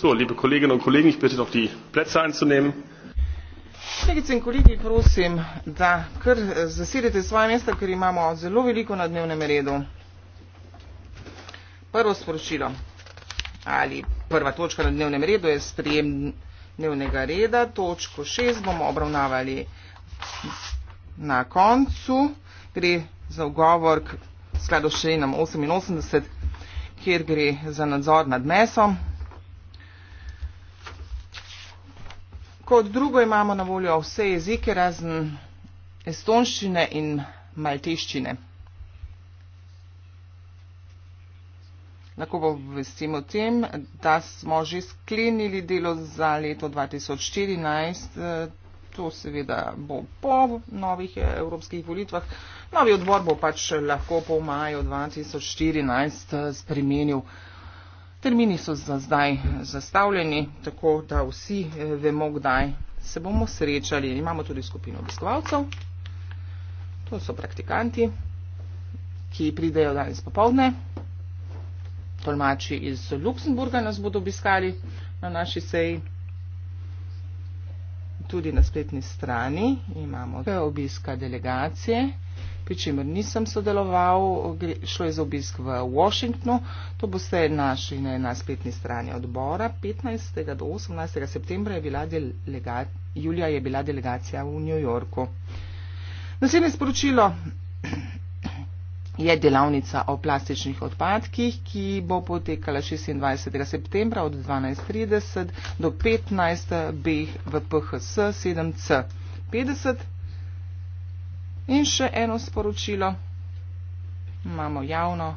So, liebe Kolleginnen und Kollegen, ich bitte doch die Plätze einzunehmen. Kolegice in kolegi, prosim, da kar zasedete svoje mesta, ker imamo zelo veliko na dnevnem redu. Prvo sporočilo ali prva točka na dnevnem redu je sprejem dnevnega reda. Točko 6 bomo obravnavali na koncu. Gre za ugovor skladu s členom 88, kjer gre za nadzor nad mesom. Kot drugo imamo na voljo vse jezike, razen estonščine in malteščine. Lahko obvestim o tem, da smo že sklenili delo za leto 2014. Eh, to seveda bo po novih eh, evropskih volitvah. Novi odbor bo pač lahko po maju 2014 eh, spremenil. Termini so za zdaj zastavljeni, tako da vsi eh, vemo, kdaj se bomo srečali. Imamo tudi skupino obiskovalcev, to so praktikanti, ki pridejo danes popovdne. Tolmači iz Luksemburga nas bodo obiskali na naši seji tudi na spletni strani, imamo obiska delegacije, pri čemer nisem sodeloval, šlo je za obisk v Washingtonu, to boste našli ne, na spletni strani odbora. 15. do 18. septembra je bila delegacija, Julija je bila delegacija v New Yorku. Naslednje sporočilo je delavnica o plastičnih odpadkih, ki bo potekala 26. septembra od 12.30 do 15.00 BH v PHS 7C50. In še eno sporočilo. Imamo javno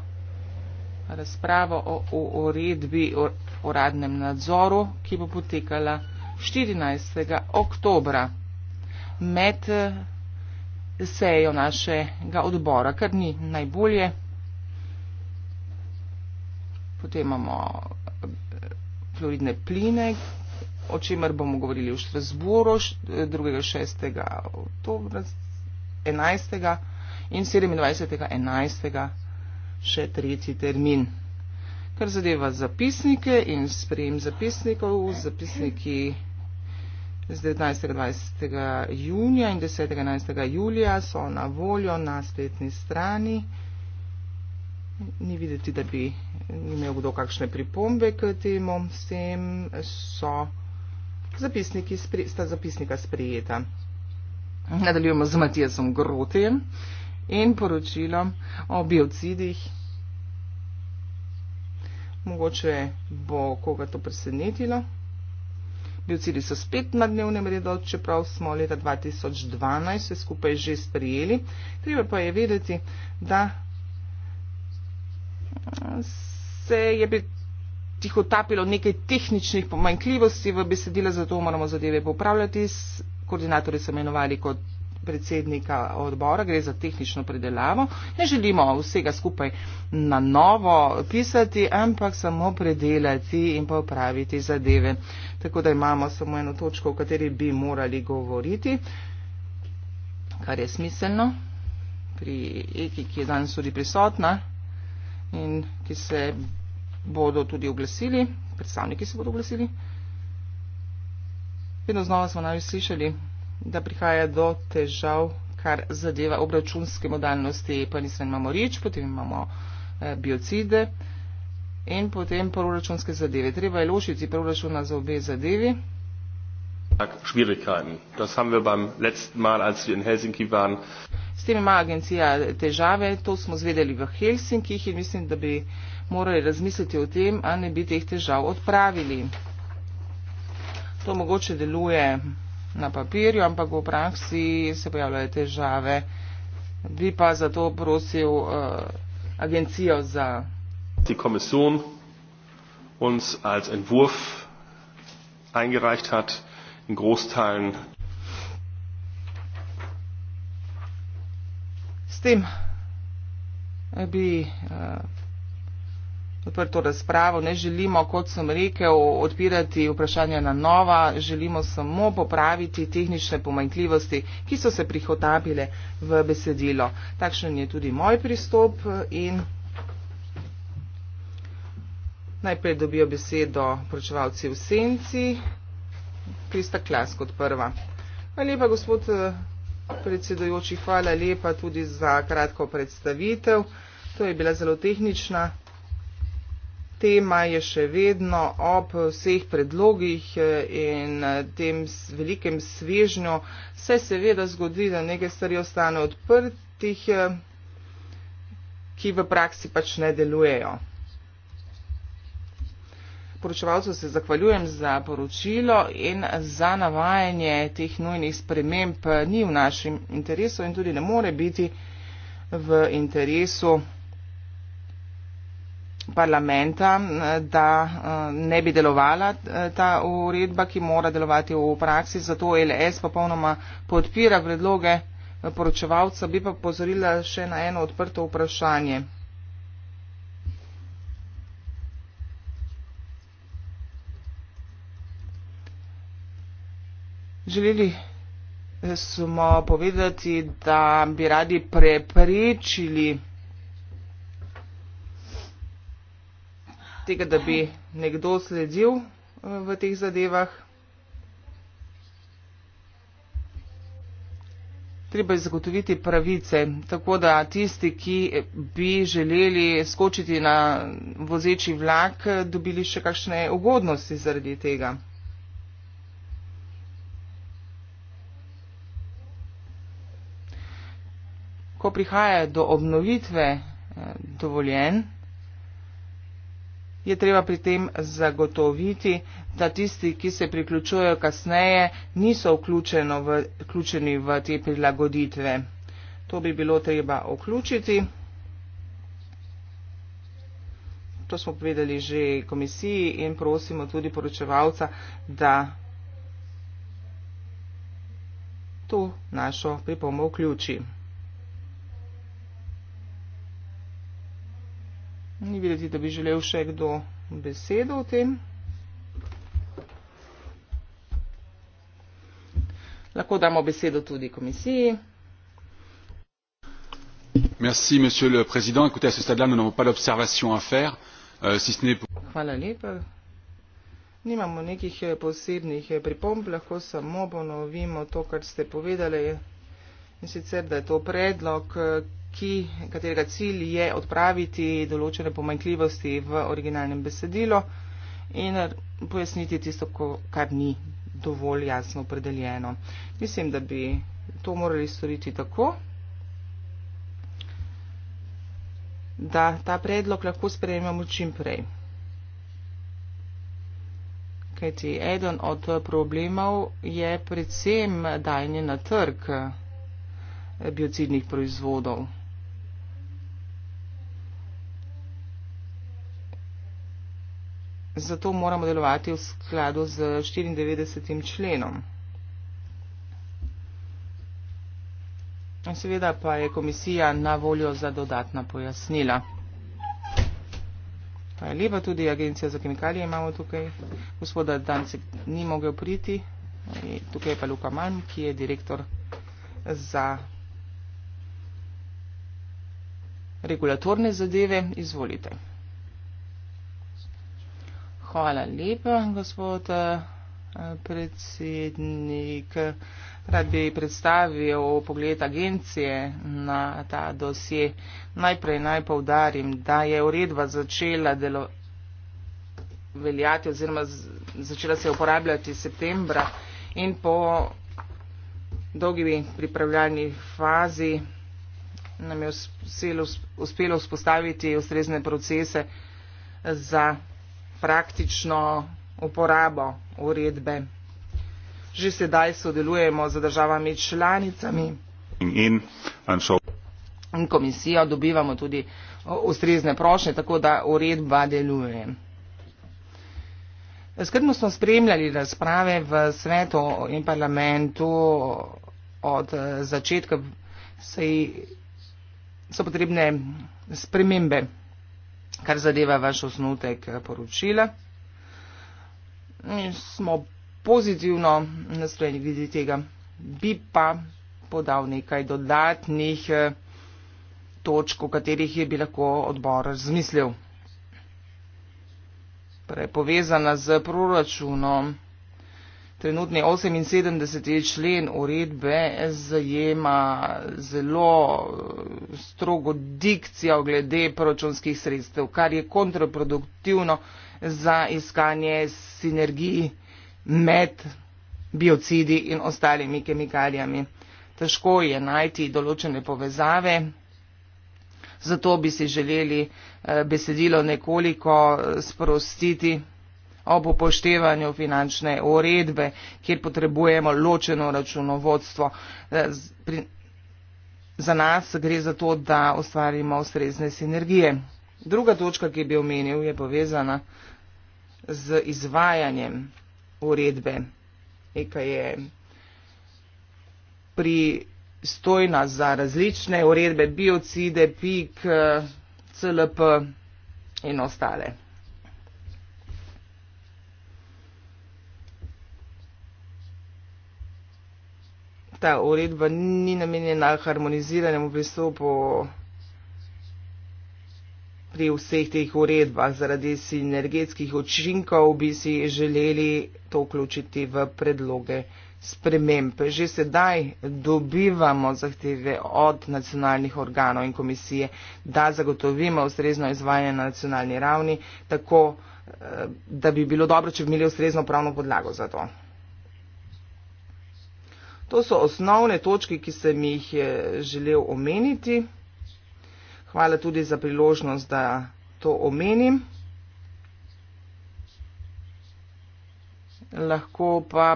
razpravo o, o uredbi o uradnem nadzoru, ki bo potekala 14. oktobra. Med sejo našega odbora, kar ni najbolje. Potem imamo eh, fluoridne pline, o čemer bomo govorili v Štrasburu 2.6. oktober 11. in 27.11. še tretji termin. Kar zadeva zapisnike in sprejem zapisnikov, zapisniki z 19. 20. junija in 10. 11. julija so na voljo na spletni strani. Ni videti, da bi imel kdo kakšne pripombe k temu, s tem so zapisniki, sta zapisnika sprijeta. Nadaljujemo z Matijasom Grotem in poročilom o biocidih. Mogoče bo koga to presenetilo. Biocidi so spet na dnevnem redu, čeprav smo leta 2012 vse skupaj že sprijeli. Treba pa je vedeti, da se je bi tiho tapilo nekaj tehničnih pomanjkljivosti v besedila, zato moramo zadeve popravljati. Koordinatorje so imenovali kot predsednika odbora, gre za tehnično predelavo. Ne želimo vsega skupaj na novo pisati, ampak samo predelati in pa upraviti zadeve. Tako da imamo samo eno točko, o kateri bi morali govoriti, kar je smiselno pri Eki, ki je danes tudi prisotna in ki se bodo tudi oglasili, predstavniki se bodo oglasili. Vedno znova smo največ slišali da prihaja do težav, kar zadeva obračunske modalnosti. Pa nisem imamo rič, potem imamo eh, biocide in potem proračunske zadeve. Treba je ločiti proračuna za obe zadevi. S tem ima agencija eh, težave, to smo zvedeli v Helsinkih in mislim, da bi morali razmisliti o tem, a ne bi teh težav odpravili. To mogoče deluje na papirju, ampak v praksi se pojavljajo težave. Bi pa zato prosil uh, agencijo za. Die Kommission uns als Entwurf eingereicht hat, in Großteilen. S tem eh, bi uh, odprto razpravo, ne želimo, kot sem rekel, odpirati vprašanja na nova, želimo samo popraviti tehnične pomanjkljivosti, ki so se prihotapile v besedilo. Takšen je tudi moj pristop in najprej dobijo besedo pročevalci v senci, Krista Klas kot prva. Hvala lepa, gospod predsedojoči, hvala lepa tudi za kratko predstavitev. To je bila zelo tehnična tema je še vedno ob vseh predlogih eh, in eh, tem velikem svežnju. Se seveda zgodi, da neke stvari ostane odprtih, eh, ki v praksi pač ne delujejo. Poročevalcu se zahvaljujem za poročilo in za navajanje teh nujnih sprememb ni v našem interesu in tudi ne more biti v interesu parlamenta, da eh, ne bi delovala eh, ta uredba, ki mora delovati v praksi. Zato LS popolnoma podpira predloge eh, poročevalca. Bi pa pozorila še na eno odprto vprašanje. Želeli smo povedati, da bi radi preprečili tega, da bi nekdo sledil eh, v teh zadevah. Treba je zagotoviti pravice, tako da tisti, ki bi želeli skočiti na vozeči vlak, dobili še kakšne ugodnosti zaradi tega. Ko prihaja do obnovitve eh, dovoljen, je treba pri tem zagotoviti, da tisti, ki se priključujejo kasneje, niso v, vključeni v te prilagoditve. To bi bilo treba vključiti. To smo povedali že komisiji in prosimo tudi poročevalca, da to našo pripombo vključi. Ni videti, da bi želel še kdo besedo o tem. Lahko damo besedo tudi komisiji. Merci, monsieur le président. Écoutez, à ce stade-là, nous n'avons pas d'observation à faire, euh, si ce n'est pour. Hvala lepa. Nimamo nekih eh, posebnih eh, pripomb, lahko samo ponovimo to, kar ste povedali. In sicer, da je to predlog, eh, ki, katerega cilj je odpraviti določene pomankljivosti v originalnem besedilu in pojasniti tisto, kar ni dovolj jasno opredeljeno. Mislim, da bi to morali storiti tako, da ta predlog lahko sprejemamo čim prej. Kajti, eden od problemov je predvsem dajanje na trg biocidnih proizvodov. zato moramo delovati v skladu z 94. členom. Seveda pa je komisija na voljo za dodatna pojasnila. Pa je lepa tudi agencija za kemikalije imamo tukaj. Gospoda Dancik ni mogel priti. Tukaj je pa Luka Malm, ki je direktor za regulatorne zadeve. Izvolite. Hvala lepa, gospod eh, predsednik. Rad bi predstavil pogled agencije na ta dosje. Najprej naj povdarim, da je uredba začela delo veljati oziroma začela se uporabljati septembra in po dolgi pripravljalni fazi nam je uspelo uspostaviti ustrezne procese za praktično uporabo uredbe. Že sedaj sodelujemo z državami članicami in, in, so... in komisijo, dobivamo tudi ustrezne prošnje, tako da uredba deluje. Skrbno smo spremljali razprave v svetu in parlamentu od začetka, saj so potrebne spremembe kar zadeva vaš osnutek eh, poročila. Mi smo pozitivno nastrojeni glede tega, bi pa podal nekaj dodatnih eh, točk, o katerih je bi lahko odbor razmislil. Prepovezana torej, z proračunom. Trenutni 78. člen uredbe zajema zelo eh, strogo dikcijo glede proračunskih sredstev, kar je kontraproduktivno za iskanje sinergij med biocidi in ostalimi kemikalijami. Težko je najti določene povezave, zato bi si želeli eh, besedilo nekoliko eh, sprostiti ob upoštevanju finančne uredbe, kjer potrebujemo ločeno računovodstvo. E, za nas gre za to, da ustvarimo ustrezne sinergije. Druga točka, ki bi omenil, je povezana z izvajanjem uredbe, ki je pristojna za različne uredbe, biocide, pik, e, CLP in ostale. ta uredba ni namenjena harmoniziranemu pristopu pri vseh teh uredbah. Zaradi sinergetskih učinkov bi si želeli to vključiti v predloge sprememb. Že sedaj dobivamo zahteve od nacionalnih organov in komisije, da zagotovimo ustrezno izvajanje na nacionalni ravni, tako eh, da bi bilo dobro, če bi imeli ustrezno pravno podlago za to. To so osnovne točke, ki sem jih eh, želel omeniti. Hvala tudi za priložnost, da to omenim. Lahko pa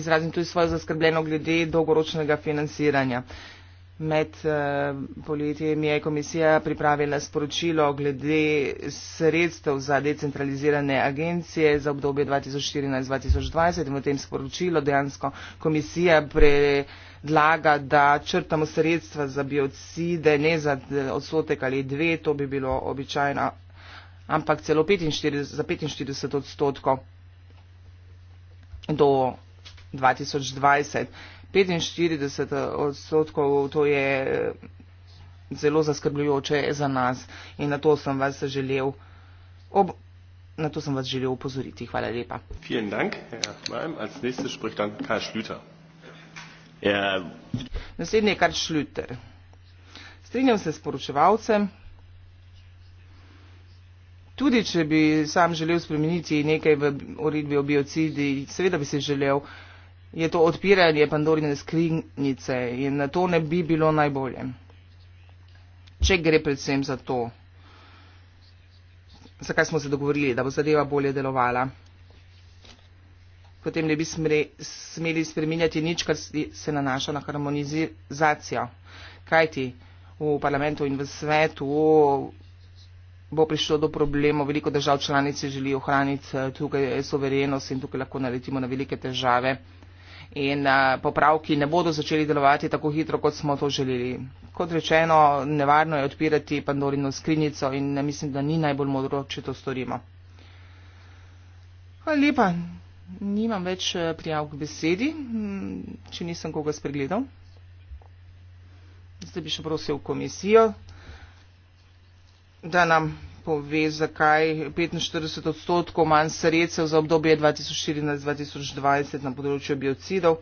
izrazim tudi svojo zaskrbljeno glede dolgoročnega financiranja. Med eh, poletjem je komisija pripravila sporočilo glede sredstev za decentralizirane agencije za obdobje 2014-2020 in v tem sporočilu dejansko komisija predlaga, da črtamo sredstva za biocide, ne za eh, odstotek ali dve, to bi bilo običajno, ampak celo 45, za 45 odstotkov do 2020. 45 odstotkov, to je eh, zelo zaskrbljujoče za nas in na to sem vas želel, ob, na to sem vas želel upozoriti. Hvala lepa. Ja. Naslednji je Karl Schlüter. Strinjam se s poročevalcem. Tudi, če bi sam želel spremeniti nekaj v uredbi o biocidi, seveda bi se želel je to odpiranje pandorine skrinjice in to ne bi bilo najbolje. Če gre predvsem za to, zakaj smo se dogovorili, da bo zadeva bolje delovala, potem ne bi smeli spreminjati nič, kar se nanaša na harmonizacijo. Kajti v parlamentu in v svetu bo prišlo do problemov, veliko držav članice želi ohraniti eh, tukaj eh, soverenost in tukaj lahko naletimo na velike težave in popravki ne bodo začeli delovati tako hitro, kot smo to želeli. Kot rečeno, nevarno je odpirati Pandorino skrinjico in mislim, da ni najbolj modro, če to storimo. Hvala lepa. Nimam več e, prijav k besedi, hm, če nisem koga spregledal. Zdaj bi še prosil komisijo, da nam pove, zakaj 45 odstotkov manj sredstev za obdobje 2014-2020 na področju biocidov.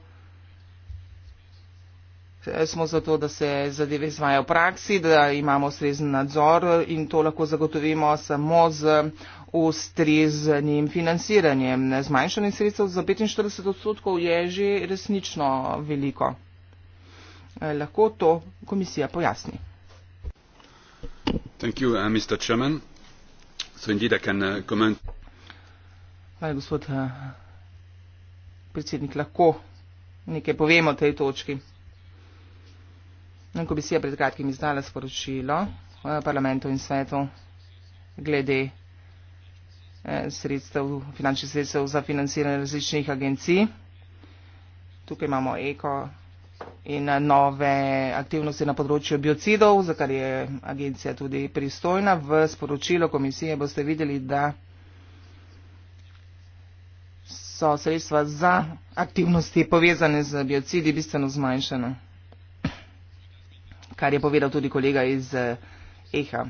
Smo zato, da se zadeve izvajo v praksi, da imamo ustrezen nadzor in to lahko zagotovimo samo z ustreznim financiranjem. Zmanjšanje sredstev za 45 odstotkov je že resnično veliko. Lahko to komisija pojasni. Thank you, uh, Mr. Chairman. So indeed I can uh, eh, comment. Ali gospod eh, predsednik lahko nekaj povemo o tej točki? Komisija pred kratkim izdala sporočilo eh, parlamentu in svetu glede sredstev, finančnih sredstev za financiranje različnih agencij. Tukaj imamo ECO, in nove aktivnosti na področju biocidov, za kar je agencija tudi pristojna. V sporočilo komisije boste videli, da so sredstva za aktivnosti povezane z biocidi bistveno zmanjšana, kar je povedal tudi kolega iz eh, EHA.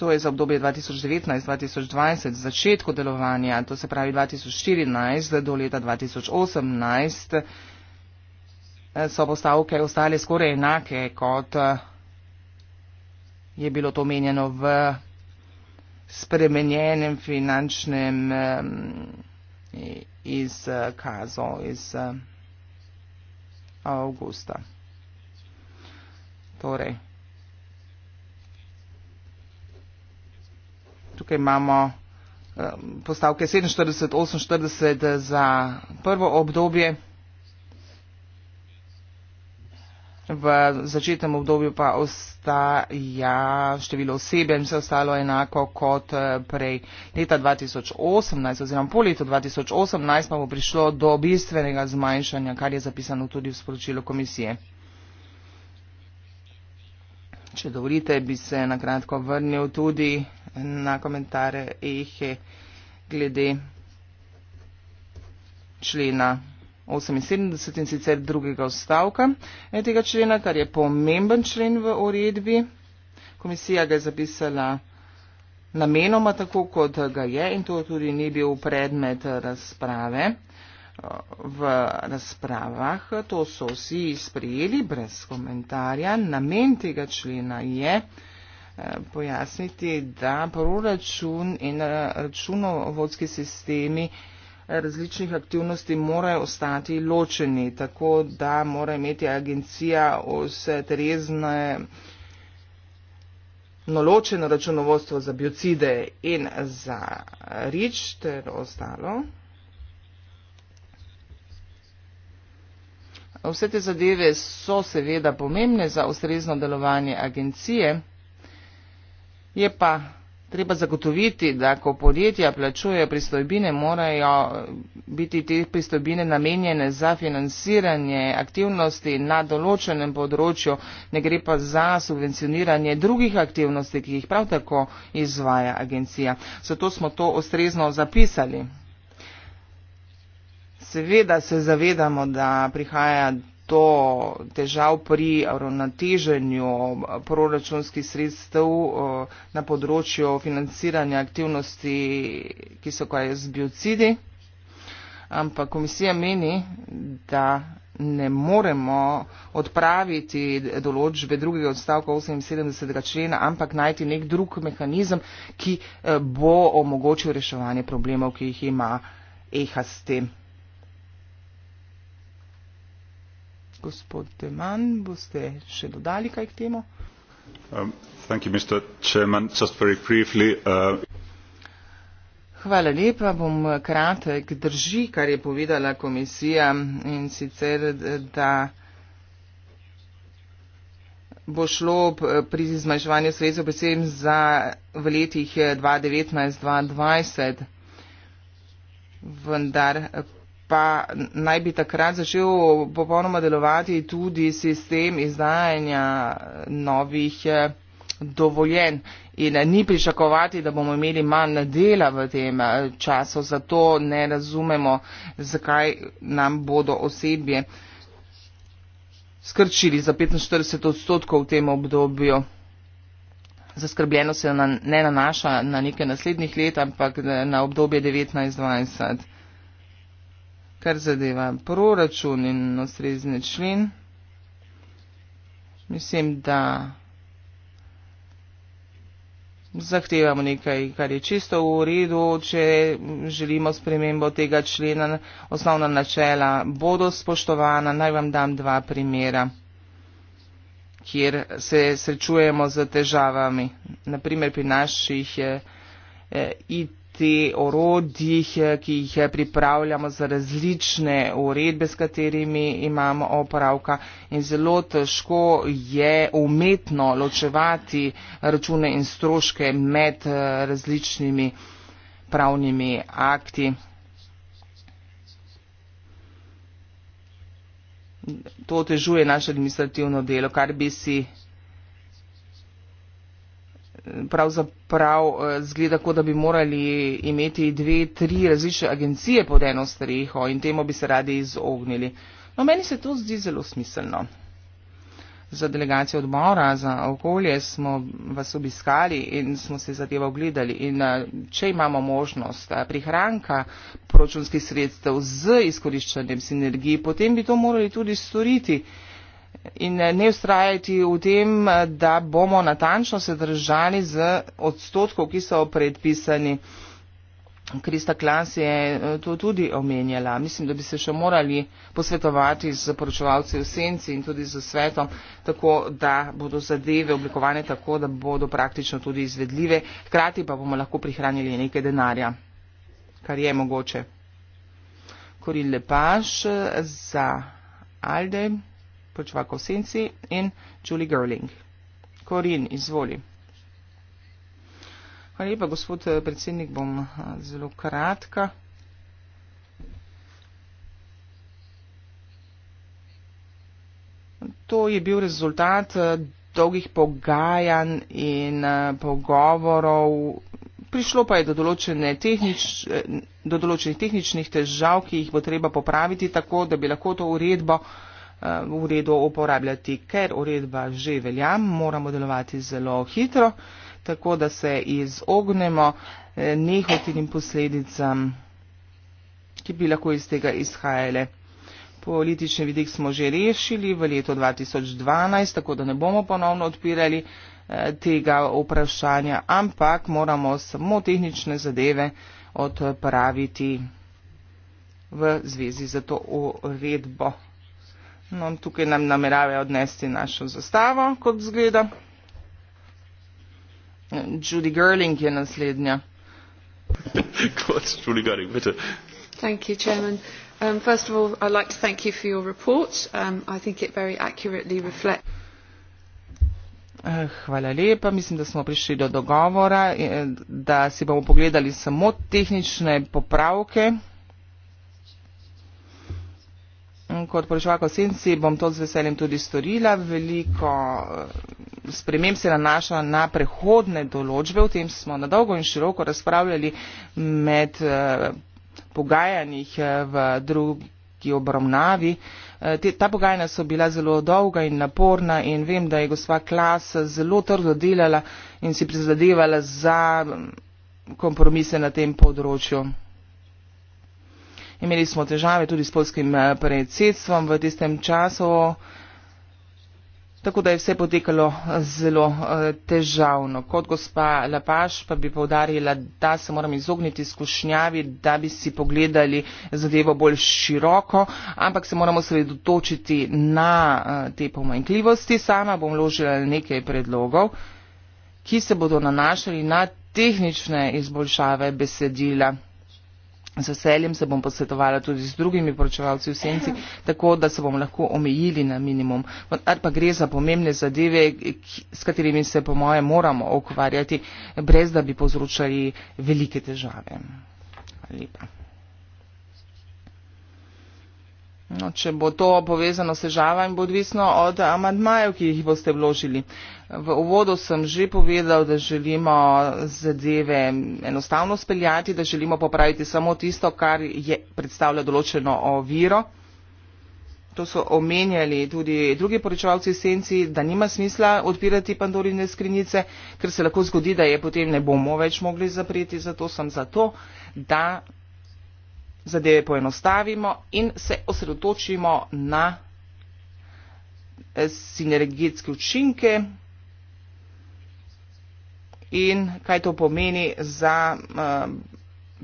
to je za obdobje 2019-2020, začetku delovanja, to se pravi 2014 do leta 2018, eh, so postavke ostale skoraj enake, kot eh, je bilo to menjeno v spremenjenem finančnem eh, izkazu iz avgusta. Torej, tukaj imamo eh, postavke 47-48 za prvo obdobje, v začetnem obdobju pa ostaja število osebe in vse ostalo enako kot eh, prej. Leta 2018 oziroma po letu 2018 pa bo prišlo do bistvenega zmanjšanja, kar je zapisano tudi v sporočilu komisije. Če dovolite, bi se nakratko vrnil tudi na komentar Ehe glede člena 78 in sicer drugega odstavka eh, tega člena, kar je pomemben člen v uredbi. Komisija ga je zapisala namenoma tako, kot ga je in to tudi ni bil predmet razprave v razpravah. To so vsi sprejeli brez komentarja. Namen tega člena je, da pojasniti, da proračun in eh, računovodski sistemi eh, različnih aktivnosti morajo ostati ločeni, tako da mora imeti agencija vse trezne naločeno no, računovodstvo za biocide in za rič ter ostalo. Vse te zadeve so seveda pomembne za ustrezno delovanje agencije. Je pa treba zagotoviti, da ko podjetja plačujejo pristojbine, morajo eh, biti te pristojbine namenjene za financiranje aktivnosti na določenem področju, ne gre pa za subvencioniranje drugih aktivnosti, ki jih prav tako izvaja agencija. Zato smo to ustrezno zapisali. Seveda se zavedamo, da prihaja do težav pri ravnoteženju proračunskih sredstev eh, na področju financiranja aktivnosti, ki so kaj z biocidi, ampak komisija meni, da ne moremo odpraviti določbe drugega odstavka 78. člena, ampak najti nek drug mehanizem, ki eh, bo omogočil reševanje problemov, ki jih ima EHA s tem Gospod Deman, boste še dodali kaj k temu? Um, Chairman, briefly, uh... Hvala lepa, bom kratek. Drži, kar je povedala komisija in sicer, da bo šlo eh, pri zmanjševanju sredstev predvsem za v letih 2019-2020, eh, vendar pa naj bi takrat začel popolnoma delovati tudi sistem izdajanja novih eh, dovoljen. In eh, ni pričakovati, da bomo imeli manj dela v tem eh, času, zato ne razumemo, zakaj nam bodo osebje skrčili za 45 odstotkov v tem obdobju. Zaskrbljeno se na, ne nanaša na neke naslednjih let, ampak na obdobje 1920 kar zadeva proračun in ustrezni člen. Mislim, da zahtevamo nekaj, kar je čisto v redu, če želimo spremembo tega člena. Osnovna načela bodo spoštovana. Naj vam dam dva primera, kjer se srečujemo z težavami. Naprimer, pri naših IT eh, eh, te orodjih, ki jih pripravljamo za različne uredbe, s katerimi imamo opravka in zelo težko je umetno ločevati račune in stroške med eh, različnimi pravnimi akti. To otežuje naše administrativno delo, kar bi si pravzaprav eh, zgleda, kot da bi morali imeti dve, tri različne agencije pod eno streho in temu bi se radi izognili. No, meni se to zdi zelo smiselno. Za delegacijo odbora za okolje smo vas obiskali in smo se zadeva ogledali. In eh, če imamo možnost eh, prihranka proračunskih sredstev z izkoriščanjem sinergij, potem bi to morali tudi storiti. In ne ustrajati v tem, da bomo natančno se držali z odstotkov, ki so predpisani. Krista Klans je eh, to tudi omenjala. Mislim, da bi se še morali posvetovati z poročevalci v senci in tudi z svetom, tako da bodo zadeve oblikovane tako, da bodo praktično tudi izvedljive, hkrati pa bomo lahko prihranili nekaj denarja, kar je mogoče. Koril Lepaš eh, za Aldej počvako v senci in Julie Gerling. Korin, izvoli. Hvala lepa, gospod eh, predsednik, bom eh, zelo kratka. To je bil rezultat eh, dolgih pogajanj in pogovorov. Prišlo pa je do, tehnič, do določenih tehničnih težav, ki jih bo treba popraviti tako, da bi lahko to uredbo uredo uporabljati, ker uredba že velja, moramo delovati zelo hitro, tako da se izognemo eh, nehotinim posledicam, ki bi lahko iz tega izhajale. Politični vidik smo že rešili v letu 2012, tako da ne bomo ponovno odpirali eh, tega vprašanja, ampak moramo samo tehnične zadeve odpraviti v zvezi za to uredbo. No, tukaj nam nameravajo odnesti našo zastavo, kot zgleda. Judy Gerling je naslednja. Judy Gerling, veste. Thank you, Chairman. Um, first of all, I'd like to thank you for your report. Um, I think it very accurately reflects. Eh, hvala lepa. Mislim, da smo prišli do dogovora, eh, da si bomo pogledali samo tehnične popravke. Kot poročevalka v senci bom to z veseljem tudi storila. Veliko eh, sprememb se nanaša na prehodne določbe. O tem smo na dolgo in široko razpravljali med eh, pogajanjih eh, v drugi obravnavi. Ta pogajanja so bila zelo dolga in naporna in vem, da je gospa Klas zelo trdo delala in si prizadevala za mm, kompromise na tem področju. Imeli smo težave tudi s polskim eh, predsedstvom v tistem času, tako da je vse potekalo eh, zelo eh, težavno. Kot gospa Lapaš pa bi povdarjala, da se moram izogniti skušnjavi, da bi si pogledali zadevo bolj široko, ampak se moramo sredotočiti na te pomanjkljivosti. Sama bom vložila nekaj predlogov, ki se bodo nanašali na tehnične izboljšave besedila z veseljem se bom posvetovala tudi z drugimi poročevalci v senci, tako da se bom lahko omejili na minimum. Ar pa gre za pomembne zadeve, s katerimi se po moje moramo okvarjati, brez da bi povzročali velike težave. Hvala lepa. No, če bo to povezano s težavami, bo odvisno od amadmajev, ki jih boste vložili. V uvodu sem že povedal, da želimo zadeve enostavno speljati, da želimo popraviti samo tisto, kar je, predstavlja določeno oviro. To so omenjali tudi drugi poročevalci senci, da nima smisla odpirati pandorine skrinice, ker se lahko zgodi, da je potem ne bomo več mogli zapreti. Zato sem zato, da zadeve poenostavimo in se osredotočimo na eh, sinergijske učinke in kaj to pomeni za eh,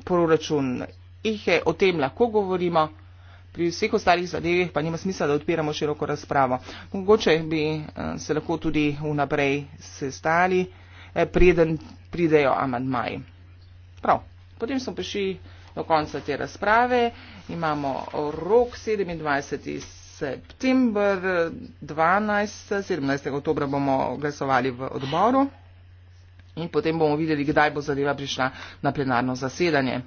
proračun IHE. O tem lahko govorimo, pri vseh ostalih zadevih pa nima smisla, da odpiramo široko razpravo. Mogoče bi eh, se lahko tudi vnaprej sestali, preden pridejo amadmaji. Prav, potem smo prišli do konca te razprave. Imamo rok 27. september, 12. 17. oktober bomo glasovali v odboru in potem bomo videli, kdaj bo zadeva prišla na plenarno zasedanje.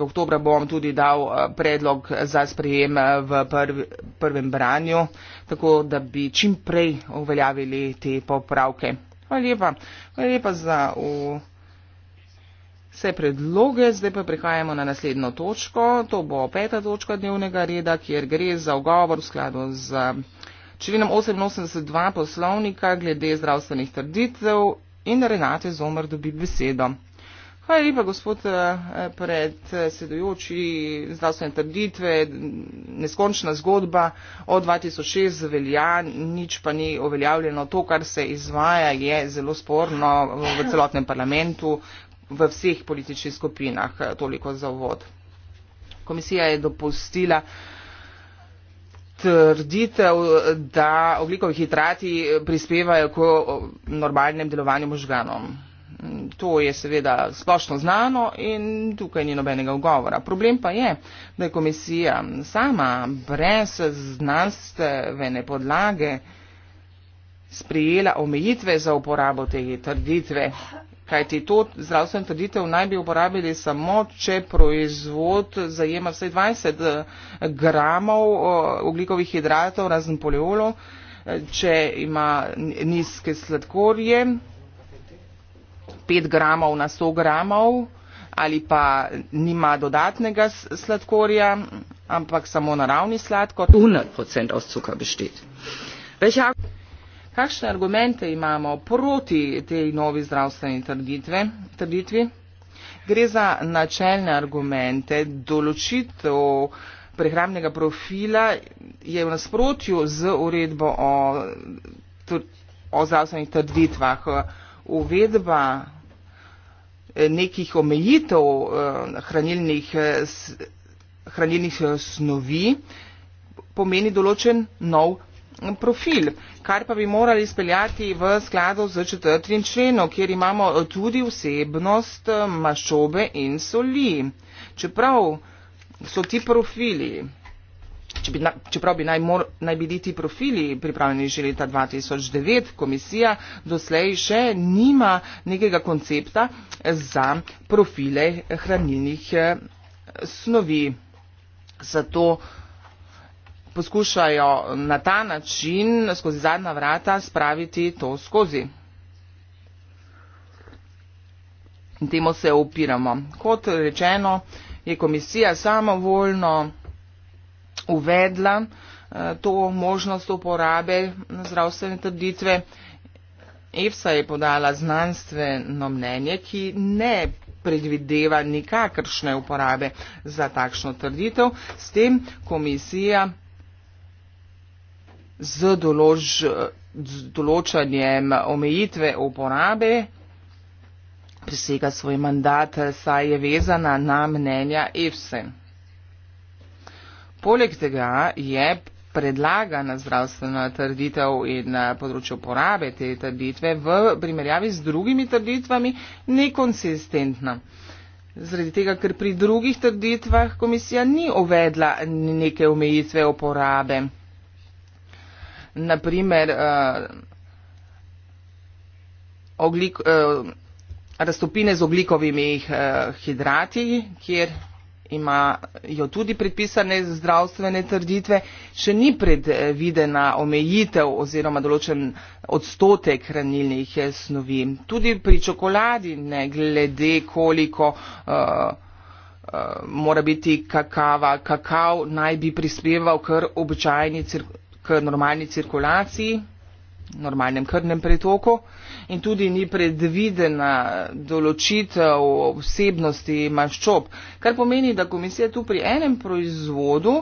oktober bom tudi dal eh, predlog za sprejem eh, v prv, prvem branju, tako da bi čim prej uveljavili te popravke. Hvala lepa. Hvala lepa za vse predloge. Zdaj pa prihajamo na naslednjo točko. To bo peta točka dnevnega reda, kjer gre za ogovor v skladu z členom 882 poslovnika glede zdravstvenih trditev in Renate Zomer dobi besedo. Hvala lepa, gospod eh, predsedujoči. Zdravstvene trditve, neskončna zgodba od 2006 velja, nič pa ni oveljavljeno. To, kar se izvaja, je zelo sporno v celotnem parlamentu, v vseh političnih skupinah. Toliko za uvod. Komisija je dopustila trditev, da oglikovi hitrati prispevajo k normalnem delovanju možganom. To je seveda splošno znano in tukaj ni nobenega ogovora. Problem pa je, da je komisija sama brez znanstvene podlage sprijela omejitve za uporabo te trditve. Kaj ti to zdravstveno trditev naj bi uporabili samo, če proizvod zajema vsaj 20 eh, gramov eh, oglikovih hidratov razen poliolo, eh, če ima nizke sladkorje, 5 gramov na 100 gramov ali pa nima dodatnega sladkorja, ampak samo naravni sladkor. Kakšne argumente imamo proti tej novi zdravstveni trditvi? Gre za načeljne argumente. Določitev prehrambnega profila je v nasprotju z uredbo o, o zdravstvenih trditvah. Uvedba Eh, nekih omejitev eh, hranilnih, eh, hranilnih snovi, pomeni določen nov profil, kar pa bi morali speljati v skladu z četrtim členom, kjer imamo tudi vsebnost maščobe in soli. Čeprav so ti profili Če bi na, čeprav bi naj, mor, naj bili ti profili pripravljeni že leta 2009, komisija doslej še nima nekega koncepta za profile hranilnih eh, snovi. Zato poskušajo na ta način skozi zadnja vrata spraviti to skozi. In temu se opiramo. Kot rečeno, je komisija samovoljno uvedla eh, to možnost uporabe zdravstvene trditve. EFSA je podala znanstveno mnenje, ki ne predvideva nikakršne uporabe za takšno trditev. S tem komisija z, dolož, z določanjem omejitve uporabe prisega svoj mandat, saj je vezana na mnenja EFSA. Poleg tega je predlagana zdravstvena trditev in na eh, področju porabe te trditve v primerjavi z drugimi trditvami nekonsistentna. Zredi tega, ker pri drugih trditvah komisija ni uvedla neke omejitve uporabe. Naprimer, eh, oglik, eh, rastopine z oglikovimi hidrati, kjer imajo tudi predpisane zdravstvene trditve, še ni predvidena omejitev oziroma določen odstotek hranilnih snovi. Tudi pri čokoladi, ne glede koliko uh, uh, mora biti kakava, kakav naj bi prispeval k, cir k normalni cirkulaciji, normalnem krvnem pretoku in tudi ni predvidena določitev vsebnosti maščob, kar pomeni, da komisija tu pri enem proizvodu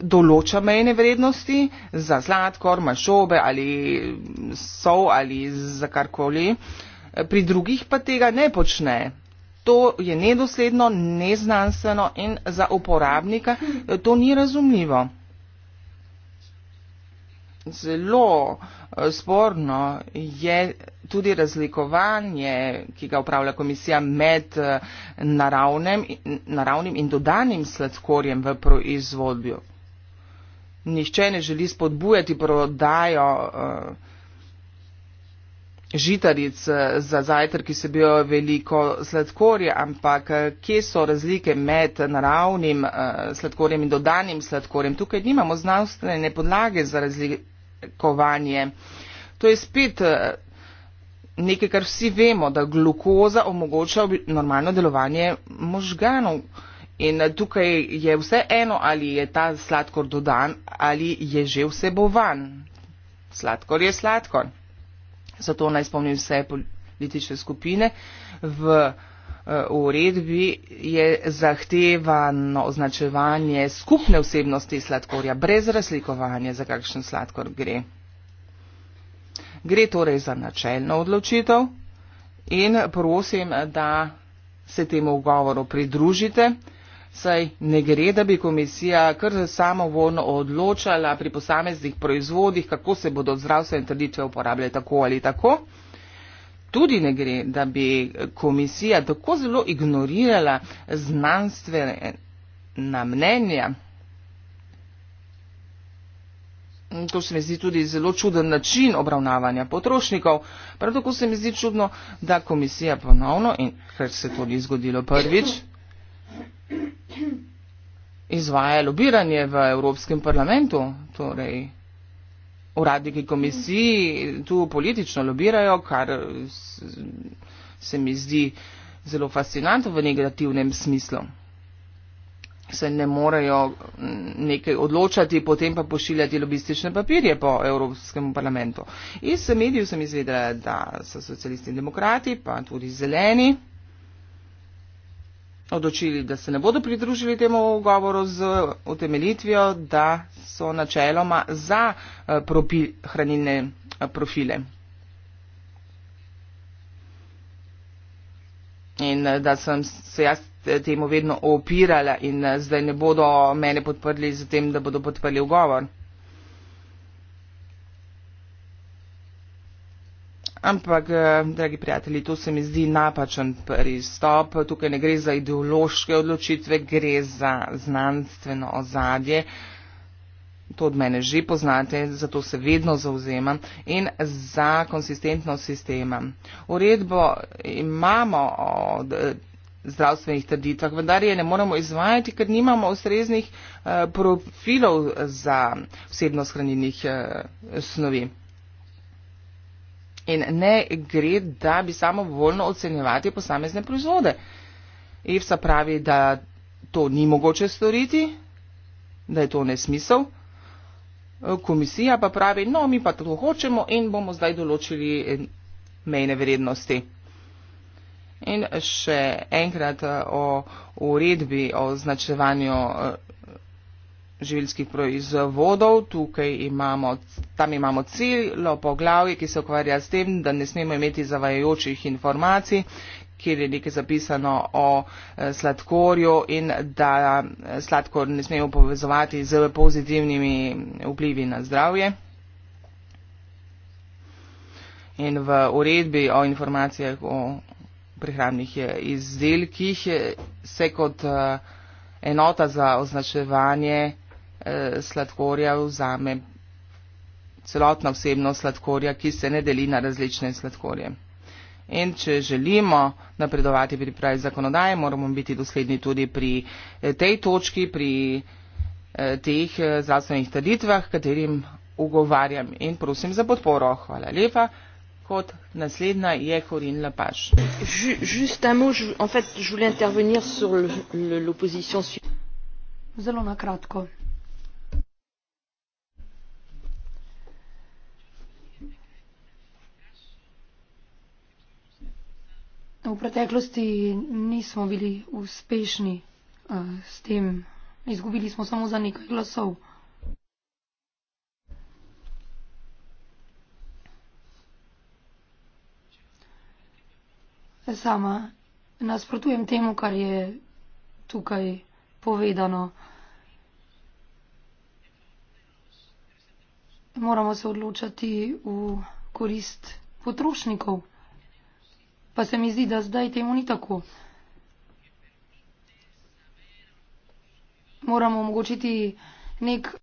določa mejne vrednosti za sladkor, maščobe ali sol ali za karkoli, pri drugih pa tega ne počne. To je nedosledno, neznanstveno in za uporabnika to ni razumljivo zelo eh, sporno je tudi razlikovanje, ki ga upravlja komisija med eh, naravnem, naravnim in dodanim sladkorjem v proizvodju. Nihče ne želi spodbujati prodajo uh, žitaric eh, za zajtrk, ki se bijo veliko sladkorje, ampak eh, kje so razlike med naravnim eh, sladkorjem in dodanim sladkorjem? Tukaj nimamo znanstvene podlage za razlikovanje. To je spet nekaj, kar vsi vemo, da glukoza omogoča normalno delovanje možganov. In tukaj je vse eno, ali je ta sladkor dodan, ali je že vsebovan. Sladkor je sladkor zato naj spomnim vse politične skupine, v eh, uredbi je zahtevano označevanje skupne vsebnosti sladkorja, brez razlikovanja, za kakšen sladkor gre. Gre torej za načeljno odločitev in prosim, da se temu ugovoru pridružite saj ne gre, da bi komisija kar samovoljno odločala pri posameznih proizvodih, kako se bodo zdravstvene trditve uporabljale tako ali tako. Tudi ne gre, da bi komisija tako zelo ignorirala znanstvena mnenja. To se mi zdi tudi zelo čuden način obravnavanja potrošnikov. Prav tako se mi zdi čudno, da komisija ponovno, in kar se tudi zgodilo prvič, izvaja lobiranje v Evropskem parlamentu, torej uradniki komisiji tu politično lobirajo, kar se mi zdi zelo fascinantno v negativnem smislu. Se ne morejo mm, nekaj odločati, potem pa pošiljati lobistične papirje po Evropskem parlamentu. Iz medijev sem izvedela, da so socialisti in demokrati, pa tudi zeleni odločili, da se ne bodo pridružili temu govoru z utemeljitvijo, da so načeloma za eh, propil, hranilne eh, profile. In eh, da sem se jaz temu vedno opirala in zdaj ne bodo mene podprli z tem, da bodo podprli ugovor. Ampak, eh, dragi prijatelji, to se mi zdi napačen pristop. Tukaj ne gre za ideološke odločitve, gre za znanstveno ozadje. To od mene že poznate, zato se vedno zauzemam in za konsistentnost sistema. Uredbo imamo o zdravstvenih trditvah, vendar je ne moremo izvajati, ker nimamo ustreznih eh, profilov za vsebno shranjenih eh, snovi in ne gre, da bi samo voljno ocenjevati posamezne proizvode. EFSA pravi, da to ni mogoče storiti, da je to nesmisel. Komisija pa pravi, no, mi pa to hočemo in bomo zdaj določili mejne vrednosti. In še enkrat eh, o uredbi o označevanju eh, živilskih proizvodov. Tukaj imamo, tam imamo celo poglavje, ki se ukvarja s tem, da ne smemo imeti zavajajočih informacij, kjer je nekaj zapisano o eh, sladkorju in da eh, sladkor ne smemo povezovati z pozitivnimi vplivi na zdravje. In v uredbi o informacijah o prihranih eh, izdelkih se kot enota za označevanje eh, sladkorja vzame celotna vsebnost sladkorja, ki se ne deli na različne sladkorje. In če želimo napredovati pri pravi zakonodaje, moramo biti dosledni tudi pri eh, tej točki, pri eh, teh eh, zdravstvenih trditvah, katerim ugovarjam in prosim za podporo. Hvala lepa. Kot naslednja je Korin Lapaš. Zelo na kratko. preteklosti nismo bili uspešni uh, s tem. Izgubili smo samo za nekaj glasov. Sama nasprotujem temu, kar je tukaj povedano. Moramo se odločati v korist potrošnikov pa se mi zdi, da zdaj temu ni tako. Moramo omogočiti nek.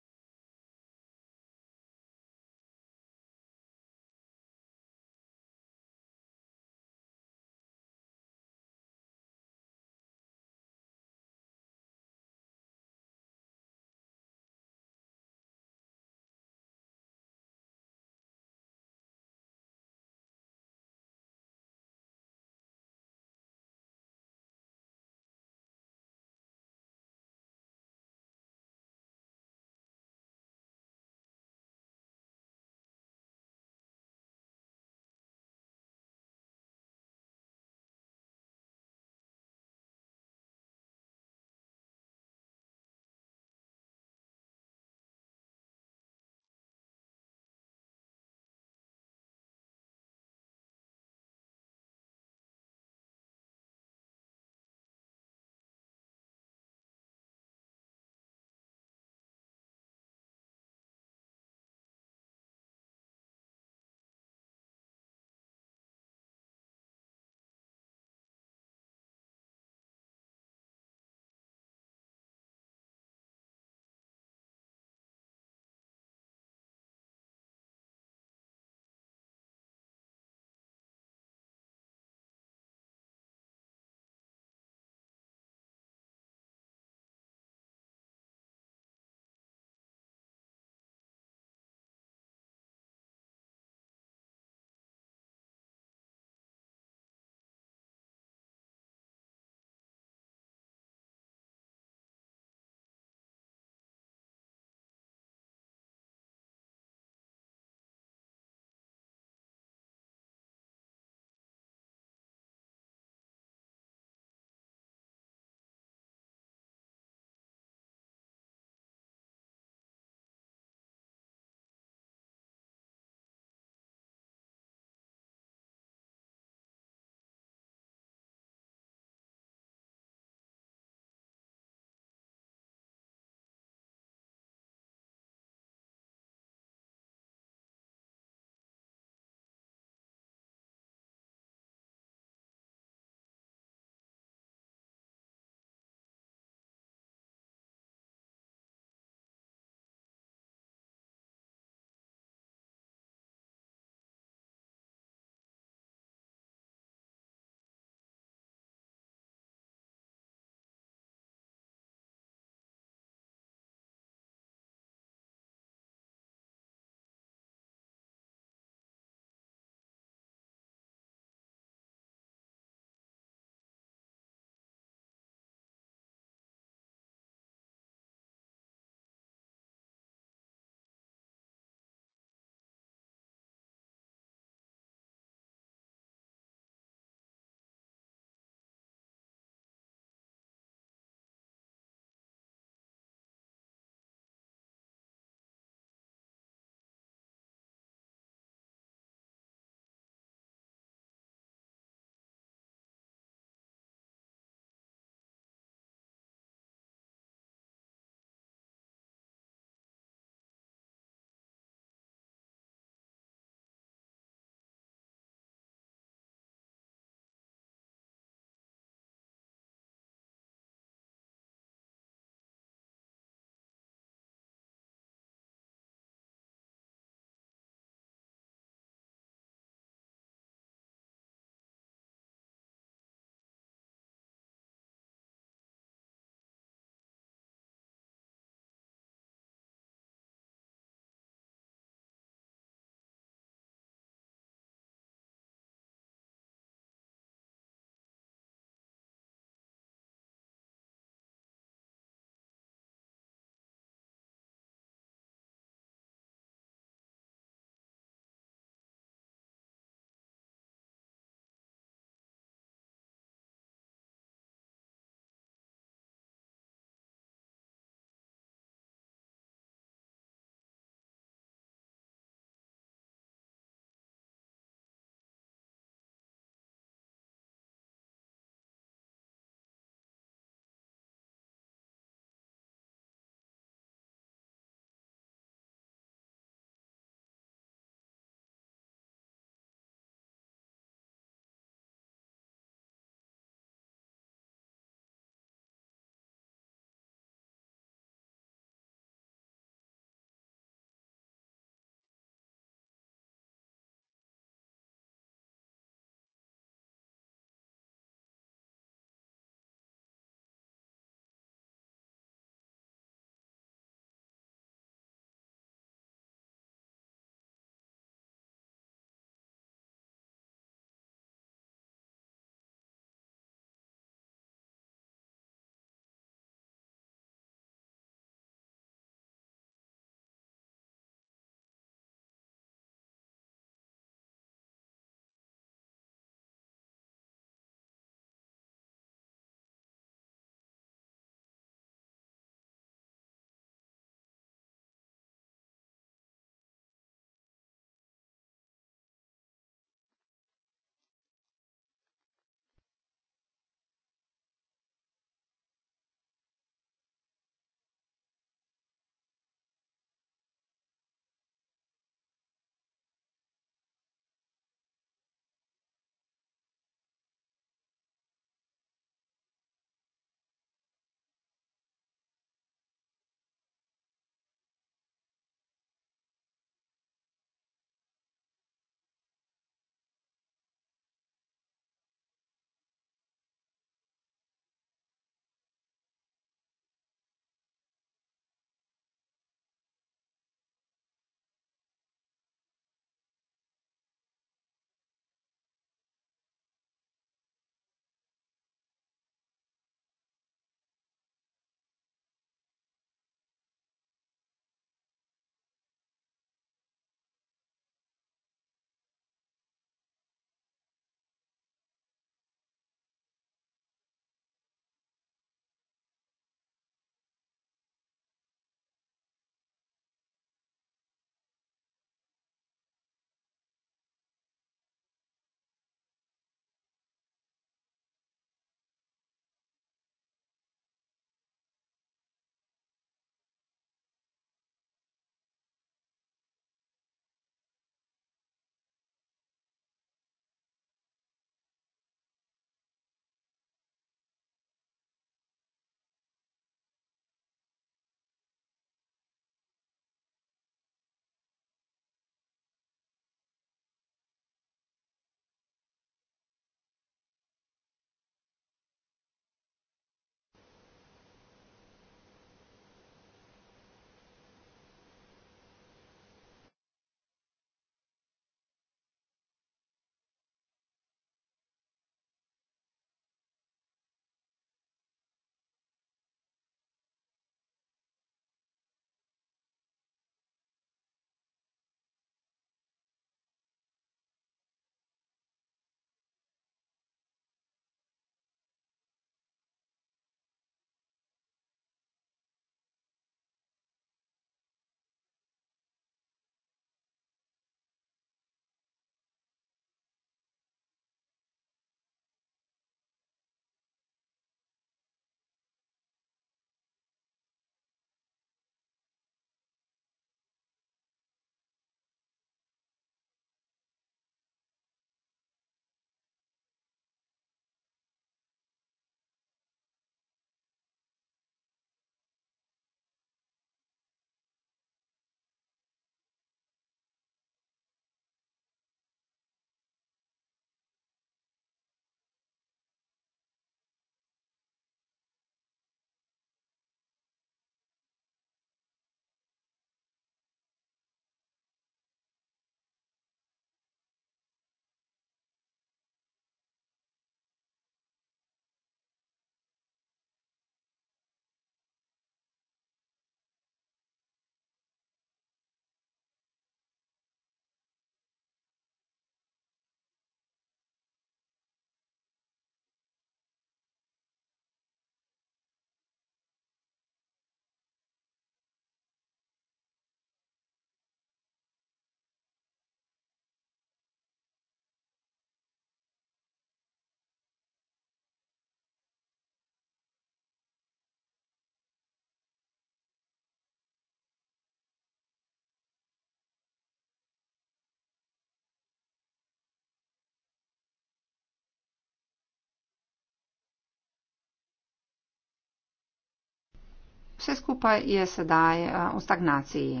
Vse skupaj je sedaj eh, v stagnaciji.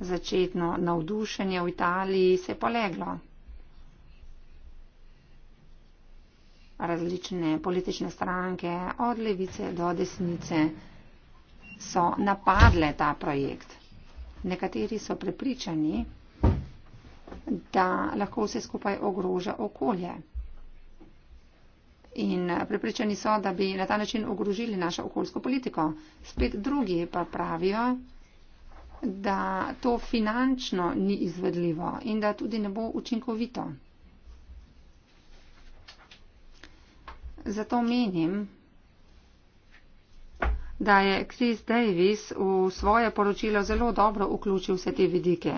Začetno navdušenje v Italiji se je poleglo. Različne politične stranke od levice do desnice so napadle ta projekt. Nekateri so prepričani, da lahko vse skupaj ogroža okolje in eh, pripričani so, da bi na ta način ogrožili našo okoljsko politiko. Spet drugi pa pravijo, da to finančno ni izvedljivo in da tudi ne bo učinkovito. Zato menim, da je Chris Davis v svoje poročilo zelo dobro vključil vse te vidike.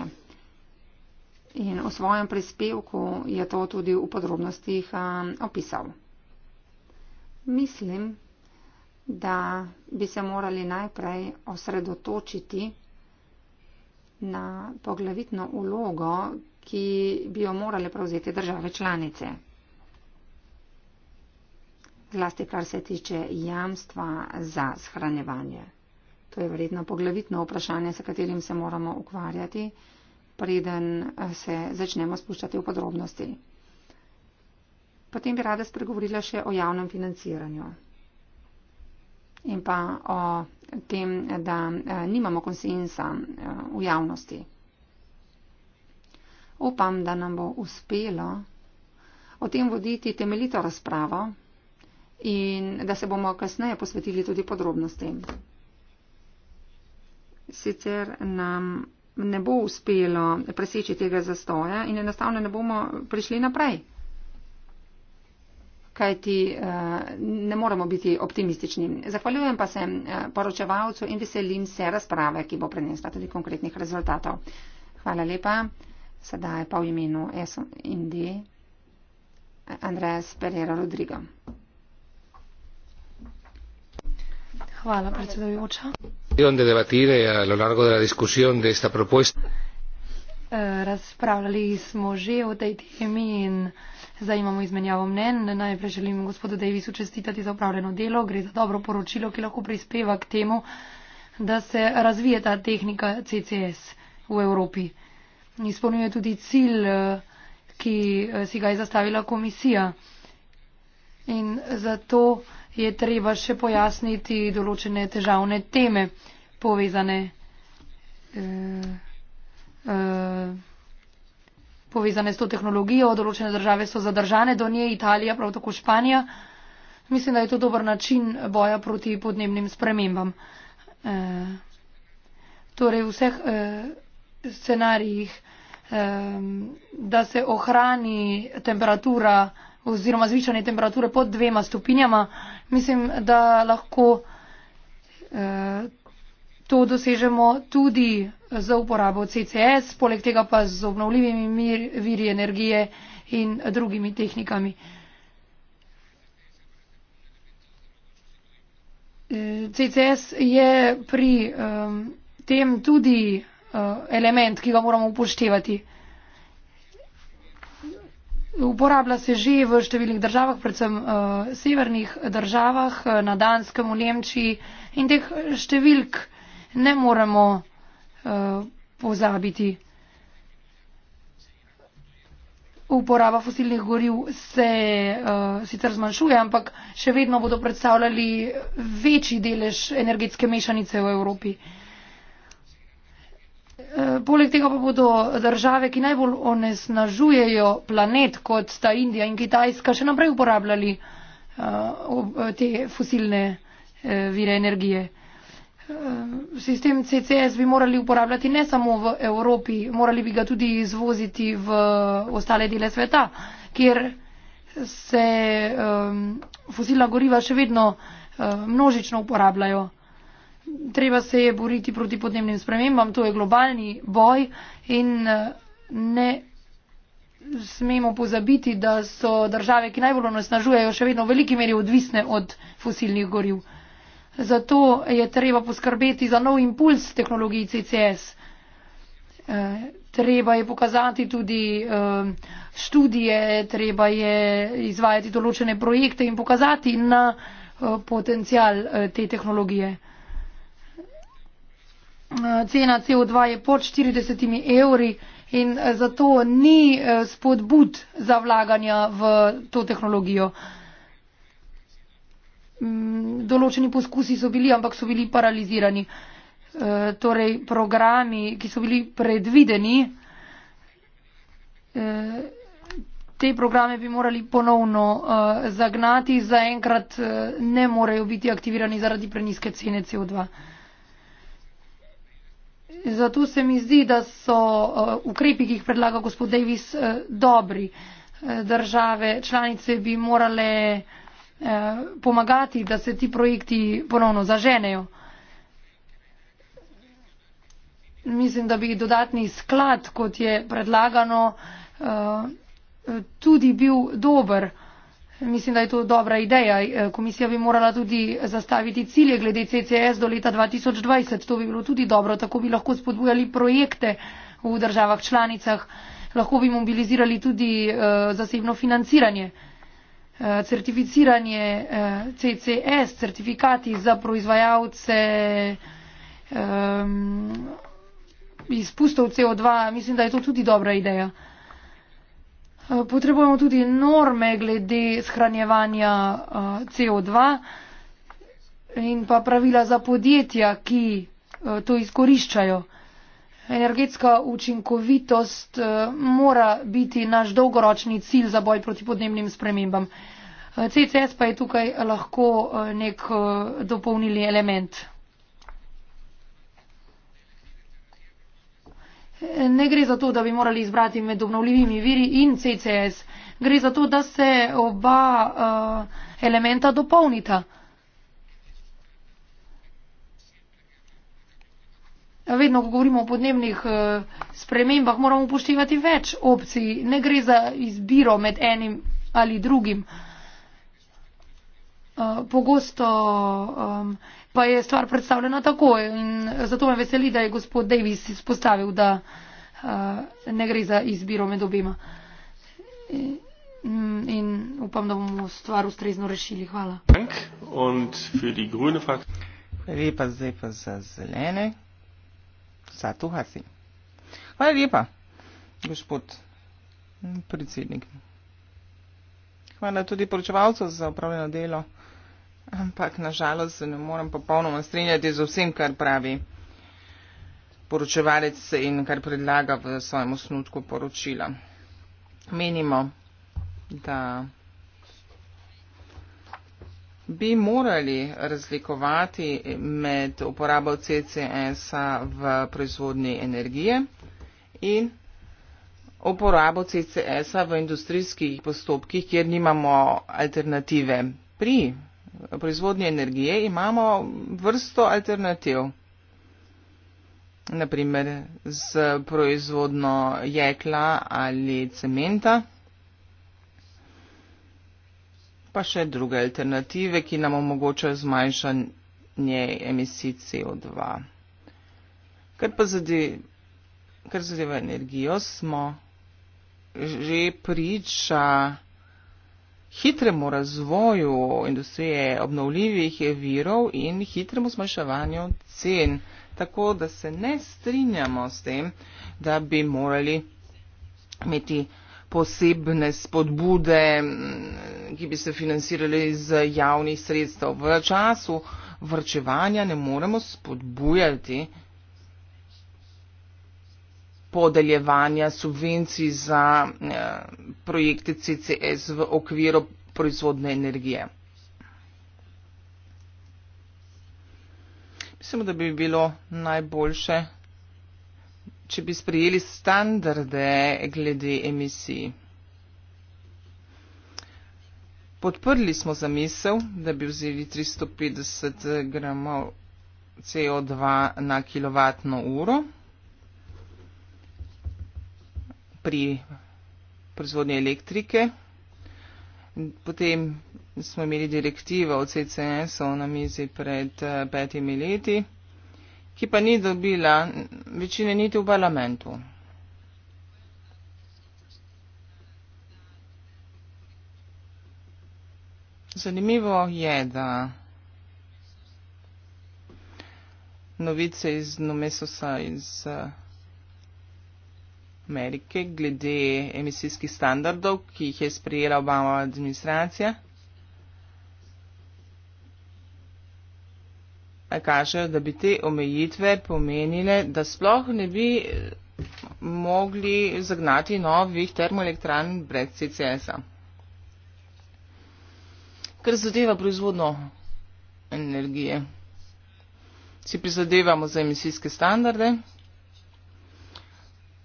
In v svojem prispevku je to tudi v podrobnostih um, opisal. Mislim, da bi se morali najprej osredotočiti na poglavitno ulogo, ki bi jo morale prevzeti države članice. Zlasti, kar se tiče jamstva za shranjevanje. To je verjetno poglavitno vprašanje, s katerim se moramo ukvarjati, preden se začnemo spuščati v podrobnosti. Potem bi rada spregovorila še o javnem financiranju in pa o tem, da eh, nimamo konsensa eh, v javnosti. Upam, da nam bo uspelo o tem voditi temeljito razpravo in da se bomo kasneje posvetili tudi podrobnostim. Sicer nam ne bo uspelo preseči tega zastoja in enostavno ne bomo prišli naprej kajti eh, ne moremo biti optimistični. Zahvaljujem pa se eh, poročevalcu in veselim se razprave, ki bo prenesla tudi konkretnih rezultatov. Hvala lepa. Sedaj pa v imenu SND Andres Pereira Rodrigo. Hvala, predsedujoča. Eh, razpravljali smo že o tej temi in zdaj imamo izmenjavo mnen. Najprej želim gospodu Davisu čestitati za upravljeno delo. Gre za dobro poročilo, ki lahko prispeva k temu, da se razvije ta tehnika CCS v Evropi. Izpolnjuje tudi cilj, eh, ki eh, si ga je zastavila komisija. In zato je treba še pojasniti določene težavne teme povezane. Uh, Eh, povezane s to tehnologijo, določene države so zadržane do nje, Italija, prav tako Španija. Mislim, da je to dober način boja proti podnebnim spremembam. E, torej v vseh e, scenarijih, e, da se ohrani temperatura oziroma zvišanje temperature pod dvema stopinjama, mislim, da lahko e, To dosežemo tudi z uporabo CCS, poleg tega pa z obnovljivimi viri energije in drugimi tehnikami. CCS je pri um, tem tudi uh, element, ki ga moramo upoštevati. Uporablja se že v številnih državah, predvsem uh, severnih državah, na Danskem, v Nemčiji in teh številk uh, ne moremo uh, pozabiti. Uporaba fosilnih goriv se uh, sicer zmanjšuje, ampak še vedno bodo predstavljali večji delež energetske mešanice v Evropi. Eh, poleg tega pa bodo države, ki najbolj onesnažujejo planet, kot sta Indija in Kitajska, še naprej uporabljali uh, te fosilne uh, vire energije. Eh, sistem CCS bi morali uporabljati ne samo v Evropi, morali bi ga tudi izvoziti v ostale dele sveta, kjer se um, ehm, fosilna goriva še vedno um, množično uporabljajo. Treba se je boriti proti podnebnim spremembam, to je globalni boj in eh, ne smemo pozabiti, da so države, ki najbolj nasnažujejo, še vedno v veliki meri odvisne od fosilnih goriv. Zato je treba poskrbeti za nov impuls tehnologij CCS. Eh, treba je pokazati tudi eh, študije, treba je izvajati določene projekte in pokazati na eh, potencial te tehnologije. Cena CO2 je pod 40 evri in zato ni spodbud za vlaganja v to tehnologijo. Mm, določeni poskusi so bili, ampak so bili paralizirani. E, torej, programi, ki so bili predvideni, e, te programe bi morali ponovno e, zagnati, zaenkrat ne morejo biti aktivirani zaradi preniske cene CO2. Zato se mi zdi, da so ukrepi, ki jih predlaga gospod Davis, dobri. Države članice bi morale Eh, pomagati, da se ti projekti ponovno zaženejo. Mislim, da bi dodatni sklad, kot je predlagano, eh, tudi bil dober. Mislim, da je to dobra ideja. Eh, komisija bi morala tudi zastaviti cilje glede CCS do leta 2020. To bi bilo tudi dobro. Tako bi lahko spodbujali projekte v državah članicah. Lahko bi mobilizirali tudi zasebno financiranje. Eh, certificiranje eh, CCS, certifikati za proizvajalce ehm, izpustov CO2, mislim, da je to tudi dobra ideja. Eh, potrebujemo tudi norme glede shranjevanja CO2 in pa pravila za podjetja, ki to izkoriščajo. Energetska učinkovitost eh, mora biti naš dolgoročni cilj za boj proti podnebnim spremembam. Eh, CCS pa je tukaj lahko eh, nek dopolnili element. Ne gre za to, da bi morali izbrati med obnovljivimi viri in CCS. Gre za to, da se oba uh, elementa dopolnita. Uh, Vedno, ko govorimo o podnebnih eh, spremembah, moramo upoštevati več opcij. Ne gre za izbiro med enim ali drugim. Eh, pogosto pa je stvar predstavljena tako in zato me veseli, da je gospod Davis izpostavil, da eh, ne gre za izbiro med obema. In upam, da bomo stvar ustrezno rešili. Hvala. Lepa zdaj pa za zelene vse to hasi. Hvala lepa, gospod predsednik. Hvala tudi poročevalcu za upravljeno delo, ampak nažalost se ne morem popolnoma strinjati z vsem, kar pravi poročevalec in kar predlaga v svojem osnutku poročila. Menimo, da bi morali razlikovati med uporabo CCS-a v proizvodni energije in uporabo CCS-a v industrijskih postopkih, kjer nimamo alternative. Pri proizvodni energije imamo vrsto alternativ. Naprimer z proizvodno jekla ali cementa pa še druge alternative, ki nam omogočajo zmanjšanje emisij CO2. Ker pa zadeva, ker zadeva energijo, smo že priča hitremu razvoju industrije obnovljivih virov in hitremu zmanjševanju cen. Tako da se ne strinjamo s tem, da bi morali imeti posebne spodbude, ki bi se financirali iz javnih sredstev. V času vrčevanja ne moremo spodbujati podeljevanja subvencij za e, projekte CCS v okviru proizvodne energije. Mislim, da bi bilo najboljše če bi sprejeli standarde glede emisij. Podprli smo zamisel, da bi vzeli 350 gramov CO2 na kilovatno uro pri proizvodnji elektrike. Potem smo imeli direktivo od CCS-ov na mizi pred eh, petimi leti ki pa ni dobila večine niti v parlamentu. Zanimivo je, da novice iz Nomesosa iz eh, Amerike glede emisijskih standardov, ki jih je sprijela Obama administracija, kažejo, da bi te omejitve pomenile, da sploh ne bi eh, mogli zagnati novih termoelektran brez CCS-a. Ker zadeva proizvodno energije. Si prizadevamo za emisijske standarde,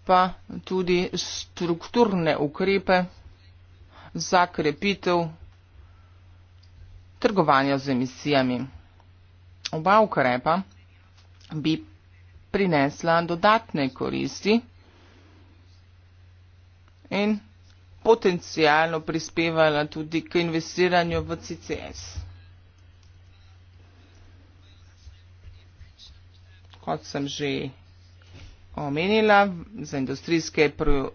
pa tudi strukturne ukrepe za krepitev trgovanja z emisijami. Oba ukrepa bi prinesla dodatne koristi in potencijalno prispevala tudi k investiranju v CCS. Kot sem že omenila, za, pro,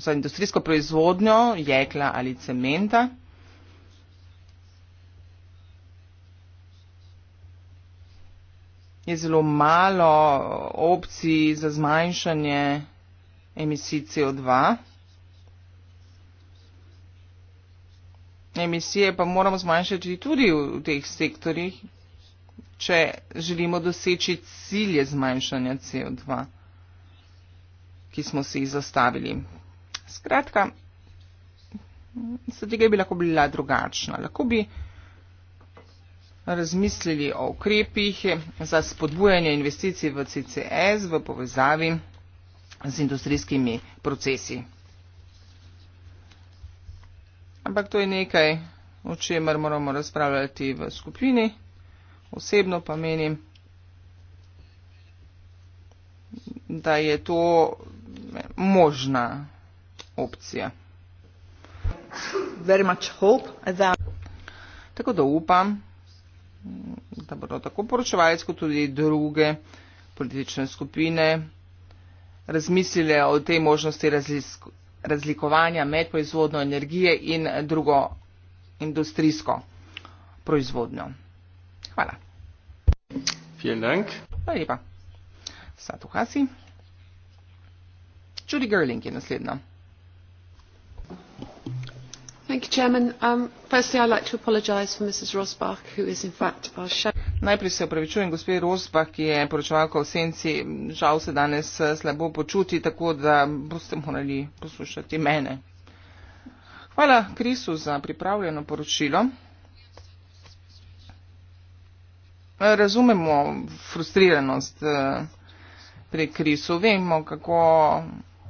za industrijsko proizvodnjo jekla ali cementa. je zelo malo opcij za zmanjšanje emisij CO2. Emisije pa moramo zmanjšati tudi v teh sektorjih, če želimo doseči cilje zmanjšanja CO2, ki smo si jih zastavili. Skratka, strategija bi lahko bila drugačna. Lahko bi razmislili o ukrepih za spodbujanje investicij v CCS v povezavi z industrijskimi procesi. Ampak to je nekaj, o čemer moramo razpravljati v skupini. Osebno pa menim, da je to možna opcija. Tako da upam, da bodo tako poročevalci kot tudi druge politične skupine razmislile o tej možnosti razlikovanja med proizvodno energije in drugo industrijsko proizvodnjo. Hvala. Hvala lepa. Satu Hasi. Judy Gerling je naslednja. Um, najprej se opravičujem gospe rosbach ki je poročevalka v senci žal se danes eh, slabo počuti tako da boste morali poslušati mene hvala krisu za pripravljeno poročilo eh, razumemo frustriranost eh, pri krisu vemo kako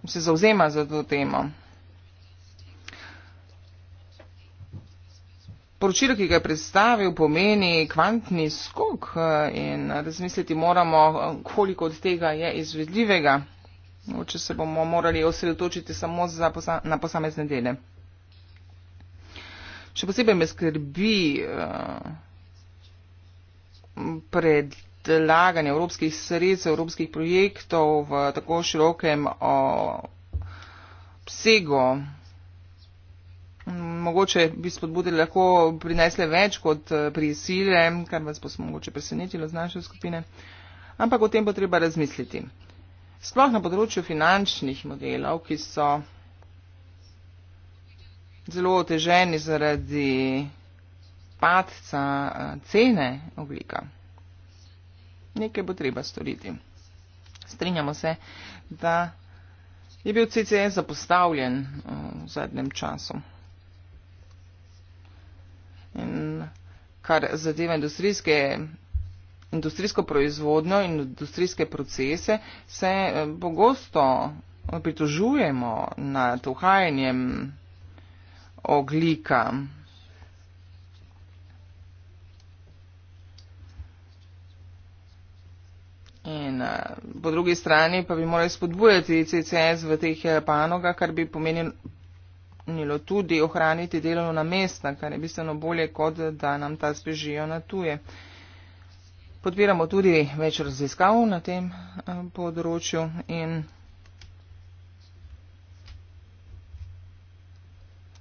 se zauzema za to temo Poročilo, ki ga je predstavil, pomeni kvantni skok eh, in razmisliti moramo, koliko od tega je izvedljivega, če se bomo morali osredotočiti samo posa na posamezne dele. Še posebej me skrbi pred eh, predlaganje evropskih sredstev, evropskih projektov v tako širokem eh, obsegu mogoče bi spodbude lahko prinesle več kot eh, prisile, kar vas bo mogoče presenetilo z naše skupine. Ampak o tem bo treba razmisliti. Sploh na področju finančnih modelov, ki so zelo oteženi zaradi padca eh, cene oglika. Nekaj bo treba storiti. Strinjamo se, da je bil CCS zapostavljen eh, v zadnjem času. In kar zadeva industrijske, industrijsko proizvodnjo in industrijske procese, se eh, pogosto pritožujemo nad uhajanjem oglika. In eh, po drugi strani pa bi morali spodbujati CCS v teh eh, panogah, kar bi pomenil, pomenilo tudi ohraniti delovno na mesta, kar je bistveno bolje, kot da nam ta spežijo na tuje. Podpiramo tudi več raziskav na tem eh, področju in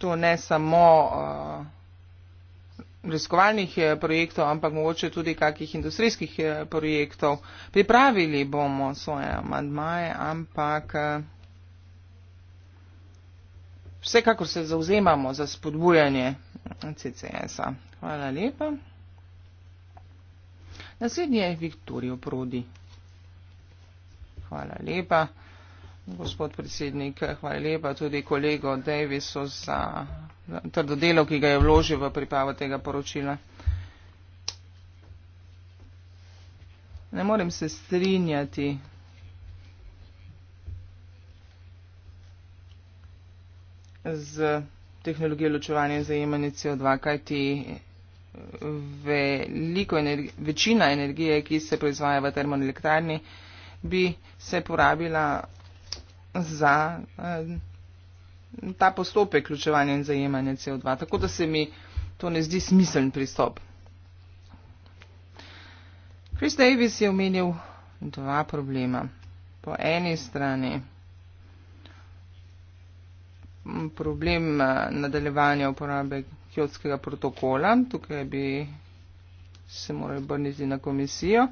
to ne samo eh, raziskovalnih eh, projektov, ampak mogoče tudi kakih industrijskih projektov. Pripravili bomo svoje amadmaje, ampak. A, Vsekakor se zauzemamo za spodbujanje CCS-a. Hvala lepa. Naslednji je Viktorijo Prodi. Hvala lepa, gospod predsednik. Hvala lepa tudi kolego Davisu za trdo delo, ki ga je vložil v pripravo tega poročila. Ne morem se strinjati z tehnologijo ločevanja in zajemanja CO2, kajti veliko energi večina energije, ki se proizvaja v termoelektrarni, bi se porabila za eh, ta postopek ločevanja in zajemanja CO2. Tako da se mi to ne zdi smiseln pristop. Chris Davis je omenil dva problema. Po eni strani problem eh, nadaljevanja uporabe kjotskega protokola. Tukaj bi se morali obrniti na komisijo,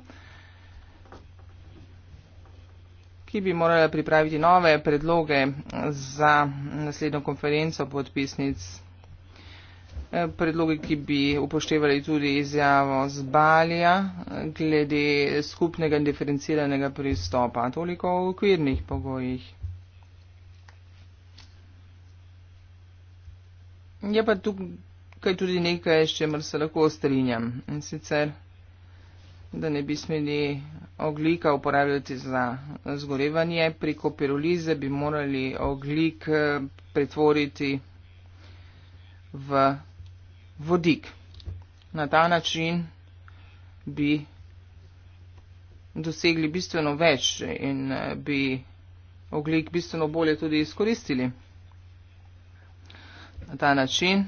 ki bi morala pripraviti nove predloge za naslednjo konferenco podpisnic. Eh, Predlogi, ki bi upoštevali tudi izjavo z Balija eh, glede skupnega in diferenciranega pristopa, toliko o okvirnih pogojih. Je pa tukaj tudi nekaj, s čemer se lahko strinjam. In sicer, da ne bi smeli oglika uporabljati za zgorevanje, preko pirulize bi morali oglik eh, pretvoriti v vodik. Na ta način bi dosegli bistveno več in eh, bi oglik bistveno bolje tudi izkoristili ta način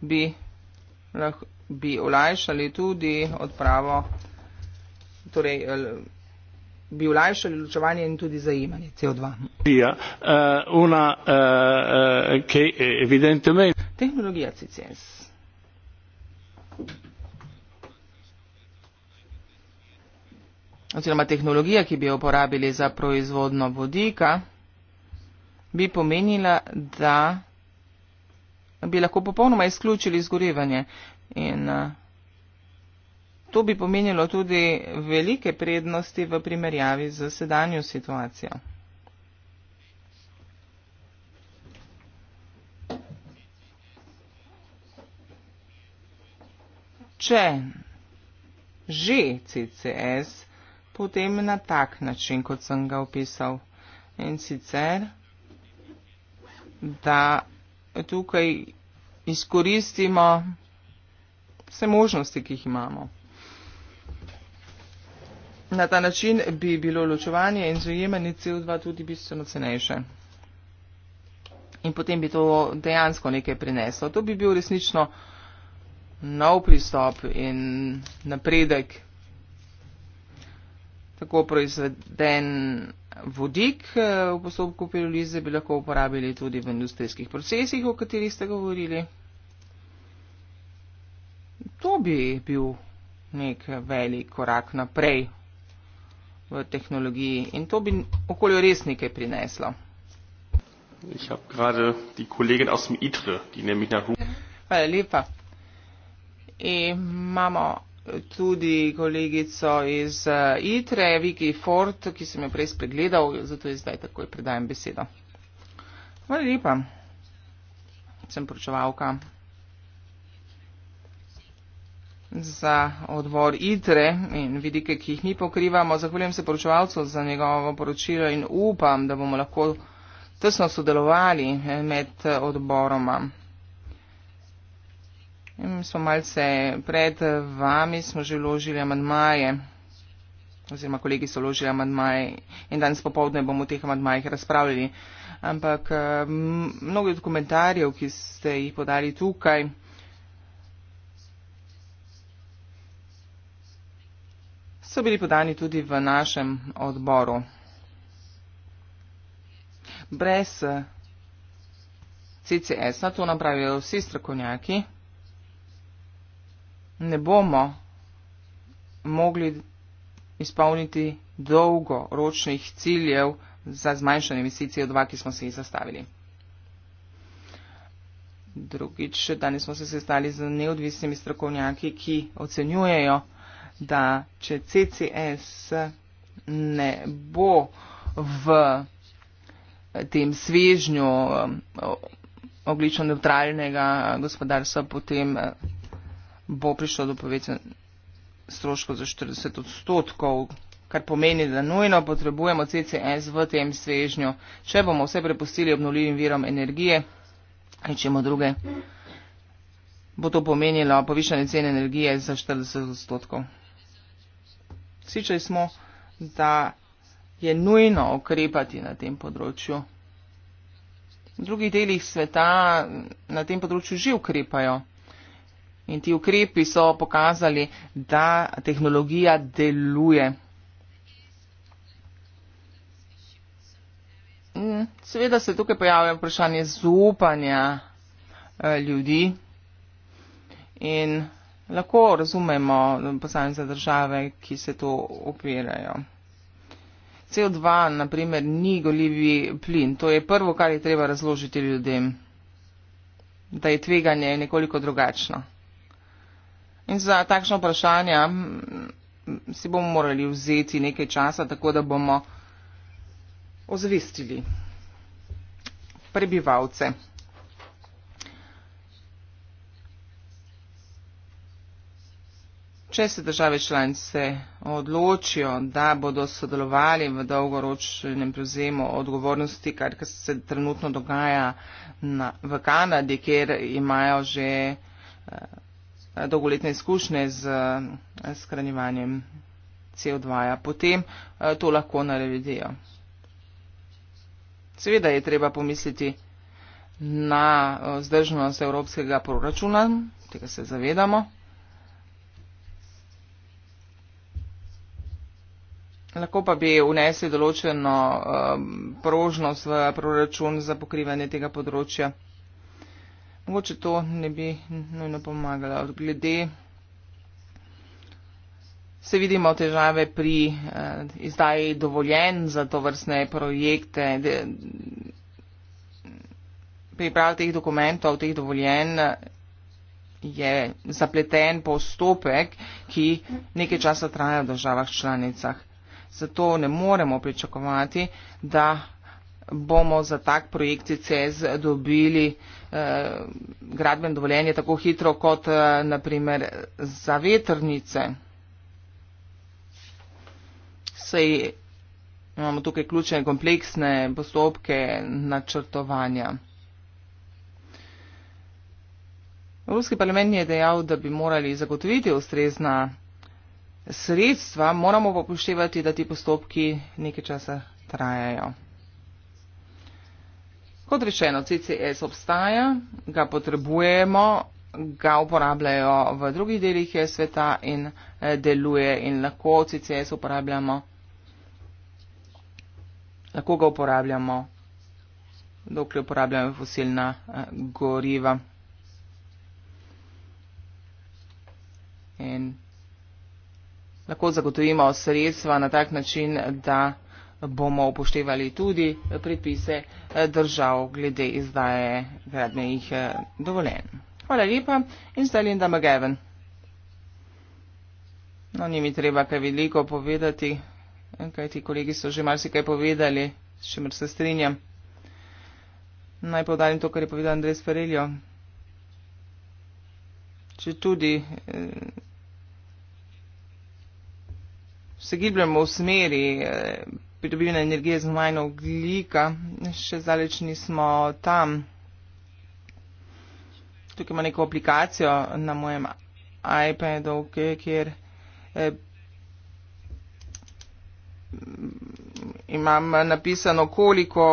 bi, lah, bi olajšali tudi odpravo, torej eh, bi olajšali ločevanje in tudi zajemanje CO2. Eh, eh, tehnologija CCS. Oziroma tehnologija, ki bi jo uporabili za proizvodno vodika, bi pomenila, da bi lahko popolnoma izključili izgorevanje. In eh, to bi pomenilo tudi velike prednosti v primerjavi z sedanjo situacijo. Če že CCS, potem na tak način, kot sem ga opisal. In sicer, da tukaj izkoristimo vse možnosti, ki jih imamo. Na ta način bi bilo ločevanje in zajemanje CO2 tudi bistveno cenejše. In potem bi to dejansko nekaj prineslo. To bi bil resnično nov pristop in napredek tako proizveden vodik eh, v postopku pirolize bi lahko uporabili tudi v industrijskih procesih, o katerih ste govorili. To bi bil nek velik korak naprej v tehnologiji in to bi okolju res nekaj prineslo. Hvala lepa. E, imamo tudi kolegico iz eh, ITRE, Viki Ford, ki sem jo prej spregledal, zato je zdaj takoj predajem besedo. Hvala lepa, sem pročevalka za odbor ITRE in vidike, ki jih mi pokrivamo. Zahvaljujem se poročevalcu za njegovo poročilo in upam, da bomo lahko tesno sodelovali med odboroma. In smo malce pred vami, smo že vložili amadmaje, oziroma kolegi so vložili amadmaje in danes popovdne bomo o teh amadmajih razpravljali. Ampak mnogo od komentarjev, ki ste jih podali tukaj, so bili podani tudi v našem odboru. Brez eh, CCS-a, to napravijo vsi strokovnjaki ne bomo mogli izpolniti dolgoročnih ciljev za zmanjšanje emisij CO2, ki smo si jih zastavili. Drugič, danes smo se sestali z neodvisnimi strokovnjaki, ki ocenjujejo, da če CCS ne bo v tem svežnju um, oglično neutralnega gospodarstva, potem bo prišlo do povečanja stroškov za 40 odstotkov, kar pomeni, da nujno potrebujemo CCS v tem svežnju, če bomo vse prepustili obnovljivim virom energije in če bomo druge, bo to pomenilo povišanje cene energije za 40 odstotkov. Sličali smo, da je nujno okrepati na tem področju. V drugih delih sveta na tem področju že ukrepajo. In ti ukrepi so pokazali, da tehnologija deluje. Mm, seveda se tukaj pojavlja vprašanje zaupanja eh, ljudi in lahko razumemo posamezne države, ki se to opirajo. CO2, naprimer, ni goljivi plin. To je prvo, kar je treba razložiti ljudem, da je tveganje nekoliko drugačno. In za takšno vprašanje si bomo morali vzeti nekaj časa, tako da bomo ozvestili prebivalce. Če se države članice odločijo, da bodo sodelovali v dolgoročnem prevzemu odgovornosti, kar se trenutno dogaja na, v Kanadi, kjer imajo že eh, dolgoletne izkušnje z eh, skranjevanjem CO2, -ja. potem eh, to lahko naredijo. Seveda je treba pomisliti na eh, zdržnost evropskega proračuna, tega se zavedamo. Lahko pa bi vnesli določeno prožnost v proračun za pokrivanje tega področja. Mogoče to ne bi nujno pomagalo. Glede se vidimo težave pri eh, izdaji dovoljen za to vrstne projekte. De, priprav teh dokumentov, teh dovoljen je zapleten postopek, ki nekaj časa traja v državah članicah. Zato ne moremo pričakovati, da bomo za tak projekt CCS dobili eh, gradben dovoljenje tako hitro kot eh, naprimer za veternice. Sej imamo tukaj ključne kompleksne postopke načrtovanja. Evropski parlament je dejal, da bi morali zagotoviti ustrezna sredstva, moramo pa upoštevati, da ti postopki nekaj časa trajajo. Kot rečeno, CCS obstaja, ga potrebujemo, ga uporabljajo v drugih delih sveta in eh, deluje in lahko CCS uporabljamo. Lahko ga uporabljamo, dokler uporabljamo fosilna eh, goriva. In lahko zagotovimo sredstva na tak način, da bomo upoštevali tudi predpise eh, držav glede izdaje gradbenih eh, dovoljenj. Hvala lepa in zdaj Linda Magaven. No, ni mi treba kaj veliko povedati, kaj ti kolegi so že marsikaj povedali, s čimer se strinjam. Naj povdarim to, kar je povedal Andres Ferelio. Če tudi eh, se gibljamo v smeri eh, pridobivanje energije iz manj oglika, še zdaleč nismo tam. Tukaj imamo neko aplikacijo na mojem iPadu, kjer eh, imam napisano, koliko,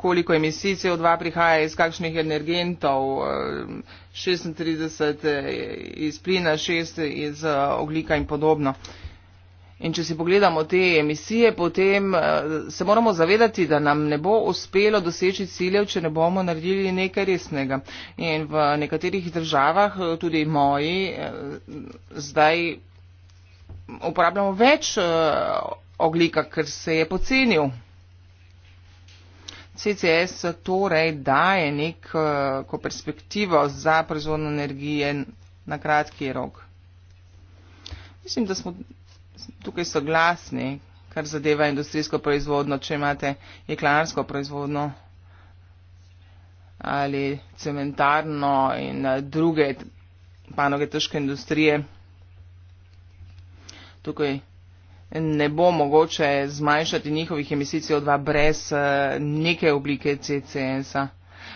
koliko emisij CO2 prihaja iz kakšnih energentov, eh, 36 eh, iz plina, 6 iz eh, oglika in podobno. Eh, In če si pogledamo te emisije, potem eh, se moramo zavedati, da nam ne bo uspelo doseči ciljev, če ne bomo naredili nekaj resnega. In v nekaterih državah, eh, tudi moji, eh, zdaj uporabljamo več oglika, ker se je pocenil. CCS torej daje neko perspektivo za proizvodno energije na kratki rok. Mislim, da smo tukaj so glasni, kar zadeva industrijsko proizvodno, če imate jeklarsko proizvodno ali cementarno in eh, druge panoge težke industrije. Tukaj ne bo mogoče zmanjšati njihovih emisij CO2 brez eh, neke oblike CCS-a.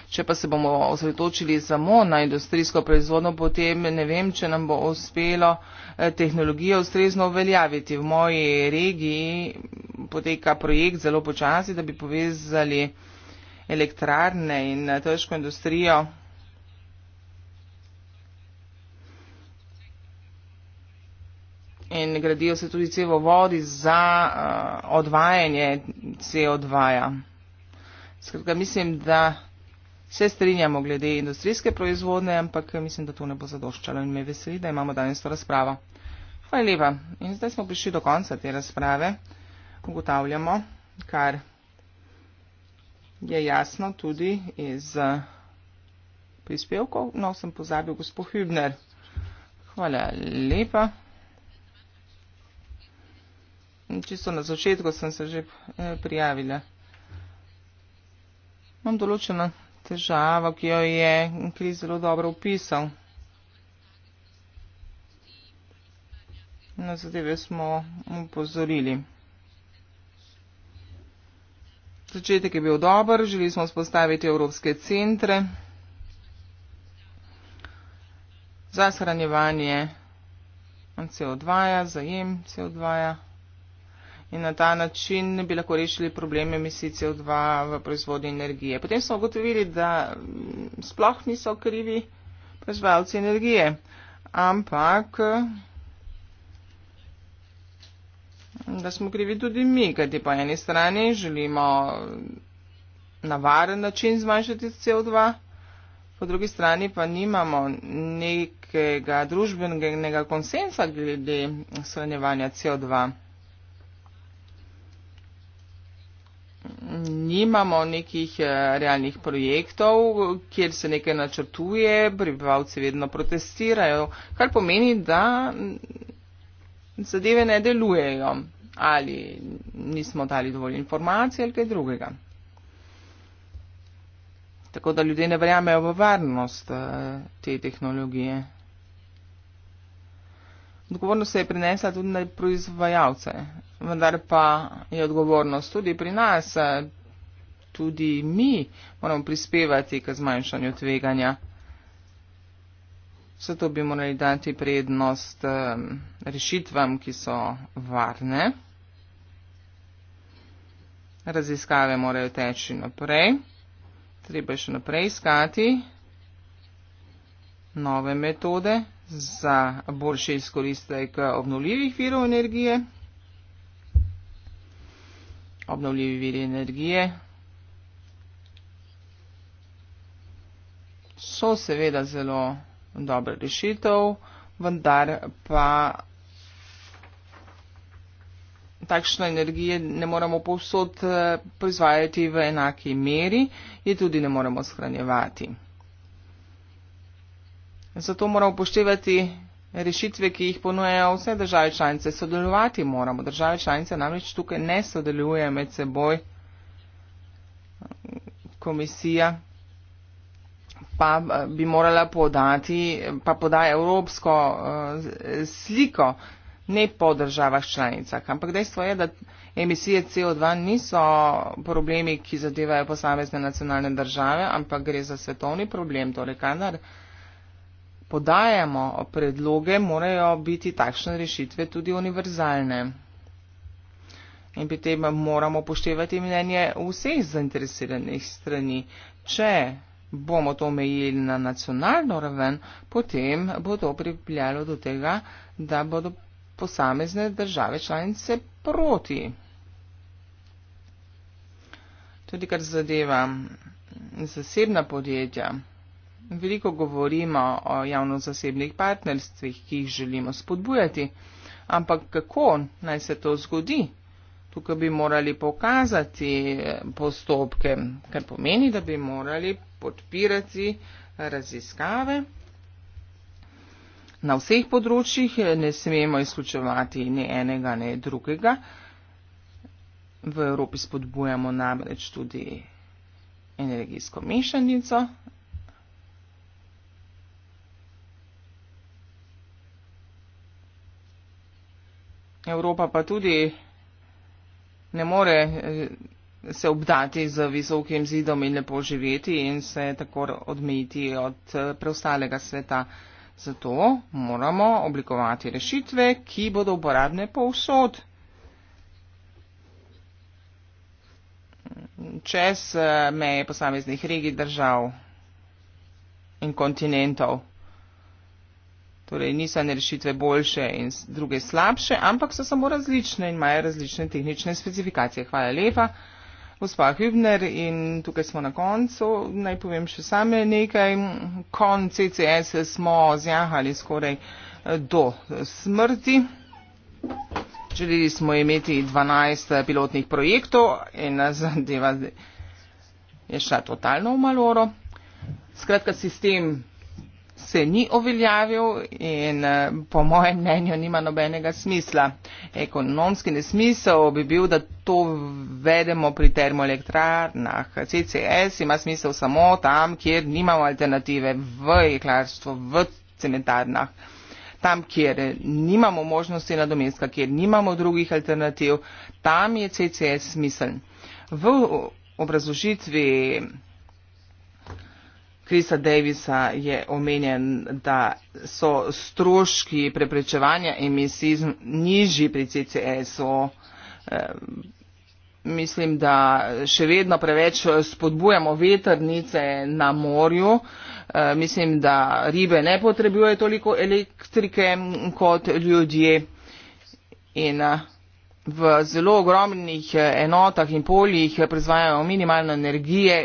Če pa se bomo osredotočili samo na industrijsko proizvodno, potem ne vem, če nam bo uspelo eh, tehnologijo ustrezno uveljaviti. V moji regiji poteka projekt zelo počasi, da bi povezali elektrarne in eh, težko industrijo. In gradijo se tudi cevovodi za uh, odvajanje CO2. -ja. Skratka, mislim, da. Se strinjamo glede industrijske proizvodne, ampak mislim, da to ne bo zadoščalo in me veseli, da imamo danes to razpravo. Hvala lepa. In zdaj smo prišli do konca te razprave. Ugotavljamo, kar je jasno tudi iz prispevkov. No, sem pozabil gospod Hübner. Hvala lepa. Čisto na začetku sem se že eh, prijavila. Imam določeno težava, ki jo je Kri zelo dobro opisal. Na zadeve smo mu pozorili. Začetek je bil dober, želi smo spostaviti evropske centre za shranjevanje CO2, zajem CO2. -ja in na ta način bi lahko rešili problem emisij CO2 v proizvodnji energije. Potem smo ugotovili, da mm, sploh niso krivi proizvajalci energije, ampak da smo krivi tudi mi, kajti po eni strani želimo na varen način zmanjšati CO2, po drugi strani pa nimamo nekega družbenega konsensa glede shranjevanja CO2. nimamo nekih eh, realnih projektov, kjer se nekaj načrtuje, prebivalci vedno protestirajo, kar pomeni, da zadeve ne delujejo ali nismo dali dovolj informacij ali kaj drugega. Tako da ljudje ne verjamejo v varnost eh, te tehnologije. Odgovornost se je prenesla tudi na proizvajalce vendar pa je odgovornost tudi pri nas, tudi mi moramo prispevati k zmanjšanju tveganja. Vse to bi morali dati prednost rešitvam, ki so varne. Raziskave morajo teči naprej, treba še naprej iskati nove metode za boljši izkoristek obnuljivih virov energije obnovljivi viri energije so seveda zelo dobra rešitev, vendar pa takšne energije ne moremo povsod eh, proizvajati v enaki meri in tudi ne moremo shranjevati. Zato moramo upoštevati rešitve, ki jih ponujejo vse države članice. Sodelovati moramo. Države članice namreč tukaj ne sodeluje med seboj. Komisija pa eh, bi morala podati, pa podaja evropsko uh, sliko, ne po državah članicah. Ampak dejstvo je, da emisije CO2 niso problemi, ki zadevajo posamezne nacionalne države, ampak gre za svetovni problem. Torej, kadar uh, podajamo predloge, morajo biti takšne rešitve tudi univerzalne. In potem moramo poštevati mnenje vseh zainteresiranih strani. Če bomo to omejili na nacionalno raven, potem bo to pripeljalo do tega, da bodo posamezne države članice proti. Tudi kar zadeva zasebna podjetja. Veliko govorimo o javno-zasebnih partnerstvih, ki jih želimo spodbujati, ampak kako naj se to zgodi? Tukaj bi morali pokazati eh, postopke, kar pomeni, da bi morali podpirati raziskave. Na vseh področjih eh, ne smemo izključevati ne enega, ne drugega. V Evropi spodbujamo namreč tudi energijsko mešanico Evropa pa tudi ne more eh, se obdati z visokim zidom in lepo živeti in se tako odmeti od eh, preostalega sveta. Zato moramo oblikovati rešitve, ki bodo uporabne povsod. Čez eh, meje posameznih regij, držav in kontinentov. Torej, niso ene rešitve boljše in druge slabše, ampak so samo različne in imajo različne tehnične specifikacije. Hvala lepa, gospa Hübner in tukaj smo na koncu. Naj povem še same nekaj. Kon CCS smo zjahali skoraj eh, do eh, smrti. Želeli smo imeti 12 eh, pilotnih projektov in zadeva je šla totalno v maloro. Skratka, sistem se ni oveljavil in eh, po mojem mnenju nima nobenega smisla. Ekonomski nesmisel bi bil, da to vedemo pri termoelektrarnah. CCS ima smisel samo tam, kjer nimamo alternative v jeklarstvu, v cementarnah. Tam, kjer nimamo možnosti nadomestka, kjer nimamo drugih alternativ, tam je CCS smiseln. V obrazložitvi Krisa Davisa je omenjen, da so stroški preprečevanja emisij nižji pri CCSO. Mislim, da še vedno preveč spodbujamo veternice na morju. Mislim, da ribe ne potrebujejo toliko elektrike kot ljudje. In v zelo ogromnih enotah in poljih prezvajajo minimalno energije,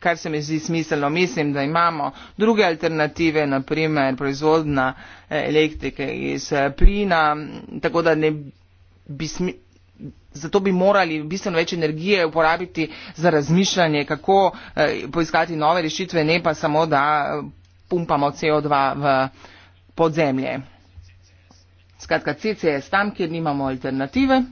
kar se mi zdi smiselno. Mislim, da imamo druge alternative, naprimer proizvodna eh, elektrike iz eh, plina, tako da ne bi smi. Zato bi morali bistveno več energije uporabiti za razmišljanje, kako eh, poiskati nove rešitve, ne pa samo, da pumpamo CO2 v podzemlje. Skratka, CCS tam, kjer nimamo alternative.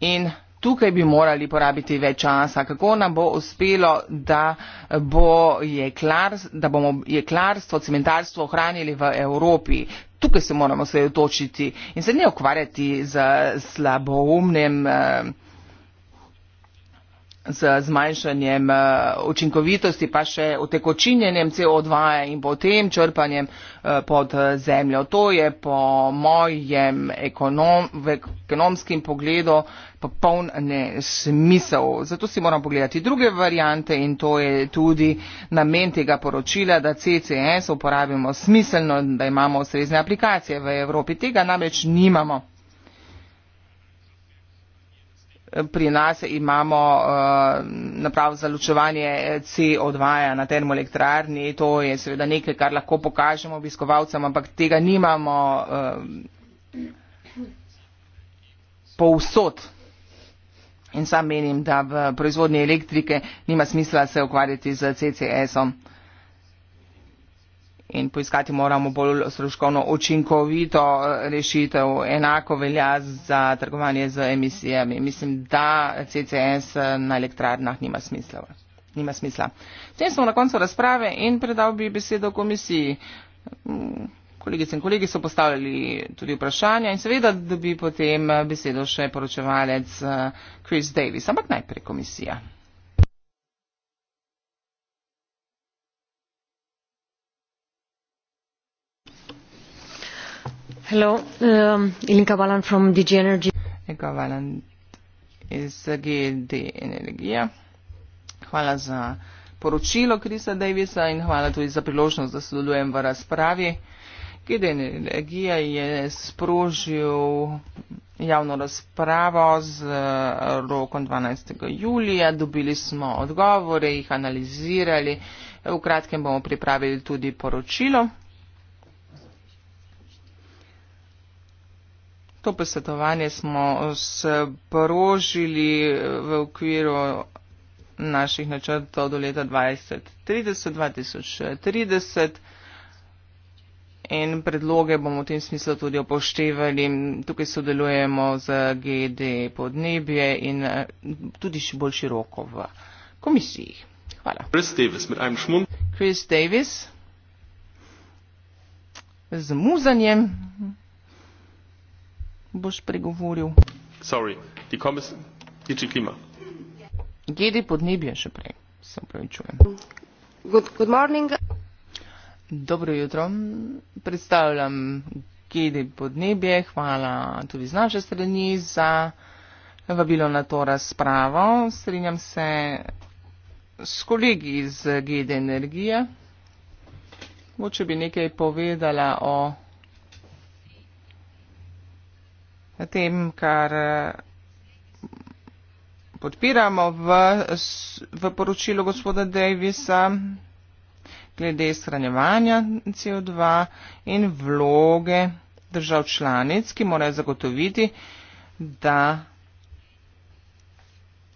In tukaj bi morali porabiti več časa, kako nam bo uspelo, da, bo jeklar, da bomo jeklarstvo, cementarstvo ohranili v Evropi. Tukaj se moramo sredotočiti in se ne ukvarjati z slaboumnem eh, z zmanjšanjem uh, učinkovitosti, pa še utekočinjenjem CO2 in potem črpanjem uh, pod zemljo. To je po mojem ekonom, ekonomskem pogledu uh, popoln nesmisel. Zato si moramo pogledati druge variante in to je tudi namen tega poročila, da CCS uporabimo smiselno, da imamo ustrezne aplikacije v Evropi. Tega namreč nimamo. Pri nas imamo uh, eh, naprav za ločevanje CO2 na termoelektrarni. To je seveda nekaj, kar lahko pokažemo obiskovalcem, ampak tega nimamo uh, povsod. In sam menim, da v proizvodnji elektrike nima smisla se ukvarjati z CCS-om. In poiskati moramo bolj stroškovno učinkovito eh, rešitev. Enako velja za trgovanje z emisijami. Mislim, da CCS eh, na elektrarnah nima smisla. Nima smisla. S tem smo na koncu razprave in predal bi besedo komisiji. Mm kolegice in kolegi so postavljali tudi vprašanja in seveda dobi potem besedo še poročevalec eh, Chris Davis, ampak najprej komisija. Hello, um, Ilinka Valand from DG Energy. Ilinka Valand iz GD Energija. Hvala za poročilo Krisa Davisa in hvala tudi za priložnost, da sodelujem v razpravi. Uh, Gede energija je sprožil javno razpravo z eh, rokom 12. julija. Dobili smo odgovore, jih analizirali. V kratkem bomo pripravili tudi poročilo. To posvetovanje smo sprožili v okviru naših načrtov do leta 2030, 2030 in predloge bomo v tem smislu tudi upoštevali. Tukaj sodelujemo z GD podnebje in eh, tudi še bolj široko v komisiji. Hvala. Chris Davis, mit einem Schmunk. Chris Davis, z muzanjem boš pregovoril. Sorry, the commission, tiči klima. GD podnebje še prej, se upravičujem. Good, good morning. Dobro jutro. Predstavljam Gedi podnebje. Hvala tudi z naše strani za vabilo na to razpravo. Strinjam se s kolegi iz Gedi energije. Moče bi nekaj povedala o tem, kar podpiramo v, v poročilu gospoda Davisa glede shranjevanja CO2 in vloge držav članic, ki morajo zagotoviti, da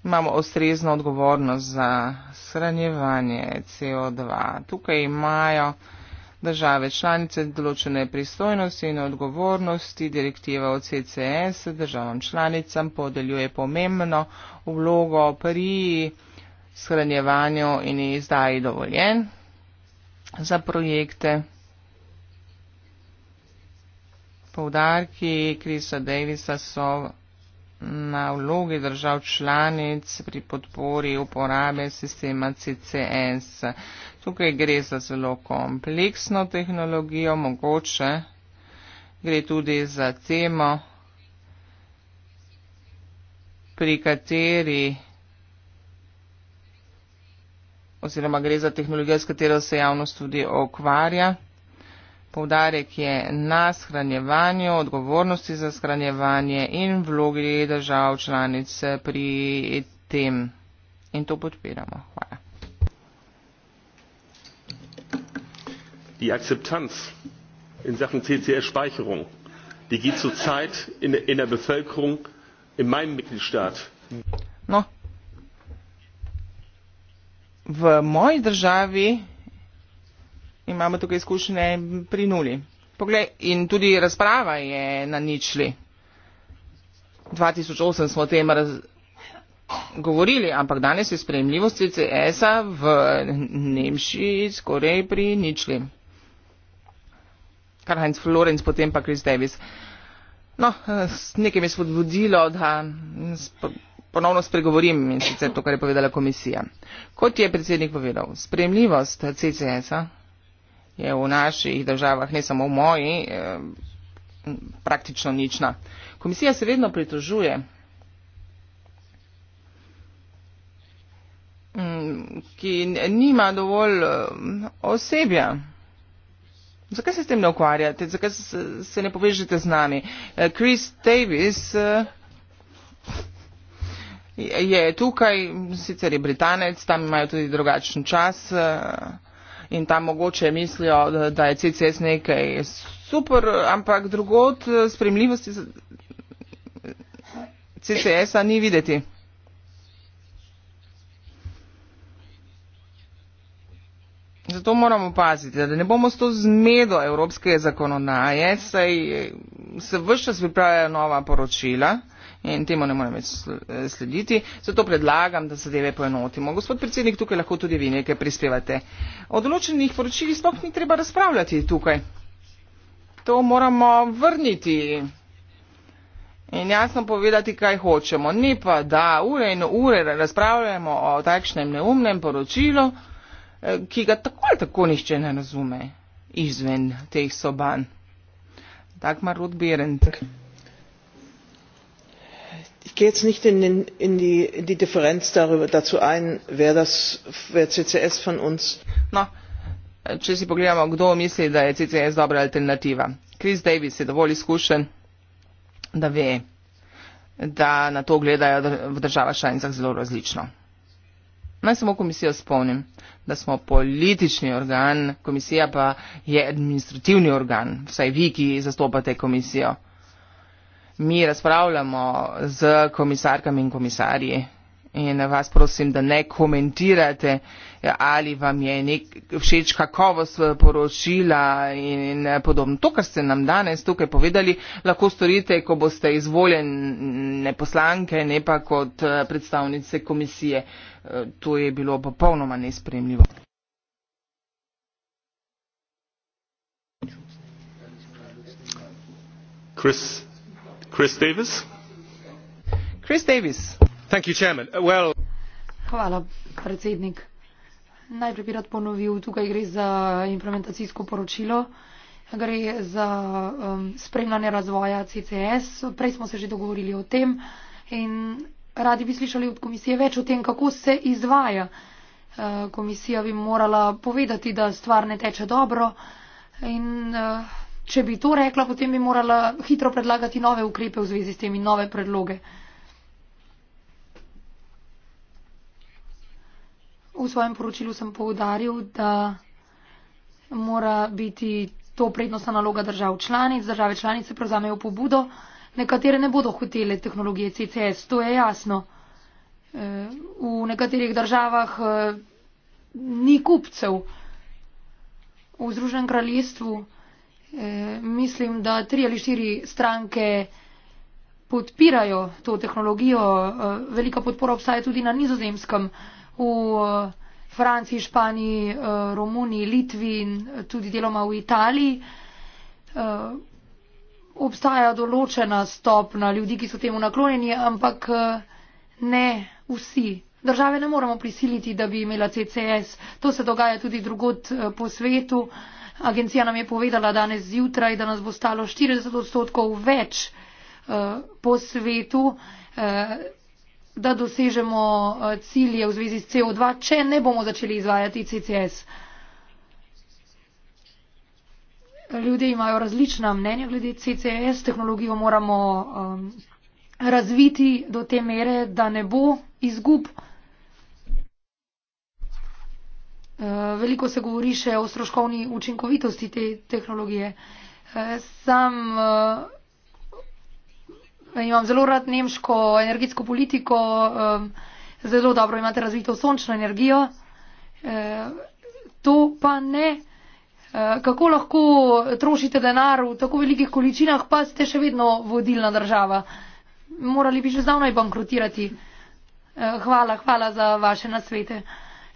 imamo ustrezno odgovornost za shranjevanje CO2. Tukaj imajo države članice določene pristojnosti in odgovornosti. Direktiva o CCS državam članicam podeljuje pomembno vlogo pri shranjevanju in izdaji dovoljen za projekte. Povdarki Krisa Davisa so na vlogi držav članic pri podpori uporabe sistema CCS. Tukaj gre za zelo kompleksno tehnologijo, mogoče gre tudi za temo, pri kateri oziroma gre za tehnologijo, s katero se javnost tudi okvarja. Povdarek je na shranjevanju, odgovornosti za shranjevanje in vlogi držav članic pri tem. In to podpiramo. Hvala. Die Akzeptanz in Sachen CCS-Speicherung, die geht zurzeit in, in der Bevölkerung in meinem Mitgliedstaat. v moji državi imamo tukaj izkušnje pri nuli. Poglej, in tudi razprava je na ničli. 2008 smo o tem govorili, ampak danes je spremljivost CCS-a v Nemčiji skoraj pri ničli. Kar Heinz Florenc, potem pa Chris Davis. No, eh, s nekim je spodbudilo, da ponovno spregovorim in sicer to, kar je povedala komisija. Kot je predsednik povedal, spremljivost CCS-a je v naših državah, ne samo v moji, eh, praktično nična. Komisija se vedno pritožuje, mm, ki nima dovolj eh, osebja. Zakaj se s tem ne ukvarjate? Zakaj se ne povežete z nami? Eh, Chris Davis je tukaj sicer je britanec tam imajo tudi drugačen čas eh, in tam mogoče mislijo da je CCS nekaj super ampak drugod eh, spremljivosti CCS-a ni videti Zato moramo paziti, da ne bomo s to zmedo evropske zakonodaje, saj se vse čas pripravljajo nova poročila in temu ne morem več eh, slediti. Zato predlagam, da zadeve poenotimo. Gospod predsednik, tukaj lahko tudi vi nekaj prispevate. O določenih poročilih sploh ni treba razpravljati tukaj. To moramo vrniti in jasno povedati, kaj hočemo. Ni pa, da ure in ure razpravljamo o takšnem neumnem poročilu, eh, ki ga tako ali tako nišče ne razume izven teh soban. Dagmar Rudbirent. Okay. Ich gehe jetzt nicht in, den, in, die, in die Differenz darüber, dazu ein, wer das, wer CCS von uns. No. Če si pogledamo, kdo misli, da je CCS dobra alternativa. Chris Davis je dovolj izkušen, da ve, da na to gledajo v državah članicah zelo različno. Naj samo komisijo spomnim, da smo politični organ, komisija pa je administrativni organ, vsaj vi, ki zastopate komisijo mi razpravljamo s komisarkami in komisarji in vas prosim, da ne komentirate, ali vam je nek, všeč kakovost eh, poročila in, in podobno. To, kar ste nam danes tukaj povedali, lahko storite, ko boste izvoljene poslanke, ne pa kot eh, predstavnice komisije. Eh, to je bilo popolnoma nespremljivo. Chris. Uh, najprej bi rad ponovil tukaj gre za implementacijsko poročilo gre za um, spremljanje razvoja ccs prej smo se že dogovorili o tem in radi bi slišali od komisije več o tem kako se izvaja uh, Komisija bi morala povedati, da stvar ne teče dobro in uh, če bi to rekla, potem bi morala hitro predlagati nove ukrepe v zvezi s temi nove predloge. V svojem poročilu sem povdaril, da mora biti to prednostna naloga držav članic. Države članice prevzamejo pobudo, nekatere ne bodo hotele tehnologije CCS, to je jasno. E, v nekaterih državah e, ni kupcev. V Združenem kraljestvu Eh, mislim, da tri ali štiri stranke podpirajo to tehnologijo. Eh, velika podpora obstaja tudi na nizozemskem, v eh, Franciji, Španiji, Romuniji, Litvi in tudi deloma v Italiji. Obstaja določena stopna ljudi, ki so temu naklonjeni, ampak ne vsi. Države ne moremo prisiliti, da bi imela CCS. To se dogaja tudi drugot po svetu. Agencija nam je povedala danes zjutraj, da nas bo stalo 40 odstotkov več uh, po svetu, uh, da dosežemo uh, cilje v zvezi s CO2, če ne bomo začeli izvajati CCS. Ljudje imajo različna mnenja glede CCS, tehnologijo moramo um, razviti do te mere, da ne bo izgub. Veliko se govori še o stroškovni učinkovitosti te tehnologije. Sam eh, imam zelo rad nemško energetsko politiko, eh, zelo dobro imate razvito sončno energijo. Eh, to pa ne. Kako lahko trošite denar v tako velikih količinah, pa ste še vedno vodilna država? Morali bi že zdavnaj bankrotirati. Hvala, hvala za vaše nasvete.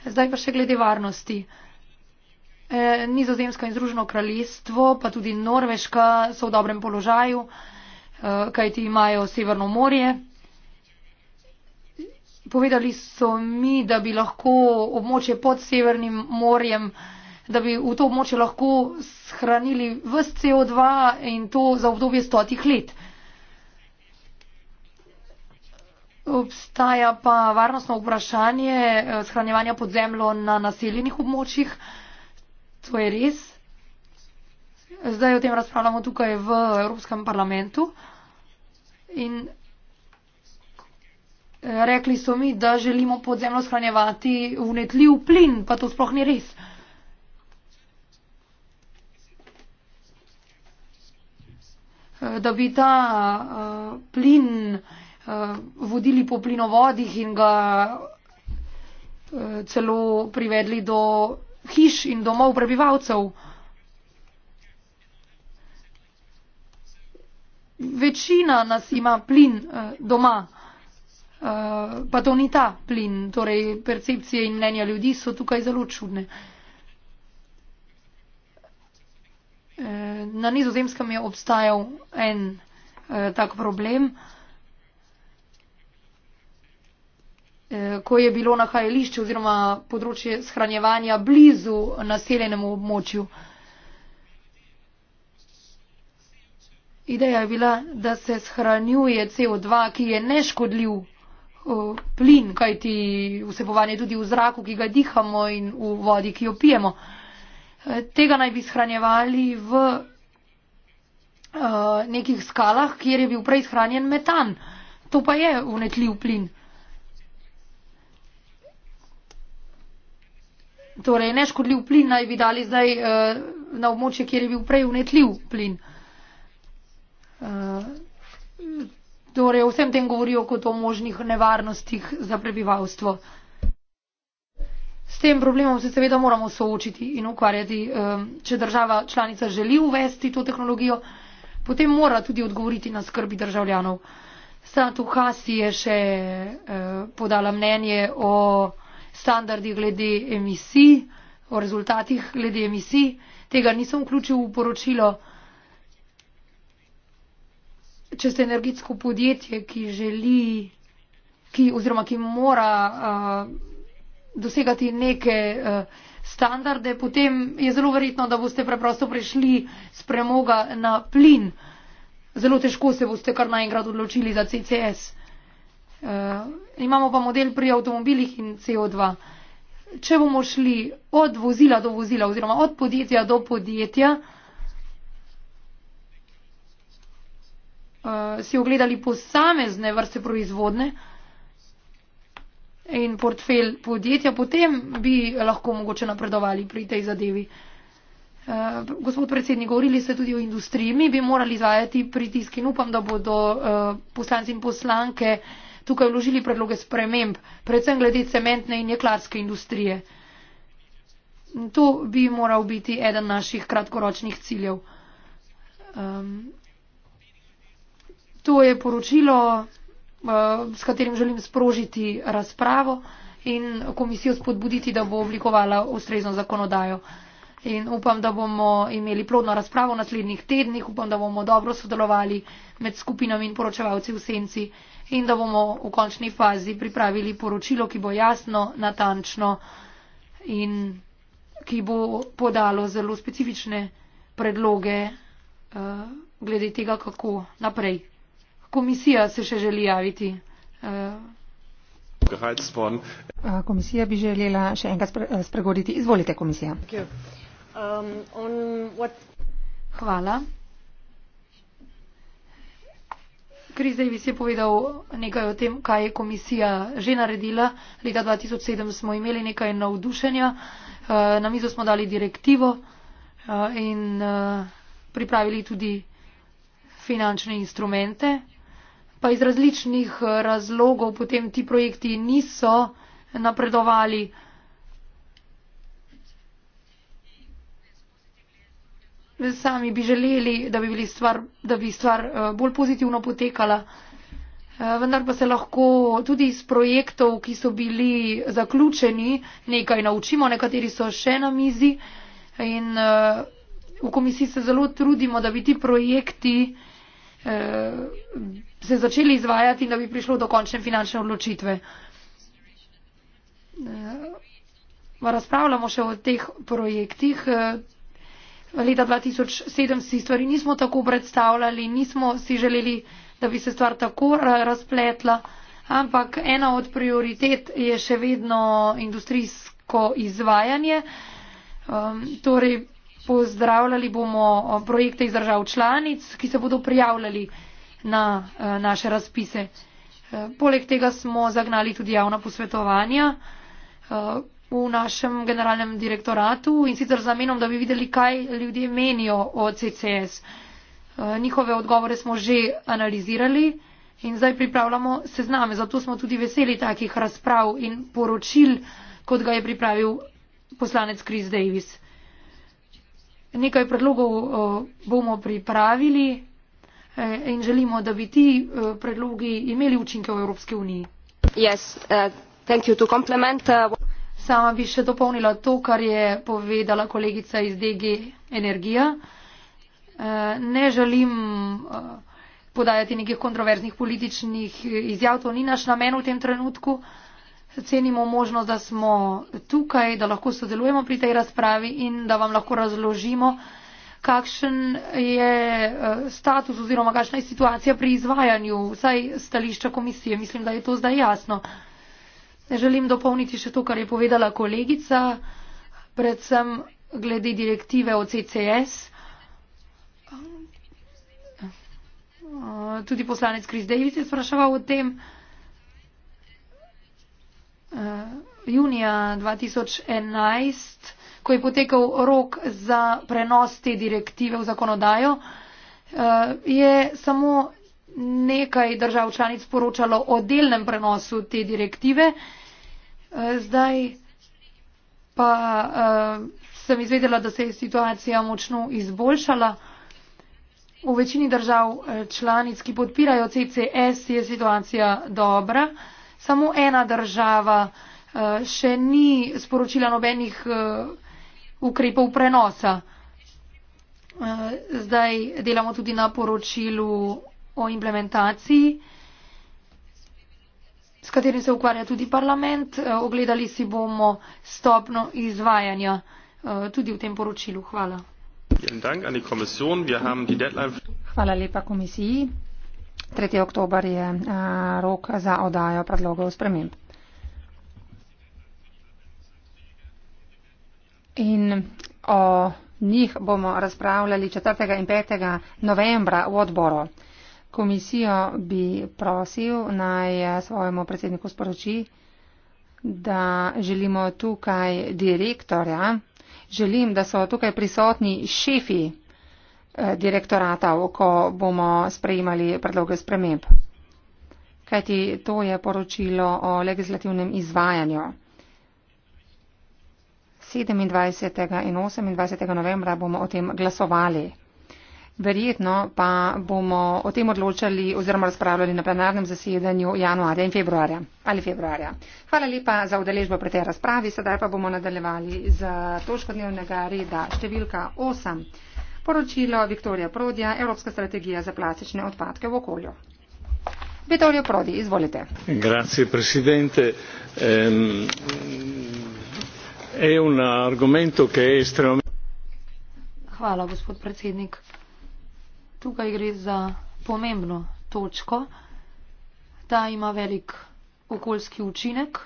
Zdaj pa še glede varnosti. E, Nizozemsko in Združeno kraljestvo, pa tudi Norveška so v dobrem položaju, e, kajti imajo Severno morje. Povedali so mi, da bi lahko območje pod Severnim morjem, da bi v to območje lahko shranili vse CO2 in to za obdobje stotih let. Obstaja pa varnostno vprašanje eh, shranjevanja pod zemljo na naseljenih območjih. To je res. Zdaj o tem razpravljamo tukaj v Evropskem parlamentu. In eh, rekli so mi, da želimo pod zemljo shranjevati unetljiv plin, pa to sploh ni res. Eh, da bi ta uh, plin Eh, vodili po plinovodih in ga eh, celo privedli do hiš in domov prebivalcev. Večina nas ima plin eh, doma, pa to ni ta plin, torej percepcije in mnenja ljudi so tukaj zelo čudne. Na nizozemskem je obstajal en tak problem. Eh, ko je bilo nahajališče oziroma področje shranjevanja blizu naseljenemu območju. Ideja je bila, da se shranjuje CO2, ki je neškodljiv eh, plin, kajti vsebovanje tudi v zraku, ki ga dihamo in v vodi, ki jo pijemo. Eh, tega naj bi shranjevali v nekih skalah, kjer je bil prej shranjen metan. To pa je unetljiv plin. torej neškodljiv plin naj bi dali zdaj uh, na območje, kjer je bil prej unetljiv plin. Uh, torej o vsem tem govorijo kot o možnih nevarnostih za prebivalstvo. S tem problemom se seveda moramo soočiti in ukvarjati. Eh, če država članica želi uvesti to tehnologijo, potem mora tudi odgovoriti na skrbi državljanov. Statu Hasi je še podala mnenje o standardi glede emisij, o rezultatih glede emisij. Tega nisem vključil v poročilo. Če se energetsko podjetje, ki želi, ki, oziroma ki mora uh, dosegati neke uh, standarde, potem je zelo verjetno, da boste preprosto prišli s premoga na plin. Zelo težko se boste kar naenkrat odločili za CCS. Eh, imamo pa model pri avtomobilih in CO2. Če bomo šli od vozila do vozila oziroma od podjetja do podjetja, eh, si ogledali posamezne vrste proizvodne in portfelj podjetja, potem bi lahko mogoče napredovali pri tej zadevi. Eh, gospod predsednik, govorili ste tudi o industriji. Mi bi morali zajeti pritisk in upam, da bodo poslanci in poslanke tukaj vložili predloge sprememb, predvsem glede cementne in jeklarske industrije. To bi moral biti eden naših kratkoročnih ciljev. Um, to je poročilo, uh, s katerim želim sprožiti razpravo in komisijo spodbuditi, da bo oblikovala ustrezno zakonodajo. In upam, da bomo imeli plodno razpravo v naslednjih tednih, upam, da bomo dobro sodelovali med skupinami in poročevalci v senci in da bomo v končni fazi pripravili poročilo, ki bo jasno, natančno in ki bo podalo zelo specifične predloge uh, glede tega, kako naprej. Komisija se še želi javiti. Uh. Komisija bi želela še enkrat spregovoriti. Izvolite, komisija. Um, what... Hvala. Krizej bi se povedal nekaj o tem, kaj je komisija že naredila. Leta 2007 smo imeli nekaj navdušenja, eh, na mizo smo dali direktivo eh, in eh, pripravili tudi finančne instrumente. Pa iz različnih razlogov potem ti projekti niso napredovali. sami bi želeli, da bi, stvar, da bi stvar eh, bolj pozitivno potekala. Eh, vendar pa se lahko tudi iz projektov, ki so bili zaključeni, nekaj naučimo, nekateri so še na mizi in eh, v komisiji se zelo trudimo, da bi ti projekti se začeli izvajati in da bi prišlo do končne finančne odločitve. Razpravljamo še o teh projektih leta 2007 si stvari nismo tako predstavljali, nismo si želeli, da bi se stvar tako razpletla, ampak ena od prioritet je še vedno industrijsko izvajanje. Um, torej, pozdravljali bomo uh, projekte iz držav članic, ki se bodo prijavljali na uh, naše razpise. Uh, poleg tega smo zagnali tudi javna posvetovanja. Uh, v našem generalnem direktoratu in sicer z namenom, da bi videli, kaj ljudje menijo o CCS. Eh, njihove odgovore smo že analizirali in zdaj pripravljamo sezname. Zato smo tudi veseli takih razprav in poročil, kot ga je pripravil poslanec Chris Davis. Nekaj predlogov eh, bomo pripravili eh, in želimo, da bi ti predlogi imeli učinke v Evropski uniji. Yes, uh, Sama bi še dopolnila to, kar je povedala kolegica iz DG Energija. Eh, ne želim eh, podajati nekih kontroverznih političnih izjav, to ni naš namen v tem trenutku. Cenimo možnost, da smo tukaj, da lahko sodelujemo pri tej razpravi in da vam lahko razložimo, kakšen je eh, status oziroma kakšna je situacija pri izvajanju vsaj stališča komisije. Mislim, da je to zdaj jasno. Želim dopolniti še to, kar je povedala kolegica, predvsem glede direktive o CCS. Tudi poslanec Chris Davis je spraševal o tem. Junija 2011, ko je potekal rok za prenos te direktive v zakonodajo, je samo nekaj držav članic poročalo o delnem prenosu te direktive. E, zdaj pa e, sem izvedela, da se je situacija močno izboljšala. V večini držav e, članic, ki podpirajo CCS, je situacija dobra. Samo ena država še ni sporočila nobenih ukrepov prenosa. Zdaj delamo tudi na poročilu o implementaciji, s katerim se ukvarja tudi parlament. E, ogledali si bomo stopno izvajanja e, tudi v tem poročilu. Hvala. Hvala lepa komisiji. 3. oktober je e, rok za odajo predlogov sprememb. In o njih bomo razpravljali 4. in 5. novembra v odboru. Komisijo bi prosil naj eh, svojemu predsedniku sporoči, da želimo tukaj direktorja, želim, da so tukaj prisotni šefi eh, direktoratov, ko bomo sprejemali predloge sprememb. Kajti to je poročilo o legislativnem izvajanju. 27. in 28. novembra bomo o tem glasovali. Verjetno pa bomo o tem odločali oziroma razpravljali na plenarnem zasedanju januarja in februarja ali februarja. Hvala lepa za udeležbo pri tej razpravi. Sedaj pa bomo nadaljevali z točko dnevnega reda številka 8. Poročilo Viktorija Prodja, Evropska strategija za plastične odpadke v okolju. Vittorio Prodi, izvolite. Grazie, presidente. Um, è un argomento che è estremamente. Hvala, gospod predsednik tukaj gre za pomembno točko. Ta ima velik okoljski učinek.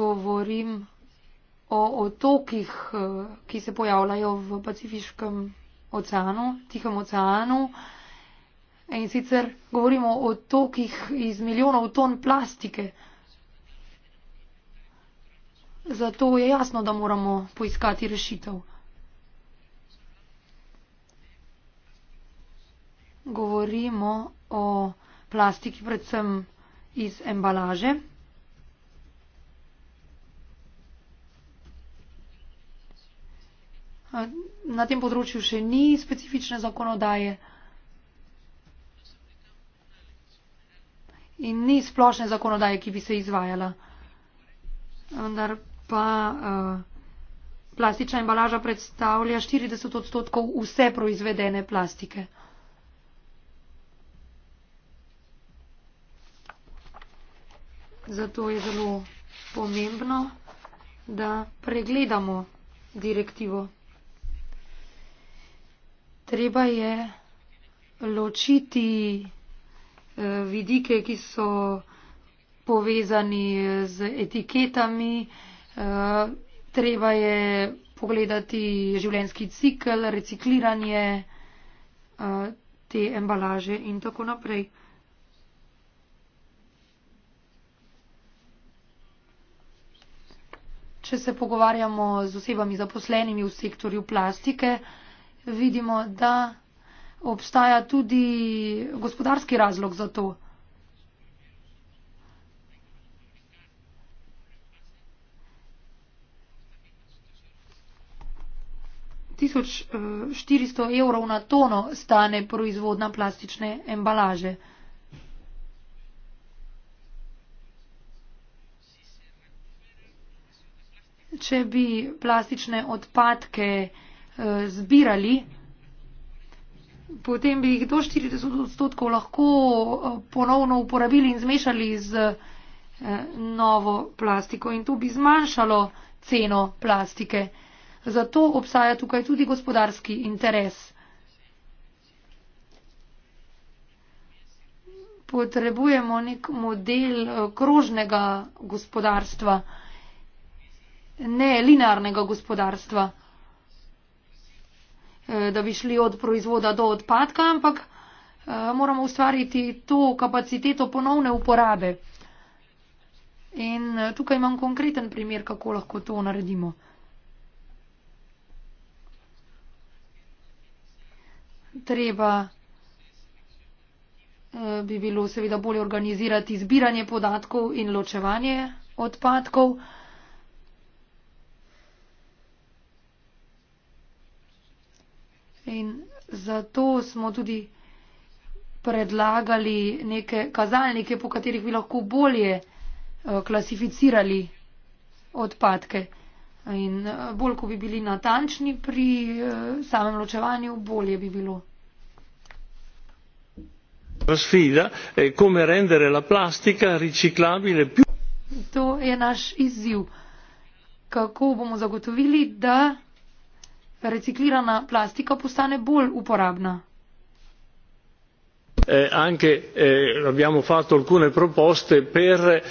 Govorim o otokih, eh, ki se pojavljajo v Pacifiškem oceanu, Tihem oceanu. In sicer govorimo o otokih iz milijonov ton plastike, Zato je jasno, da moramo poiskati rešitev. Govorimo o plastiki, predvsem iz embalaže. Na tem področju še ni specifične zakonodaje in ni splošne zakonodaje, ki bi se izvajala. Vendar pa uh, plastična embalaža predstavlja 40 odstotkov vse proizvedene plastike. Zato je zelo pomembno, da pregledamo direktivo. Treba je ločiti eh, vidike, ki so povezani z etiketami, Eh, treba je pogledati življenski cikl, recikliranje eh, te embalaže in tako naprej. Če se pogovarjamo z osebami zaposlenimi v sektorju plastike, vidimo, da obstaja tudi gospodarski razlog za to. 1400 eh, evrov na tono stane proizvodna plastične embalaže. Če bi plastične odpadke eh, zbirali, potem bi jih do 40 odstotkov lahko eh, ponovno uporabili in zmešali z novo plastiko in to bi zmanjšalo ceno plastike. Zato obstaja tukaj tudi gospodarski interes. Potrebujemo nek model eh, krožnega gospodarstva, ne linearnega gospodarstva, eh, da bi šli od proizvoda do odpadka, ampak eh, moramo ustvariti to kapaciteto ponovne uporabe. In tukaj imam konkreten primer, kako lahko to naredimo. treba eh, bi bilo seveda bolje organizirati zbiranje podatkov in ločevanje odpadkov. In zato smo tudi predlagali neke kazalnike, po katerih bi lahko bolje eh, klasificirali odpadke. In eh, bolj, ko bi bili natančni pri samem ločevanju, bolje bi bilo prva sfida è eh, come rendere la plastica riciclabile. to je naš izziv kako bomo zagotovili da reciclirana plastika postane bolj uporabna. Eh, anche eh, abbiamo fatto alcune proposte per. Eh,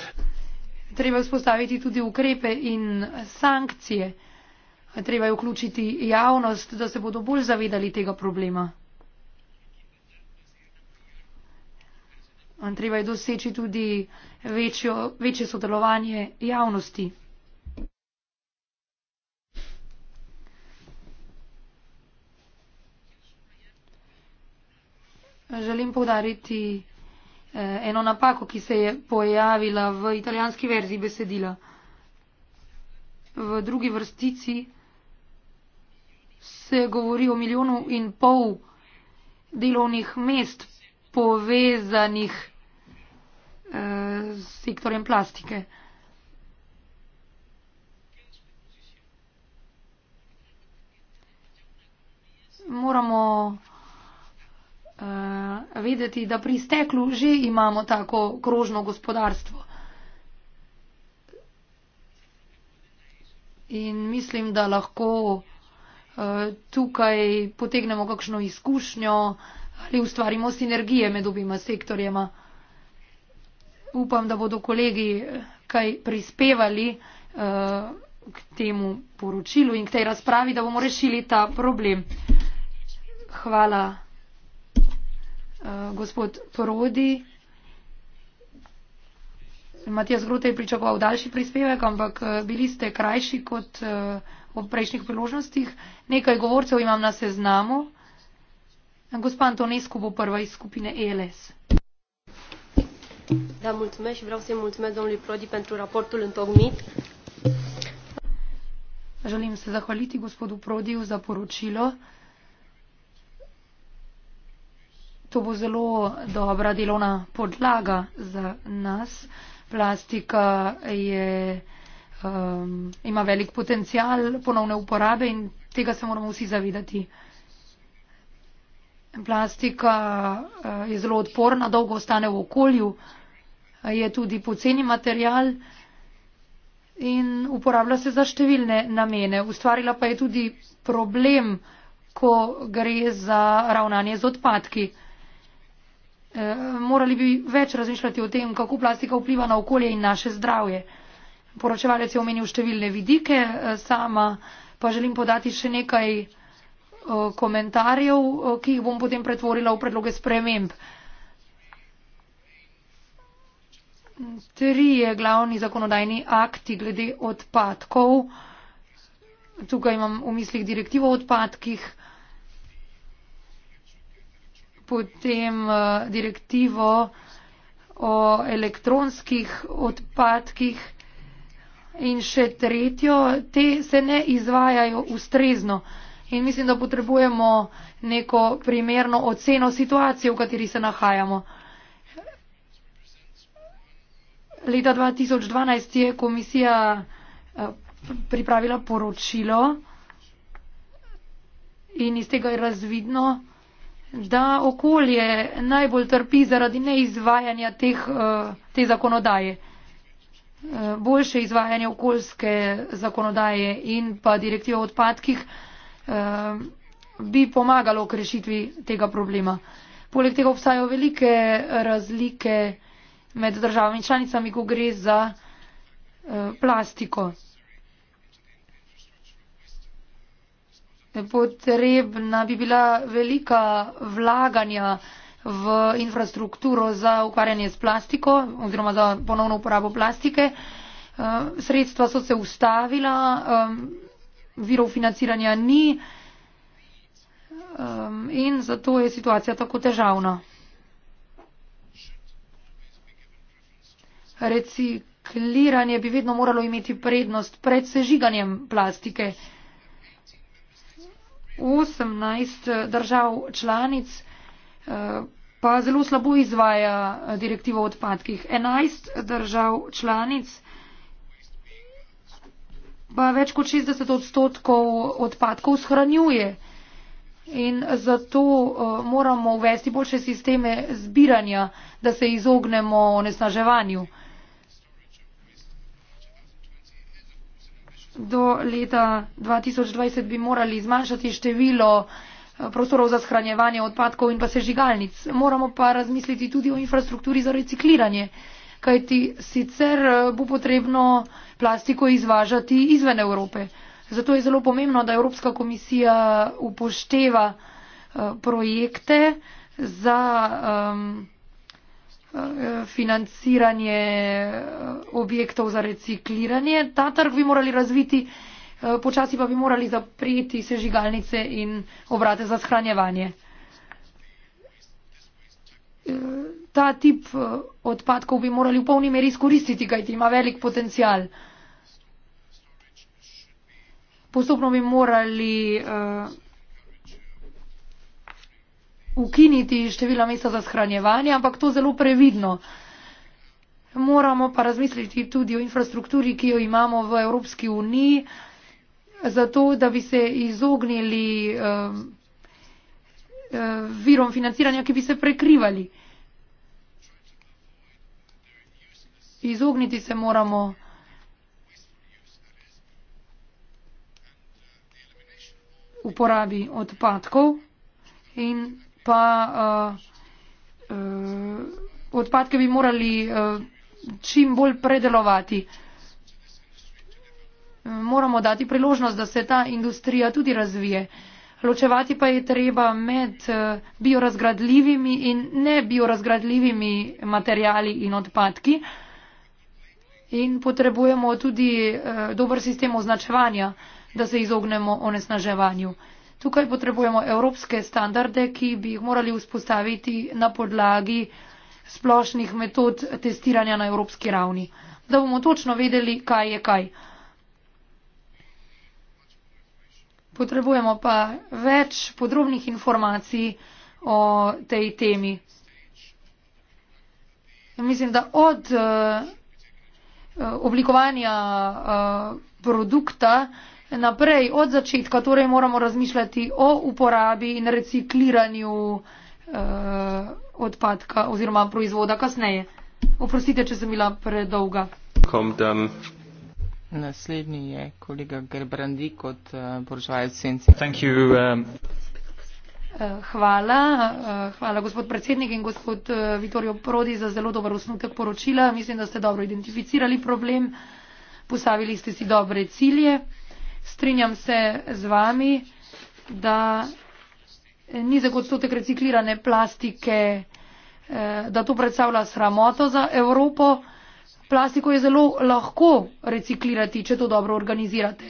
Treba vzpostaviti tudi ukrepe in sankcije. Treba je vključiti javnost, da se bodo bolj zavedali tega problema. in treba je doseči tudi večjo, večje sodelovanje javnosti. Želim povdariti eh, eno napako, ki se je pojavila v italijanski verziji besedila. V drugi vrstici se govori o milijonu in pol delovnih mest povezanih Eh, z sektorjem plastike. Moramo uh, vedeti, da pri steklu že imamo tako krožno gospodarstvo. In mislim, da lahko uh, tukaj potegnemo kakšno izkušnjo ali ustvarimo sinergije med obima sektorjema upam, da bodo kolegi eh, kaj prispevali eh, k temu poročilu in k tej razpravi, da bomo rešili ta problem. Hvala, eh, gospod Prodi. Matijas Grote je pričakoval daljši prispevek, ampak bili ste krajši kot v prejšnjih priložnostih. Nekaj govorcev imam na seznamu. Gospod Antonescu bo prva iz skupine ELS. Da, mulțumesc și vreau să-i mulțumesc domnului Prodi pentru raportul întocmit. Želim se zahvaliti gospodu Prodiju za poročilo. To bo zelo dobra delovna podlaga za nas. Plastika je, um, ima velik potencial ponovne uporabe in tega se moramo vsi zavedati. Plastika uh, je zelo odporna, dolgo ostane v okolju. Uh, je tudi poceni material in uporablja se za številne namene. Ustvarila pa je tudi problem, ko gre za ravnanje z odpadki. Eh, morali bi več razmišljati o tem, kako plastika vpliva na okolje in naše zdravje. Poročevalec je omenil številne vidike, eh, sama pa želim podati še nekaj eh, komentarjev, ki jih bom potem pretvorila v predloge sprememb. trije glavni zakonodajni akti glede odpadkov. Tukaj imam v mislih direktivo o odpadkih, potem eh, direktivo o elektronskih odpadkih in še tretjo. Te se ne izvajajo ustrezno in mislim, da potrebujemo neko primerno oceno situacije, v kateri se nahajamo. Leta 2012 je komisija eh, pripravila poročilo in iz tega je razvidno, da okolje najbolj trpi zaradi neizvajanja teh, eh, te zakonodaje. Eh, boljše izvajanje okoljske zakonodaje in pa direktive o odpadkih bi pomagalo k rešitvi tega problema. Poleg tega obstajajo velike razlike med državami članicami, ko gre za eh, plastiko. Potrebna bi bila velika vlaganja v infrastrukturo za ukvarjanje s plastiko oziroma za ponovno uporabo plastike. Eh, sredstva so se ustavila, eh, virov financiranja ni in zato je situacija tako težavna. Recikliranje bi vedno moralo imeti prednost pred sežiganjem plastike. 18 držav članic eh, pa zelo slabo izvaja eh, direktivo o odpadkih. 11 držav članic pa več kot 60 odstotkov odpadkov shranjuje. In zato eh, moramo uvesti boljše sisteme zbiranja, da se izognemo onesnaževanju. do leta 2020 bi morali zmanjšati število eh, prostorov za shranjevanje odpadkov in pa sežigalnic. Moramo pa razmisliti tudi o infrastrukturi za recikliranje, kajti sicer eh, bo potrebno plastiko izvažati izven Evrope. Zato je zelo pomembno, da Evropska komisija eh, upošteva projekte za. Um, financiranje eh, objektov za recikliranje. Ta trg bi morali razviti, eh, počasi pa bi morali zapreti sežigalnice in obrate za shranjevanje. Eh, ta tip odpadkov bi morali v polni meri izkoristiti, kajti ima velik potencial. Postopno bi morali uh, ukiniti število mesta za shranjevanje, ampak to zelo previdno. Moramo pa razmisliti tudi o infrastrukturi, ki jo imamo v Evropski uniji, zato da bi se izognili um, virom financiranja, ki bi se prekrivali. Izogniti se moramo. uporabi odpadkov in pa uh, uh, odpadke bi morali uh, čim bolj predelovati. Moramo dati priložnost, da se ta industrija tudi razvije. Ločevati pa je treba med biorazgradljivimi in ne biorazgradljivimi materijali in odpadki. In potrebujemo tudi dober sistem označevanja, da se izognemo onesnaževanju. Tukaj potrebujemo evropske standarde, ki bi jih morali vzpostaviti na podlagi splošnih metod testiranja na evropski ravni, da bomo točno vedeli, kaj je kaj. Potrebujemo pa več podrobnih informacij o tej temi. Mislim, da od uh, oblikovanja uh, produkta uh, naprej od začetka, torej moramo razmišljati o uporabi in recikliranju eh, odpadka oziroma proizvoda kasneje. Oprostite, če sem bila predolga. Komdem. Naslednji je kolega Gerbrandi kot uh, poročevalec Senci. Thank you, um... Eh, hvala, eh, hvala gospod predsednik in gospod Vitorijo Prodi za zelo dober osnutek poročila. Mislim, da ste dobro identificirali problem, postavili ste si dobre cilje strinjam se z vami, da ni za odstotek reciklirane plastike, eh, da to predstavlja sramoto za Evropo. Plastiko je zelo lahko reciklirati, če to dobro organizirate.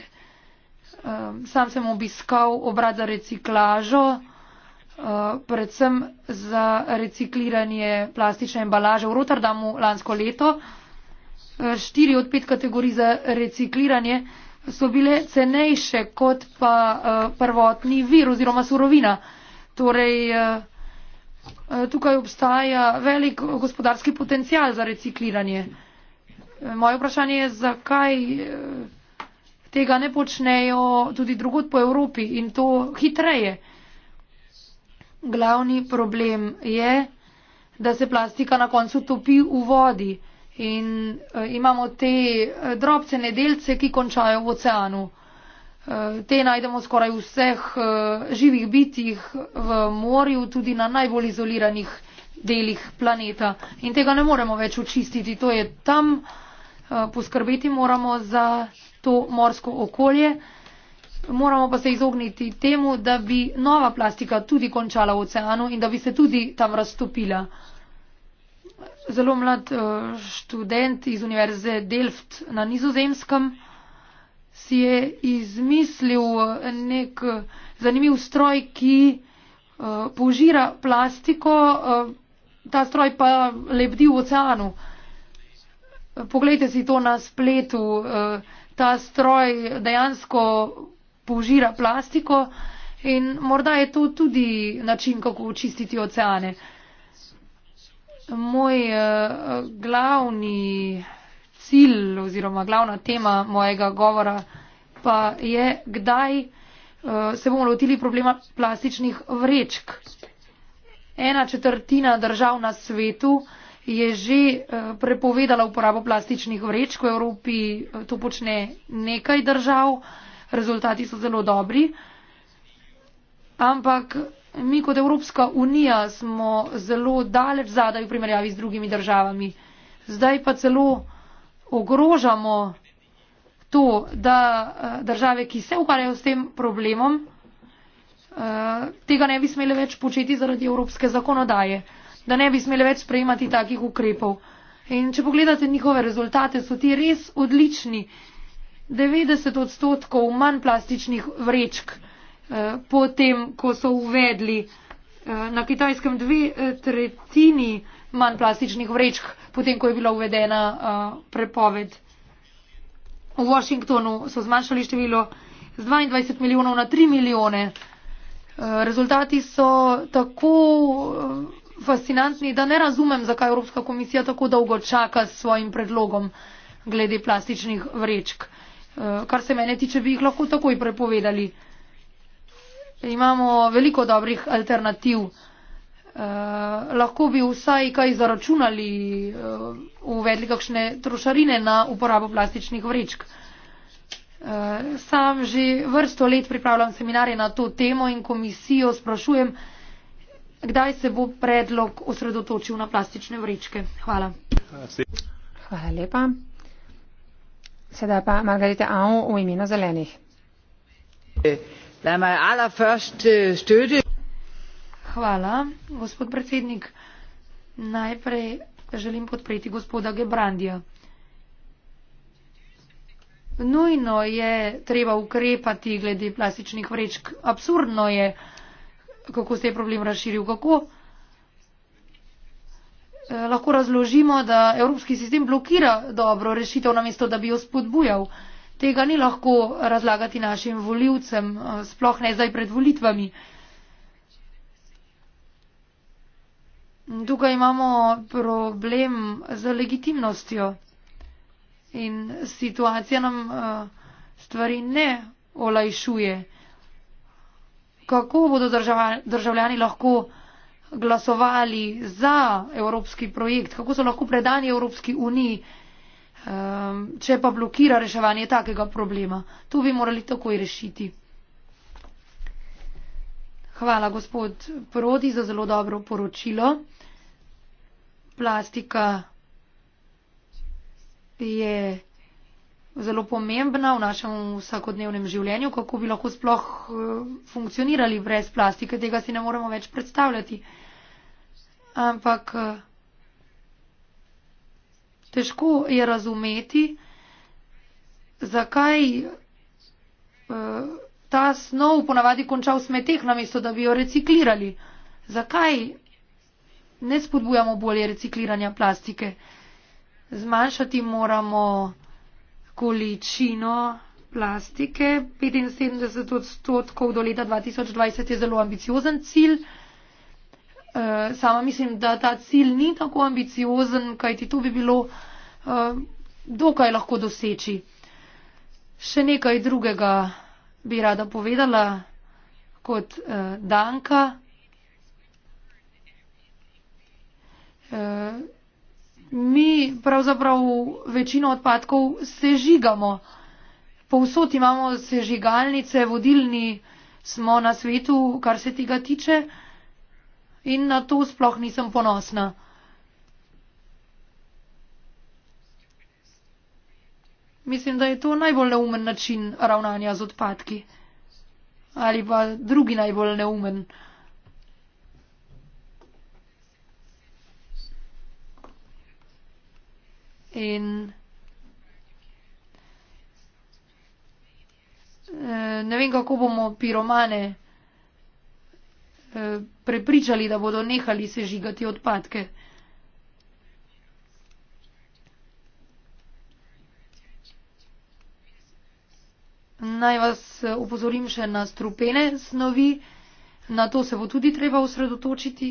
Ehm, sam sem obiskal obrad za reciklažo, eh, predvsem za recikliranje plastične embalaže v Rotterdamu lansko leto. Eh, štiri od pet kategorij za recikliranje so bile cenejše kot pa eh, prvotni vir oziroma surovina. Torej, eh, eh, tukaj obstaja velik gospodarski potencial za recikliranje. Moje vprašanje je, zakaj tega ne počnejo tudi drugot po Evropi in to hitreje. Glavni problem je, da se plastika na koncu topi v vodi in uh, imamo te eh, drobcene delce, ki končajo v oceanu. Uh, te najdemo skoraj v vseh uh, živih bitjih v morju, tudi na najbolj izoliranih delih planeta. In tega ne moremo več očistiti. To je tam, uh, poskrbeti moramo za to morsko okolje. Moramo pa se izogniti temu, da bi nova plastika tudi končala v oceanu in da bi se tudi tam raztopila zelo mlad eh, študent iz Univerze Delft na nizozemskem si je izmislil eh, nek eh, zanimiv stroj, ki požira plastiko, ta stroj pa lebdi v oceanu. Poglejte si to na spletu, ta stroj dejansko požira plastiko in morda je to tudi način, kako očistiti oceane moj uh, glavni cilj oziroma glavna tema mojega govora pa je, kdaj uh, se bomo lotili problema plastičnih vrečk. Ena četrtina držav na svetu je že uh, prepovedala uporabo plastičnih vrečk, v Evropi uh, to počne nekaj držav, rezultati so zelo dobri. Ampak Mi kot Evropska unija smo zelo daleč zadaj v primerjavi z drugimi državami. Zdaj pa celo ogrožamo to, da eh, države, ki se ukvarjajo s tem problemom, eh, tega ne bi smele več početi zaradi evropske zakonodaje, da ne bi smele več sprejemati takih ukrepov. In če pogledate njihove rezultate, so ti res odlični. 90 odstotkov manj plastičnih vrečk Eh, potem, ko so uvedli eh, na kitajskem dve eh, tretjini manj plastičnih vrečk, potem, ko je bila uvedena prepoved. V Washingtonu so zmanjšali število z 22 milijonov na 3 milijone. Rezultati so tako fascinantni, da ne razumem, zakaj Evropska komisija tako dolgo čaka s svojim predlogom glede plastičnih vrečk. Kar se mene tiče, bi jih lahko takoj prepovedali. Imamo veliko dobrih alternativ. Eh, lahko bi vsaj kaj zaračunali, eh, uvedli kakšne trošarine na uporabo plastičnih vrečk. Eh, sam že vrsto let pripravljam seminarje na to temo in komisijo sprašujem, kdaj se bo predlog osredotočil na plastične vrečke. Hvala. Hvala lepa. Sedaj pa Margarita Aung v imenu zelenih. Hvala. Øh, Hvala, gospod predsednik. Najprej želim podpreti gospoda Gebrandija. Nujno je treba ukrepati glede plastičnih vrečk. Absurdno je, kako se je problem razširil. Kako eh, lahko razložimo, da evropski sistem blokira dobro rešitev, namesto da bi jo spodbujal? tega ni lahko razlagati našim voljivcem, eh, sploh ne zdaj pred volitvami. Tukaj imamo problem z legitimnostjo in situacija nam eh, stvari ne olajšuje. Kako bodo državljani lahko glasovali za evropski projekt, kako so lahko predani Evropski uniji, um, če pa blokira reševanje takega problema. To bi morali takoj rešiti. Hvala, gospod Prodi, za zelo dobro poročilo. Plastika je zelo pomembna v našem vsakodnevnem življenju, kako bi lahko sploh eh, funkcionirali brez plastike, tega si ne moremo več predstavljati. Ampak. Uh, težko je razumeti, zakaj eh, ta snov ponavadi konča v smeteh, namesto da bi jo reciklirali. Zakaj ne spodbujamo bolje recikliranja plastike? Zmanjšati moramo količino plastike. 75 odstotkov do leta 2020 je zelo ambiciozen cilj. Eh, sama mislim, da ta cilj ni tako ambiciozen, kajti to bi bilo eh, dokaj lahko doseči. Še nekaj drugega bi rada povedala kot eh, Danka. Mi pravzaprav večino odpadkov sežigamo. Povsod imamo sežigalnice, vodilni smo na svetu, kar se tega tiče in na to sploh nisem ponosna. Mislim, da je to najbolj neumen način ravnanja z odpadki. Ali pa drugi najbolj neumen. In eh, ne vem, kako bomo piromane Eh, prepričali, da bodo nehali sežigati odpadke. Naj vas eh, upozorim še na strupene snovi, na to se bo tudi treba osredotočiti.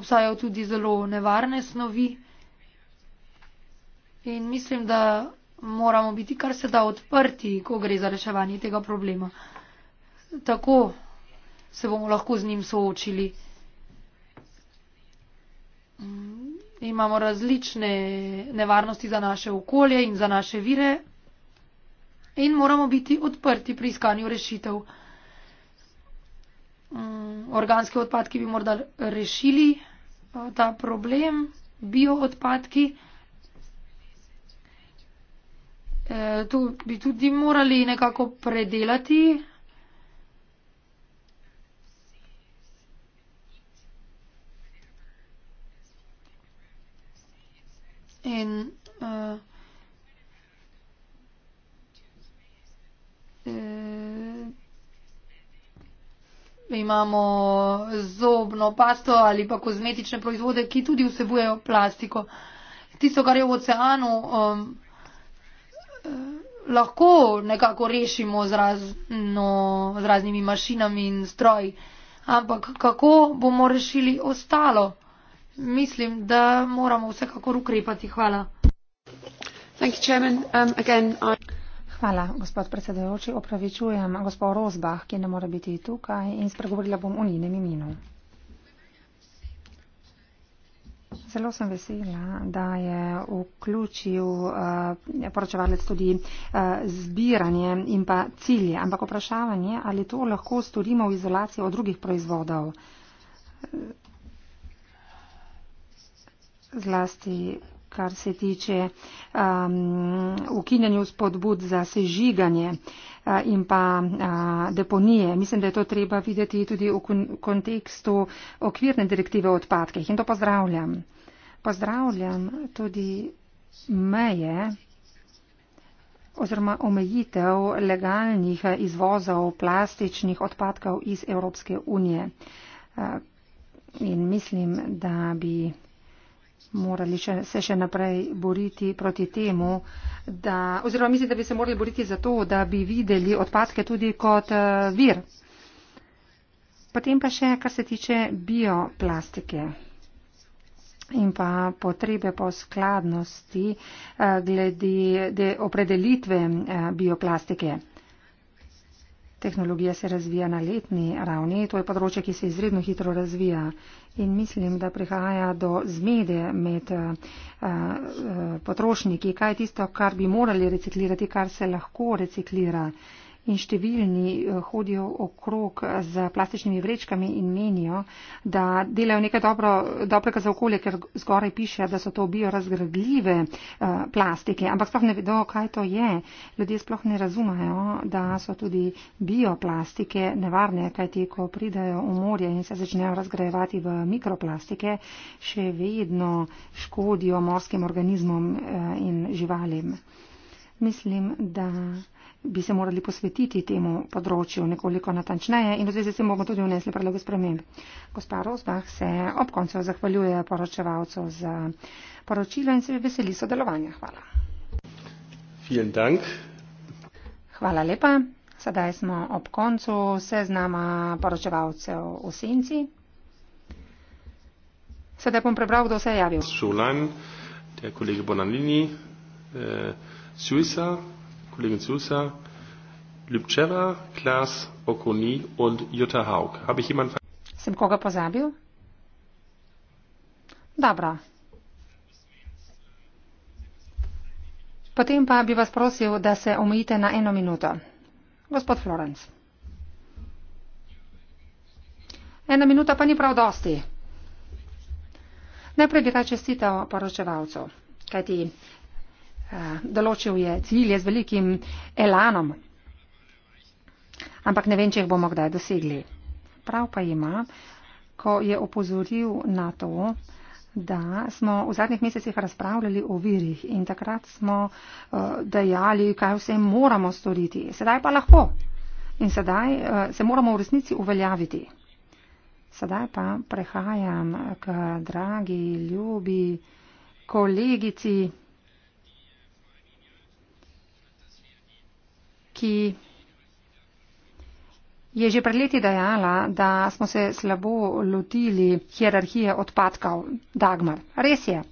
Obstajajo tudi zelo nevarne snovi in mislim, da moramo biti kar se da odprti, ko gre za reševanje tega problema tako se bomo lahko z njim soočili. Mm, imamo različne nevarnosti za naše okolje in za naše vire in moramo biti odprti pri iskanju rešitev. Mm, Organske odpadke bi morda rešili eh, ta problem, bio odpadki. Eh, to bi tudi morali nekako predelati, in uh, uh, imamo zobno pasto ali pa kozmetične proizvode, ki tudi vsebujejo plastiko. Tisto, kar je v oceanu, um, uh, lahko nekako rešimo z, razno, z raznimi mašinami in stroji. Ampak kako bomo rešili ostalo? mislim, da moramo vsekakor ukrepati. Hvala. You, um, again, I... Hvala, gospod predsedajoči. Opravičujem gospod Rozbah, ki ne more biti tukaj in spregovorila bom o njenem imenu. Zelo sem vesela, da je vključil uh, poročevalec tudi uh, zbiranje in pa cilje, ampak vprašanje, ali to lahko storimo v izolaciji od drugih proizvodov zlasti kar se tiče um, ukinjanju spodbud za sežiganje uh, in pa a, uh, deponije. Mislim, da je to treba videti tudi v kontekstu okvirne direktive o odpadkih. In to pozdravljam. Pozdravljam tudi meje oziroma omejitev legalnih uh, izvozov plastičnih odpadkov iz Evropske unije. A, in mislim, da bi morali še, se še naprej boriti proti temu, da, oziroma mislim, da bi se morali boriti za to, da bi videli odpadke tudi kot eh, vir. Potem pa še, kar se tiče bioplastike in pa potrebe po skladnosti eh, glede opredelitve eh, bioplastike. Tehnologija se razvija na letni ravni, to je področje, ki se izredno hitro razvija in mislim, da prihaja do zmede med a, eh, a, eh, potrošniki, kaj je tisto, kar bi morali reciklirati, kar se lahko reciklira in številni eh, hodijo okrog z plastičnimi vrečkami in menijo, da delajo nekaj dobro, dobrega za okolje, ker zgoraj piše, da so to biorazgradljive eh, plastike, ampak sploh ne vedo, kaj to je. Ljudje sploh ne razumajo, da so tudi bioplastike nevarne, kajti ko pridajo v morje in se začnejo razgrajevati v mikroplastike, še vedno škodijo morskim organizmom eh, in živalim. Mislim, da bi se morali posvetiti temu področju nekoliko natančneje in v zvezi s tem bomo tudi vnesli predlog sprememb. Gospa Rosbach se ob koncu zahvaljuje poročevalcu za poročilo in se veseli sodelovanja. Hvala. Hvala lepa. Sedaj smo ob koncu seznama poročevalcev v senci. Sedaj bom prebral, kdo se je javil. Šulan, to je kolega Bonanini, eh, Suisa. Kollegin Susa, Lübcheva, Klaas, Okoni und Jutta Haug. Habe ich jemanden vergessen? Koga pozabil? Dobra. Potem pa bi vas prosil, da se omejite na eno minuto. Gospod Florence. Ena minuta pa ni prav dosti. Najprej bi rad čestital poročevalcu, kajti Eh, določil je cilje z velikim elanom, ampak ne vem, če jih bomo kdaj dosegli. Prav pa ima, ko je opozoril na to, da smo v zadnjih mesecih razpravljali o virih in takrat smo uh, dejali, kaj vse moramo storiti. Sedaj pa lahko in sedaj uh, se moramo v resnici uveljaviti. Sedaj pa prehajam k dragi, ljubi kolegici. ki je že pred leti dejala, da smo se slabo lotili hierarhije odpadkov Dagmar. Res je.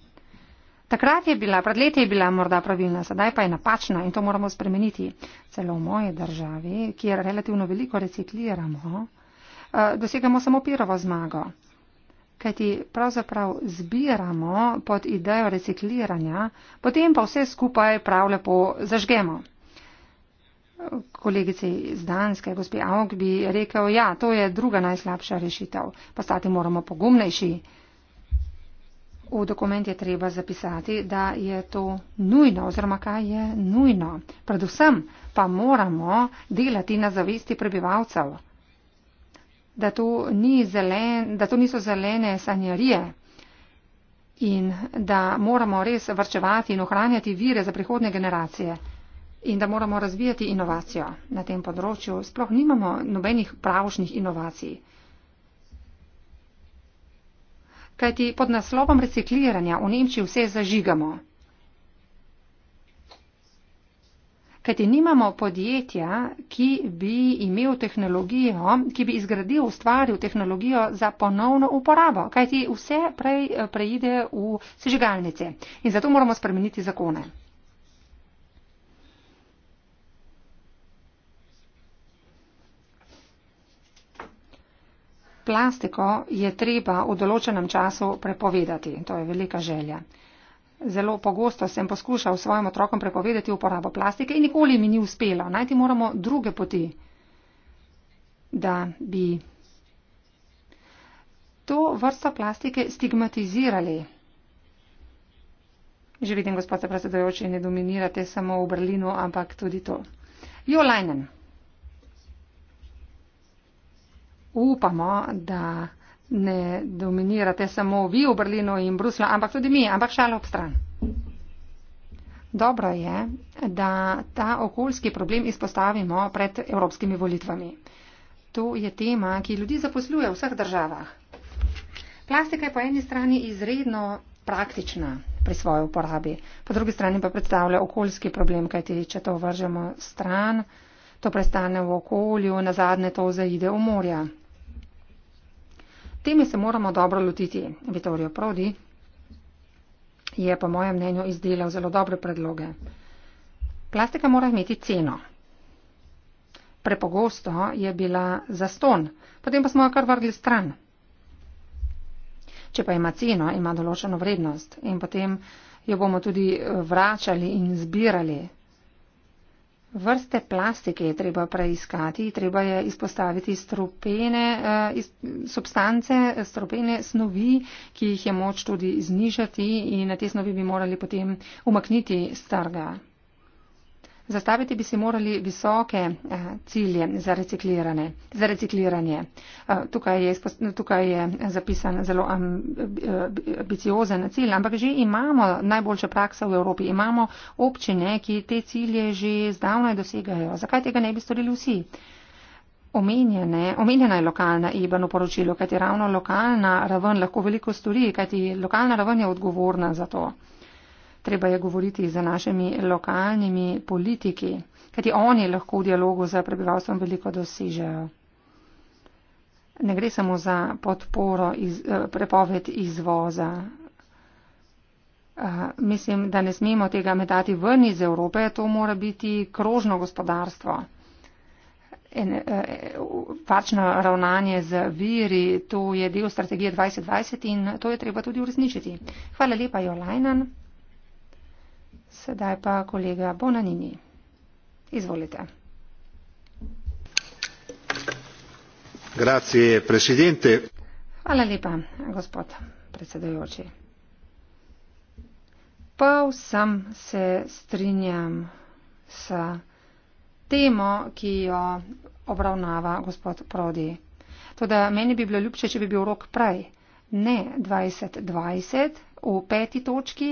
Takrat je bila, pred leti je bila morda pravilna, sedaj pa je napačna in to moramo spremeniti. Celo v moji državi, kjer relativno veliko recikliramo, eh, dosegamo samo pirovo zmago. Kajti pravzaprav zbiramo pod idejo recikliranja, potem pa vse skupaj prav lepo zažgemo kolegici iz Danske, gospi Aug, bi rekel, ja, to je druga najslabša rešitev. Postati moramo pogumnejši. V dokument je treba zapisati, da je to nujno oziroma kaj je nujno. Predvsem pa moramo delati na zavesti prebivalcev, da to, ni zelen, da to niso zelene sanjarije in da moramo res vrčevati in ohranjati vire za prihodne generacije in da moramo razvijati inovacijo na tem področju. Sploh nimamo nobenih pravošnih inovacij. Kajti pod naslovom recikliranja v Nemčiji vse zažigamo. Kajti nimamo podjetja, ki bi imel tehnologijo, ki bi izgradil, ustvaril tehnologijo za ponovno uporabo. Kajti vse prej eh, preide v sežigalnice. In zato moramo spremeniti zakone. Plastiko je treba v določenem času prepovedati. To je velika želja. Zelo pogosto sem poskušal svojim otrokom prepovedati uporabo plastike in nikoli mi ni uspelo. Najti moramo druge poti, da bi to vrsto plastike stigmatizirali. Že vidim, gospod predsedojoči, ne dominirate samo v Berlinu, ampak tudi to. Jo Leinen. upamo, da ne dominirate samo vi v Berlinu in Bruslu, ampak tudi mi, ampak šalo ob stran. Dobro je, da ta okoljski problem izpostavimo pred evropskimi volitvami. To je tema, ki ljudi zaposluje v vseh državah. Plastika je po eni strani izredno praktična pri svoji uporabi, po drugi strani pa predstavlja okoljski problem, kajti če to vržemo stran, to prestane v okolju, na zadnje to zaide v morja. Teme se moramo dobro lotiti. Vittorio Prodi je po mojem mnenju izdelal zelo dobre predloge. Plastika mora imeti ceno. Prepogosto je bila zaston, potem pa smo jo kar vrgli stran. Če pa ima ceno, ima določeno vrednost in potem jo bomo tudi vračali in zbirali, vrste plastike je treba preiskati, treba je izpostaviti strupene uh, eh, substance, strupene snovi, ki jih je moč tudi znižati in na te snovi bi morali potem umakniti strga. Zastaviti bi si morali visoke eh, cilje za recikliranje. Za recikliranje. Eh, tukaj, je, tukaj je zapisan zelo eh, ambiciozen cilj, ampak že imamo najboljše prakse v Evropi. Imamo občine, ki te cilje že zdavnaj dosegajo. Zakaj tega ne bi storili vsi? Omenjena je lokalna ebano poročilo, kajti ravno lokalna raven lahko veliko stori, kajti lokalna raven je odgovorna za to treba je govoriti z našimi lokalnimi politiki, kajti oni lahko v dialogu z prebivalstvom veliko dosežejo. Ne gre samo za podporo, iz, eh, prepoved izvoza. Eh, mislim, da ne smemo tega metati ven iz Evrope, to mora biti krožno gospodarstvo. Pačno eh, ravnanje z viri, to je del strategije 2020 in to je treba tudi uresničiti. Hvala lepa, Jolajnan. Sedaj pa kolega Bonanini. Izvolite. Grazie, presidente. Hvala lepa, gospod predsedajoči. Pa vsem se strinjam s temo, ki jo obravnava gospod Prodi. Toda meni bi bilo ljubše, če bi bil rok prej, ne 2020 v peti točki,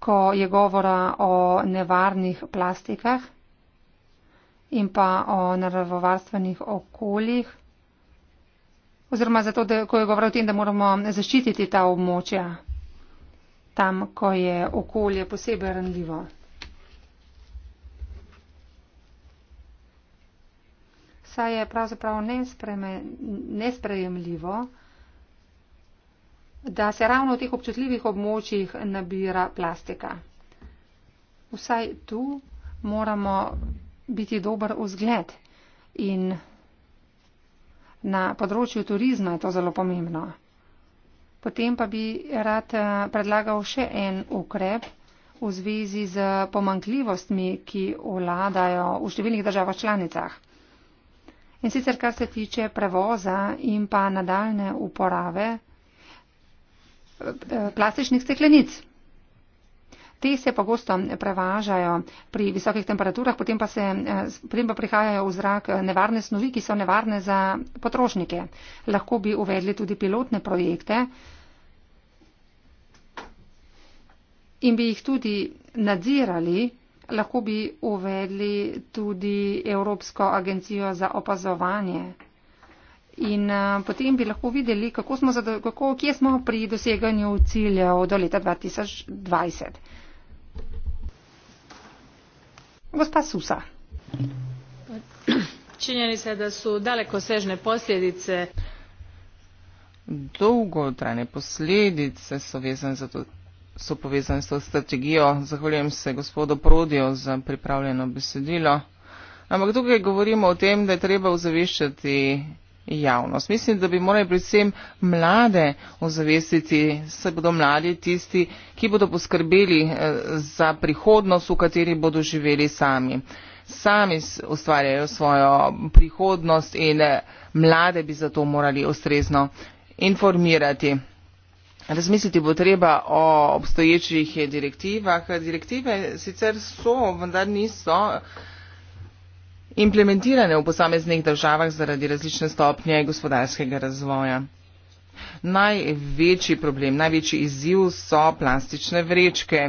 ko je govora o nevarnih plastikah in pa o naravovarstvenih okoljih. Oziroma zato, da, ko je govora o tem, da moramo zaščititi ta območja tam, ko je okolje posebej randljivo. Saj je pravzaprav nesprejemljivo da se ravno v teh občutljivih območjih nabira plastika. Vsaj tu moramo biti dober vzgled in na področju turizma je to zelo pomembno. Potem pa bi rad eh, predlagal še en ukrep v zvezi z pomankljivostmi, ki vladajo v številnih državah članicah. In sicer kar se tiče prevoza in pa nadaljne uporabe, Eh, plastičnih steklenic. Te se pogosto prevažajo pri visokih temperaturah, potem pa, se, eh, potem pa prihajajo v zrak nevarne snovi, ki so nevarne za potrošnike. Lahko bi uvedli tudi pilotne projekte in bi jih tudi nadzirali. Lahko bi uvedli tudi Evropsko agencijo za opazovanje In uh, potem bi lahko videli, kako smo zado, kako, kje smo pri doseganju ciljev do leta 2020. Gospa Susa. Činjeni se, da so daleko sežne posljedice. Dolgotrajne posljedice so, za to, so povezane s to strategijo. Zahvaljujem se gospodu Prodijo za pripravljeno besedilo. Ampak tukaj govorimo o tem, da je treba ozaveščati javnost. Mislim, da bi morali predvsem mlade ozavestiti, se bodo mladi tisti, ki bodo poskrbeli eh, za prihodnost, v kateri bodo živeli sami. Sami ustvarjajo svojo prihodnost in eh, mlade bi zato morali ustrezno informirati. Razmisliti bo treba o obstoječih eh, direktivah. Direktive sicer so, vendar niso implementirane v posameznih državah zaradi različne stopnje gospodarskega razvoja. Največji problem, največji izziv so plastične vrečke.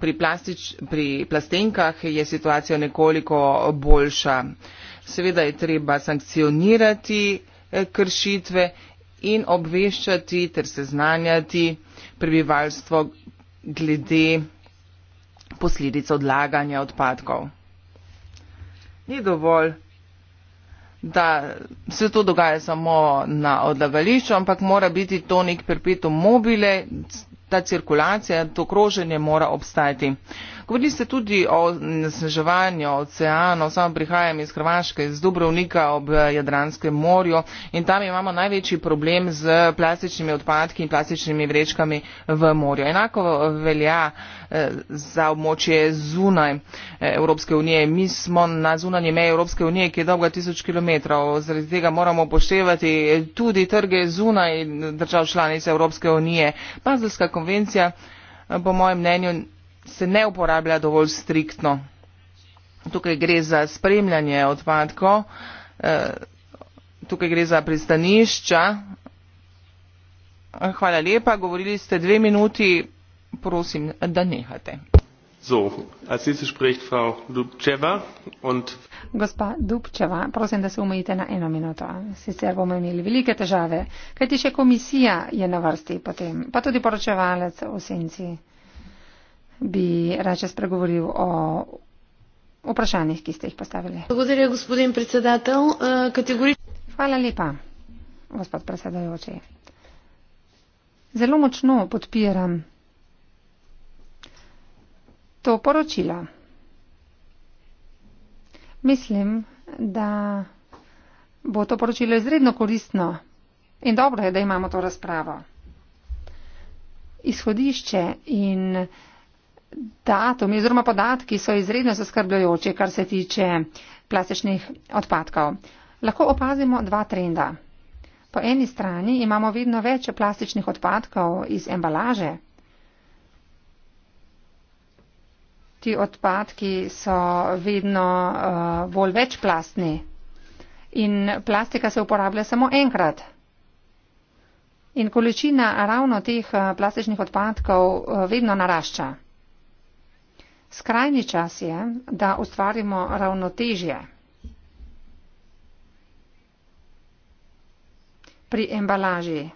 Pri, plastič, pri plastenkah je situacija nekoliko boljša. Seveda je treba sankcionirati eh, kršitve in obveščati ter seznanjati prebivalstvo glede posledic odlaganja odpadkov ni dovolj, da se to dogaja samo na odlagališču, ampak mora biti to nek perpetu mobile, ta cirkulacija, to kroženje mora obstajati. Govorili ste tudi o sneževanju oceanov, samo prihajam iz Hrvaške, iz Dubrovnika ob Jadranskem morju in tam imamo največji problem z plastičnimi odpadki in plastičnimi vrečkami v morju. Enako velja eh, za območje zunaj eh, Evropske unije. Mi smo na zunanje meje Evropske unije, ki je dolga tisoč kilometrov. Zaradi tega moramo upoštevati tudi trge zunaj držav članice Evropske unije. Pazelska konvencija, eh, po mojem mnenju, se ne uporablja dovolj striktno. Tukaj gre za spremljanje odpadkov, eh, tukaj gre za pristanišča. Hvala lepa, govorili ste dve minuti, prosim, da nehate. So, Frau Dubčeva und... Gospa Dubčeva, prosim, da se umejite na eno minuto. Sicer bomo imeli velike težave, kajti še komisija je na vrsti potem, pa tudi poročevalec v senci bi raje spregovoril o vprašanjih, ki ste jih postavili. Hvala lepa, gospod predsedajoči. Zelo močno podpiram to poročilo. Mislim, da bo to poročilo izredno koristno in dobro je, da imamo to razpravo. Izhodišče in datumi oziroma podatki so izredno zaskrbljujoči, kar se tiče plastičnih odpadkov. Lahko opazimo dva trenda. Po eni strani imamo vedno več plastičnih odpadkov iz embalaže. Ti odpadki so vedno uh, bolj večplastni in plastika se uporablja samo enkrat. In količina ravno teh eh, plastičnih odpadkov eh, vedno narašča. Skrajni čas je, da ustvarimo ravnotežje. Pri embalaži.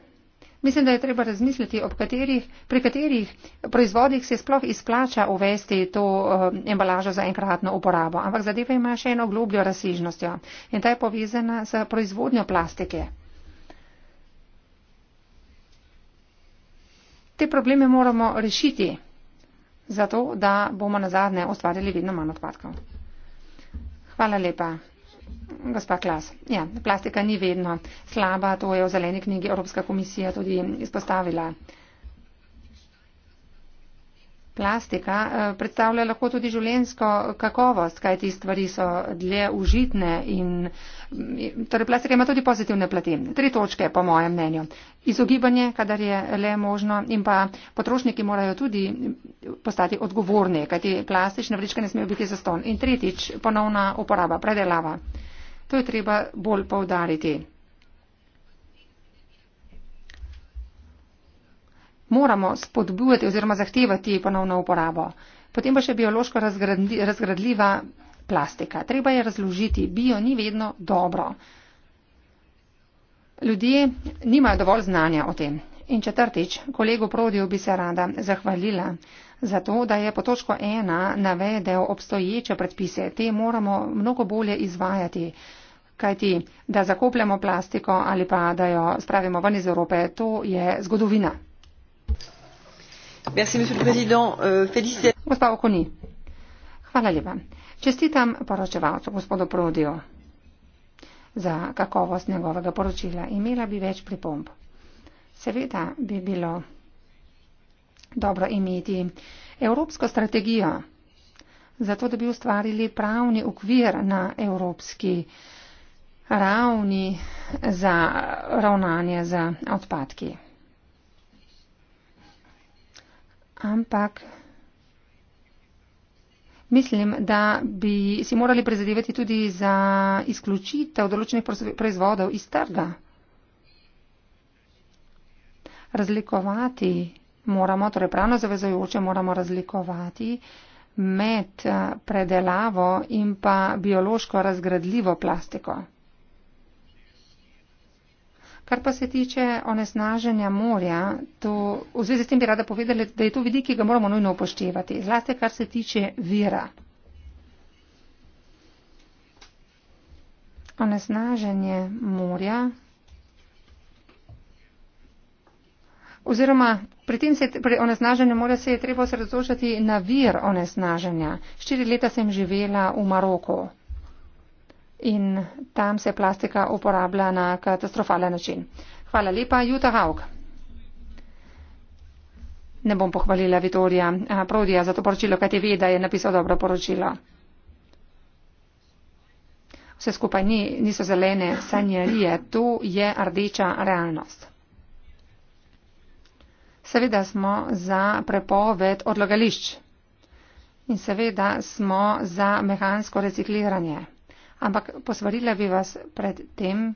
Mislim, da je treba razmisliti, katerih, pri katerih proizvodih se sploh izplača uvesti to uh, embalažo za enkratno uporabo. Ampak zadeva ima še eno globljo razsežnostjo in ta je povezana s proizvodnjo plastike. Te probleme moramo rešiti zato, da bomo na zadnje ustvarjali vedno manj odpadkov. Hvala lepa. Gospa Klas, ja, plastika ni vedno slaba, to je v zeleni knjigi Evropska komisija tudi izpostavila. Plastika eh, predstavlja lahko tudi življensko kakovost, kaj ti stvari so dlje užitne in mm, torej plastika ima tudi pozitivne plati. Tri točke, po mojem mnenju. Izogibanje, kadar je le možno in pa potrošniki morajo tudi postati odgovorni, kaj ti plastične vrečke ne smejo biti zaston. In tretjič, ponovna uporaba, predelava. To je treba bolj povdariti. moramo spodbujati oziroma zahtevati ponovno uporabo. Potem pa še biološko razgradljiva plastika. Treba je razložiti, bio ni vedno dobro. Ljudje nimajo dovolj znanja o tem. In četrtič, kolegu Prodiju bi se rada zahvalila za to, da je po točko ena navedel obstoječe predpise. Te moramo mnogo bolje izvajati, kajti da zakopljamo plastiko ali pa da jo spravimo ven iz Evrope, to je zgodovina. Euh, gospa okuni hvala lepa čestitam poročevalcu gospodu prodiju za kakovost njegovega poročila imela bi več pripomb seveda bi bilo dobro imeti evropsko strategijo zato da bi ustvarili pravni okvir na evropski ravni za ravnanje z odpadki ampak mislim, da bi si morali prizadevati tudi za izključitev določenih proizvodov iz trga. Razlikovati moramo, torej pravno zavezojoče moramo razlikovati med eh, predelavo in pa biološko razgradljivo plastiko. Kar pa se tiče onesnaženja morja, to, v zvezi s tem bi rada povedala, da je to vidik, ki ga moramo nujno upoštevati, zlasti kar se tiče vira. Onesnaženje morja. Oziroma, pri tem se, pri onesnaženju morja se je treba osredotočiti na vir onesnaženja. Štiri leta sem živela v Maroku in tam se plastika uporablja na katastrofalen način. Hvala lepa, Juta Haug. Ne bom pohvalila Vitorija Prodija za to poročilo, kaj ti ve, da je napisal dobro poročilo. Vse skupaj ni, niso zelene sanjarije, to je rdeča realnost. Seveda smo za prepoved odlagališč in seveda smo za mehansko recikliranje. Ampak posvarila bi vas pred tem,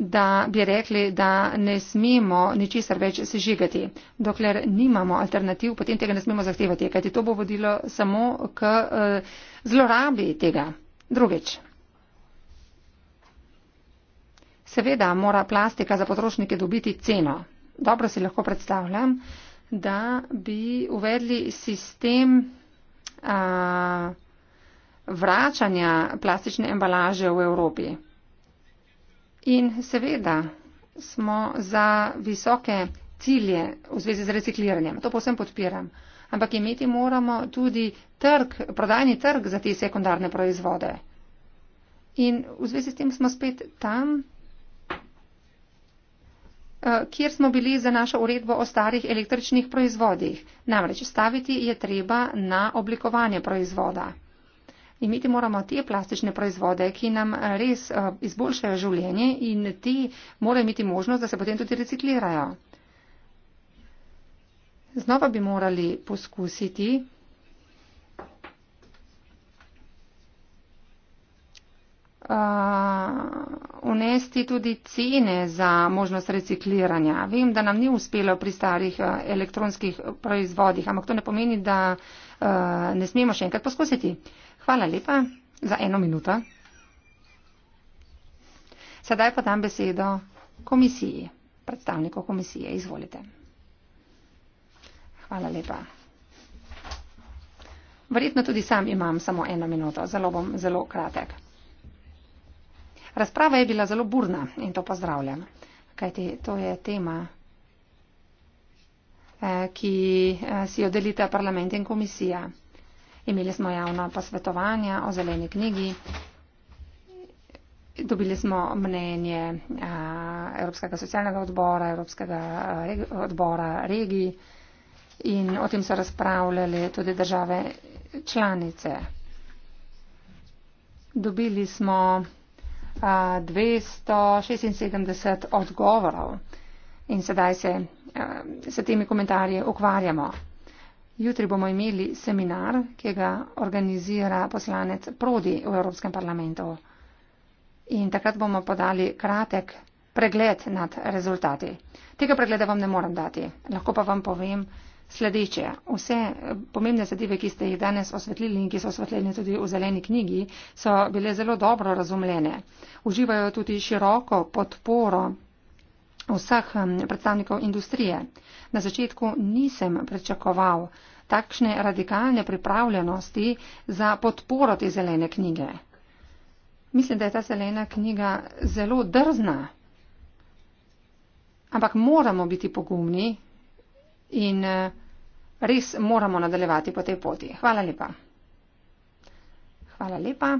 da bi rekli, da ne smemo ničesar več sežigati. Dokler nimamo alternativ, potem tega ne smemo zahtevati, kajti to bo vodilo samo k eh, zlorabi tega. Drugič. Seveda mora plastika za potrošnike dobiti ceno. Dobro si lahko predstavljam, da bi uvedli sistem. A, vračanja plastične embalaže v Evropi. In seveda smo za visoke cilje v zvezi z recikliranjem. To posem podpiram. Ampak imeti moramo tudi trg, prodajni trg za te sekundarne proizvode. In v zvezi s tem smo spet tam, eh, kjer smo bili za našo uredbo o starih električnih proizvodih. Namreč staviti je treba na oblikovanje proizvoda imeti moramo te plastične proizvode, ki nam res eh, izboljšajo življenje in ti morajo imeti možnost, da se potem tudi reciklirajo. Znova bi morali poskusiti. Uh, unesti tudi cene za možnost recikliranja. Vem, da nam ni uspelo pri starih uh, elektronskih proizvodih, ampak to ne pomeni, da uh, ne smemo še enkrat poskusiti. Uh, Hvala lepa za eno minuto. Sedaj pa dam besedo komisiji, predstavniku komisije. Izvolite. Hvala lepa. Verjetno tudi sam imam samo eno minuto, zelo bom zelo kratek. Razprava je bila zelo burna in to pozdravljam, kajti to je tema, eh, ki eh, si jo delita parlament in komisija. Imeli smo javna posvetovanja o zeleni knjigi. Dobili smo mnenje a, Evropskega socialnega odbora, Evropskega reg odbora regij in o tem so razpravljali tudi države članice. Dobili smo a, 276 odgovorov in sedaj se a, s temi komentarji ukvarjamo. Jutri bomo imeli seminar, ki ga organizira poslanec Prodi v Evropskem parlamentu. In takrat bomo podali kratek pregled nad rezultati. Tega pregleda vam ne morem dati. Lahko pa vam povem sledeče. Vse pomembne zadeve, ki ste jih danes osvetlili in ki so osvetljene tudi v zeleni knjigi, so bile zelo dobro razumljene. Uživajo tudi široko podporo vseh predstavnikov industrije. Na začetku nisem pričakoval takšne radikalne pripravljenosti za podporo te zelene knjige. Mislim, da je ta zelena knjiga zelo drzna. Ampak moramo biti pogumni in eh, res moramo nadaljevati po tej poti. Hvala lepa. Hvala lepa.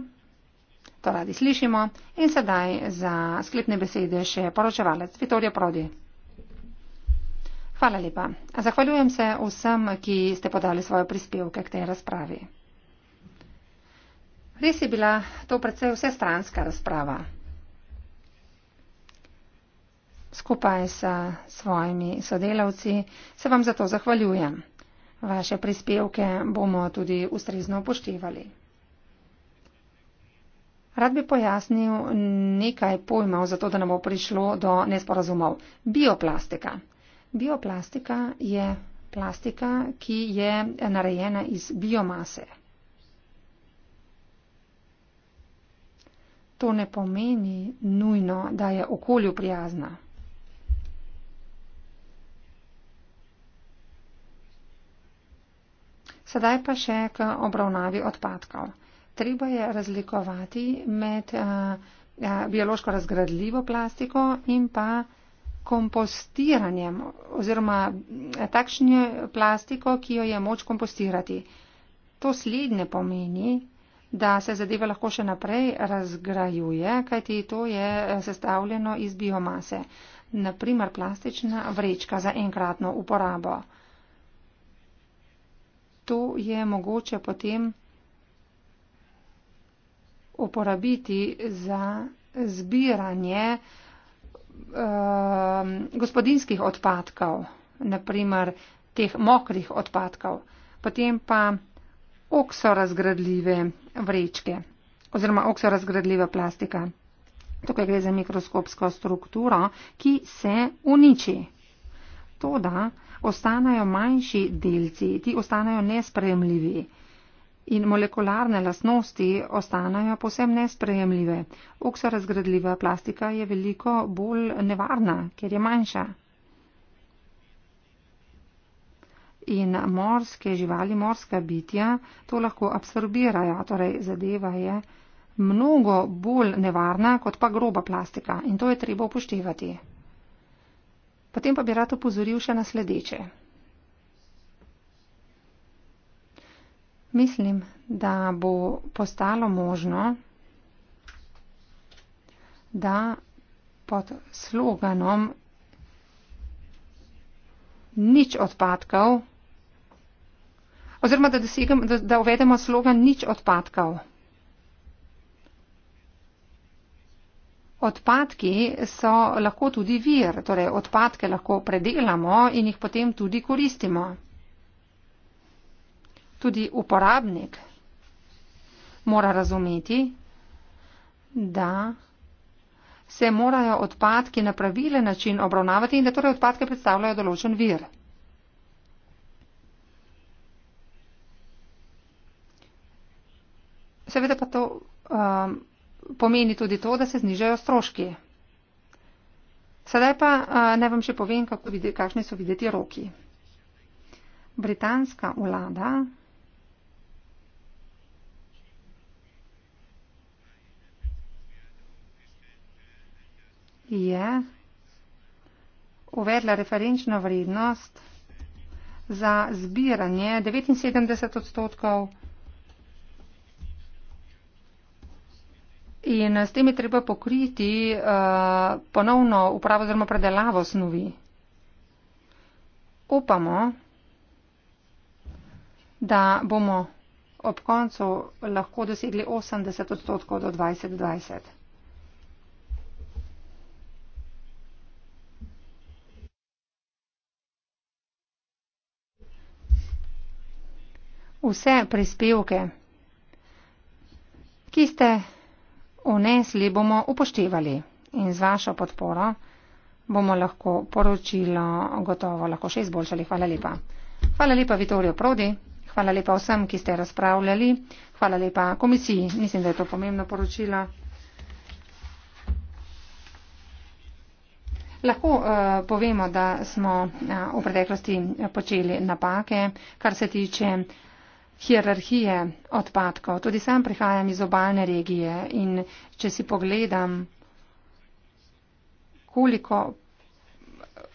To radi slišimo. In sedaj za sklepne besede še poročevalec Vitorijo Prodi. Hvala lepa. Zahvaljujem se vsem, ki ste podali svoje prispevke k tej razpravi. Res je bila to predvsej vsestranska razprava. Skupaj s svojimi sodelavci se vam zato zahvaljujem. Vaše prispevke bomo tudi ustrezno upoštevali. Rad bi pojasnil nekaj pojmov, zato da ne bo prišlo do nesporazumov. Bioplastika. Bioplastika je plastika, ki je narejena iz biomase. To ne pomeni nujno, da je okolju prijazna. Sedaj pa še k obravnavi odpadkov treba je razlikovati med eh, eh, biološko razgradljivo plastiko in pa kompostiranjem oziroma eh, takšno plastiko, ki jo je moč kompostirati. To slednje pomeni, da se zadeva lahko še naprej razgrajuje, kajti to je sestavljeno iz biomase, naprimer plastična vrečka za enkratno uporabo. To je mogoče potem uporabiti za zbiranje um, ehm, gospodinskih odpadkov, naprimer teh mokrih odpadkov, potem pa oksorazgradljive vrečke oziroma oksorazgradljiva plastika. Tukaj gre za mikroskopsko strukturo, ki se uniči. To, da ostanejo manjši delci, ti ostanejo nespremljivi in molekularne lasnosti ostanajo posebno nesprejemljive. Oksorazgradljiva plastika je veliko bolj nevarna, ker je manjša. In morske živali, morska bitja to lahko absorbirajo, torej zadeva je mnogo bolj nevarna kot pa groba plastika in to je treba upoštevati. Potem pa bi rad opozoril še na sledeče. Mislim, da bo postalo možno, da pod sloganom nič odpadkov, oziroma da, dosegem, da, da uvedemo slogan nič odpadkov. Odpadki so lahko tudi vir, torej odpadke lahko predelamo in jih potem tudi koristimo tudi uporabnik mora razumeti, da se morajo odpadki na pravilen način obravnavati in da torej odpadke predstavljajo določen vir. Seveda pa to um, pomeni tudi to, da se znižajo stroški. Sedaj pa uh, naj vam še povem, kakšni so videti roki. Britanska vlada je uvedla referenčno vrednost za zbiranje 79 odstotkov in s tem je treba pokriti uh, ponovno upravo oziroma predelavo snovi. Upamo, da bomo ob koncu lahko dosegli 80 odstotkov do 2020. vse prispevke, ki ste vnesli, bomo upoštevali in z vašo podporo bomo lahko poročilo gotovo lahko še izboljšali. Hvala lepa. Hvala lepa, Vitorijo Prodi. Hvala lepa vsem, ki ste razpravljali. Hvala lepa komisiji. Mislim, da je to pomembno poročilo. Lahko uh, povemo, da smo uh, v preteklosti eh, počeli napake, kar se tiče hierarhije odpadkov. Tudi sam prihajam iz obalne regije in če si pogledam, koliko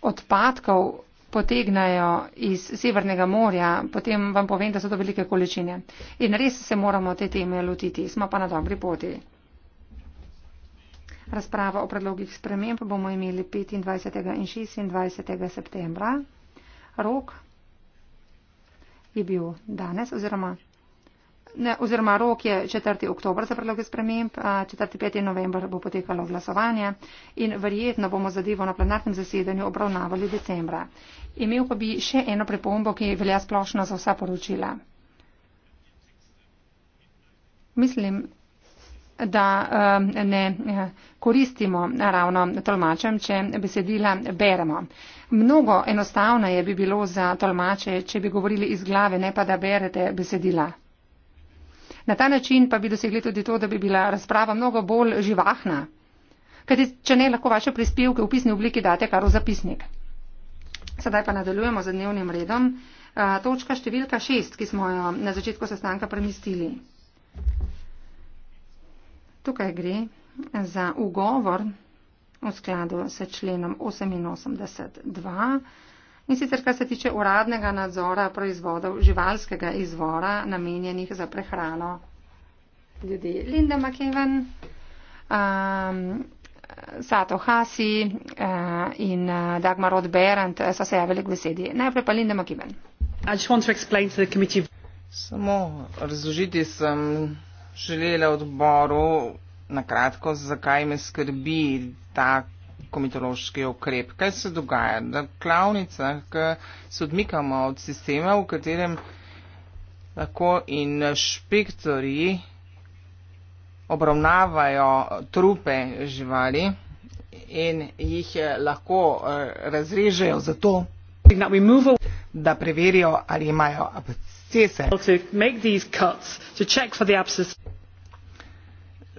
odpadkov potegnajo iz Severnega morja, potem vam povem, da so to velike količine. In res se moramo te teme lotiti, smo pa na dobri poti. Razprava o predlogih sprememb bomo imeli 25. in 26. septembra. Rok je bil danes oziroma, ne, oziroma rok je 4. oktober za predloge sprememb, 4.5. november bo potekalo glasovanje in verjetno bomo zadevo na plenarnem zasedanju obravnavali decembra. Imel pa bi še eno pripombo, ki velja splošno za vsa poročila. Mislim, da eh, ne eh, koristimo ravno tolmačem, če besedila beremo. Mnogo enostavneje bi bilo za tolmače, če bi govorili iz glave, ne pa da berete besedila. Na ta način pa bi dosegli tudi to, da bi bila razprava mnogo bolj živahna. Kajti, če ne, lahko vaše prispevke v pisni obliki date kar v zapisnik. Sedaj pa nadaljujemo z dnevnim redom. Eh, točka številka šest, ki smo jo na začetku sestanka premistili. Tukaj gre za ugovor v skladu s členom 88.2. In sicer, kar se tiče uradnega nadzora proizvodov živalskega izvora, namenjenih za prehrano ljudi. Linda McKeven, um, Sato Hasi uh, in uh, Dagmar Odberant uh, so se javili k besedi. Najprej pa Linda McKeven. Samo razložiti sem želela odboru na kratko, zakaj me skrbi ta komitološki okrep. Kaj se dogaja? Na klavnicah se odmikamo od sistema, v katerem lahko in špektori obravnavajo trupe živali in jih eh, lahko eh, razrežejo zato, da preverijo, ali imajo APC.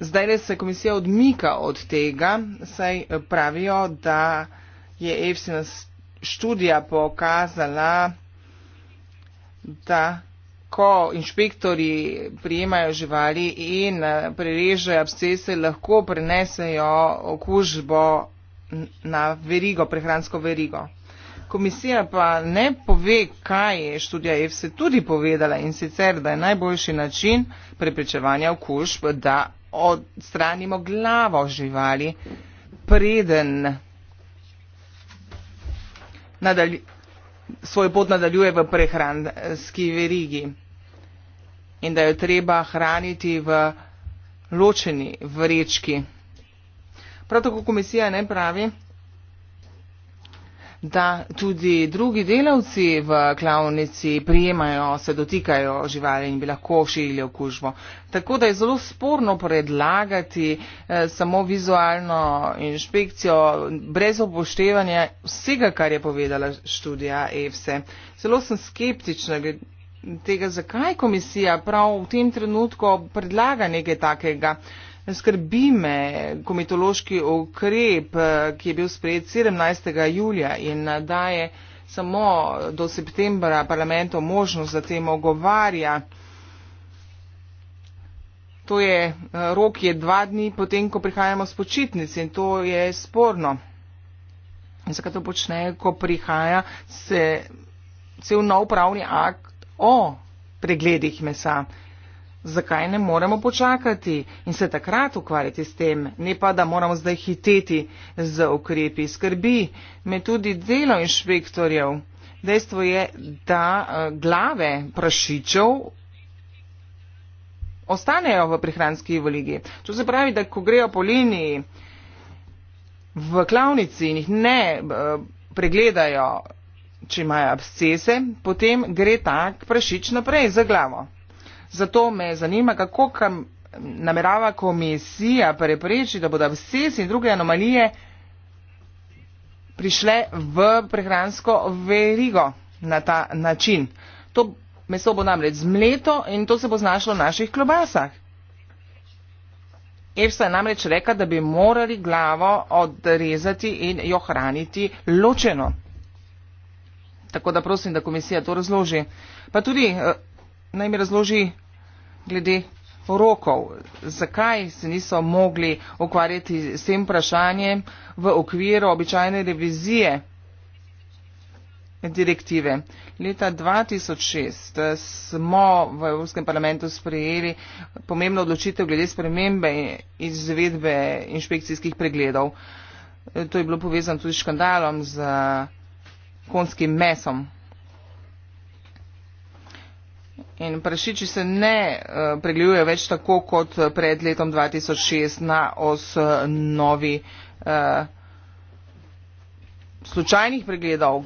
Zdaj res se komisija odmika od tega, saj eh, pravijo, da je EFSIN študija pokazala, da ko inšpektori prijemajo živali in eh, prerežejo abscese, lahko prenesejo okužbo na verigo, prehransko verigo komisija pa ne pove, kaj je študija EFSE tudi povedala in sicer, da je najboljši način preprečevanja okužb, da odstranimo glavo živali, preden nadalj, svoj pot nadaljuje v prehranski verigi in da jo treba hraniti v ločeni vrečki. Prav tako komisija ne pravi, da tudi drugi delavci v klavnici prijemajo, se dotikajo živali in bi lahko širili okužbo. Tako da je zelo sporno predlagati eh, samo vizualno inšpekcijo brez upoštevanja vsega, kar je povedala študija EFSE. Zelo sem skeptična tega, zakaj komisija prav v tem trenutku predlaga nekaj takega. Eh, Skrbi me komitološki ukrep, ki je bil sprejet 17. julija in daje samo do septembra parlamento možnost, da tem ogovarja. To je, eh, rok je dva dni potem, ko prihajamo s počitnic in to je sporno. Zakaj to počne, ko prihaja se cel nov pravni akt o pregledih mesa? zakaj ne moremo počakati in se takrat ukvarjati s tem, ne pa, da moramo zdaj hiteti z ukrepi skrbi, me tudi delo inšpektorjev. Dejstvo je, da eh, glave prašičev ostanejo v prihranski voligi. To se pravi, da ko grejo po liniji v klavnici in jih ne eh, pregledajo, če imajo abscese, potem gre tak prašič naprej za glavo zato me zanima, kako namerava komisija preprečiti, da bodo vse in druge anomalije prišle v prehransko verigo na ta način. To meso bo namreč zmleto in to se bo znašlo v naših klobasah. EFSA je namreč rekla, da bi morali glavo odrezati in jo hraniti ločeno. Tako da prosim, da komisija to razloži. Pa tudi eh, naj mi razloži glede rokov. Zakaj se niso mogli ukvarjati s tem vprašanjem v okviru običajne revizije direktive? Leta 2006 smo v Evropskem parlamentu sprejeli pomembno odločitev glede spremembe izvedbe inšpekcijskih pregledov. To je bilo povezano tudi s škandalom z konskim mesom in prašiči se ne eh, pregledujejo več tako kot pred letom 2006 na osnovi eh, slučajnih pregledov.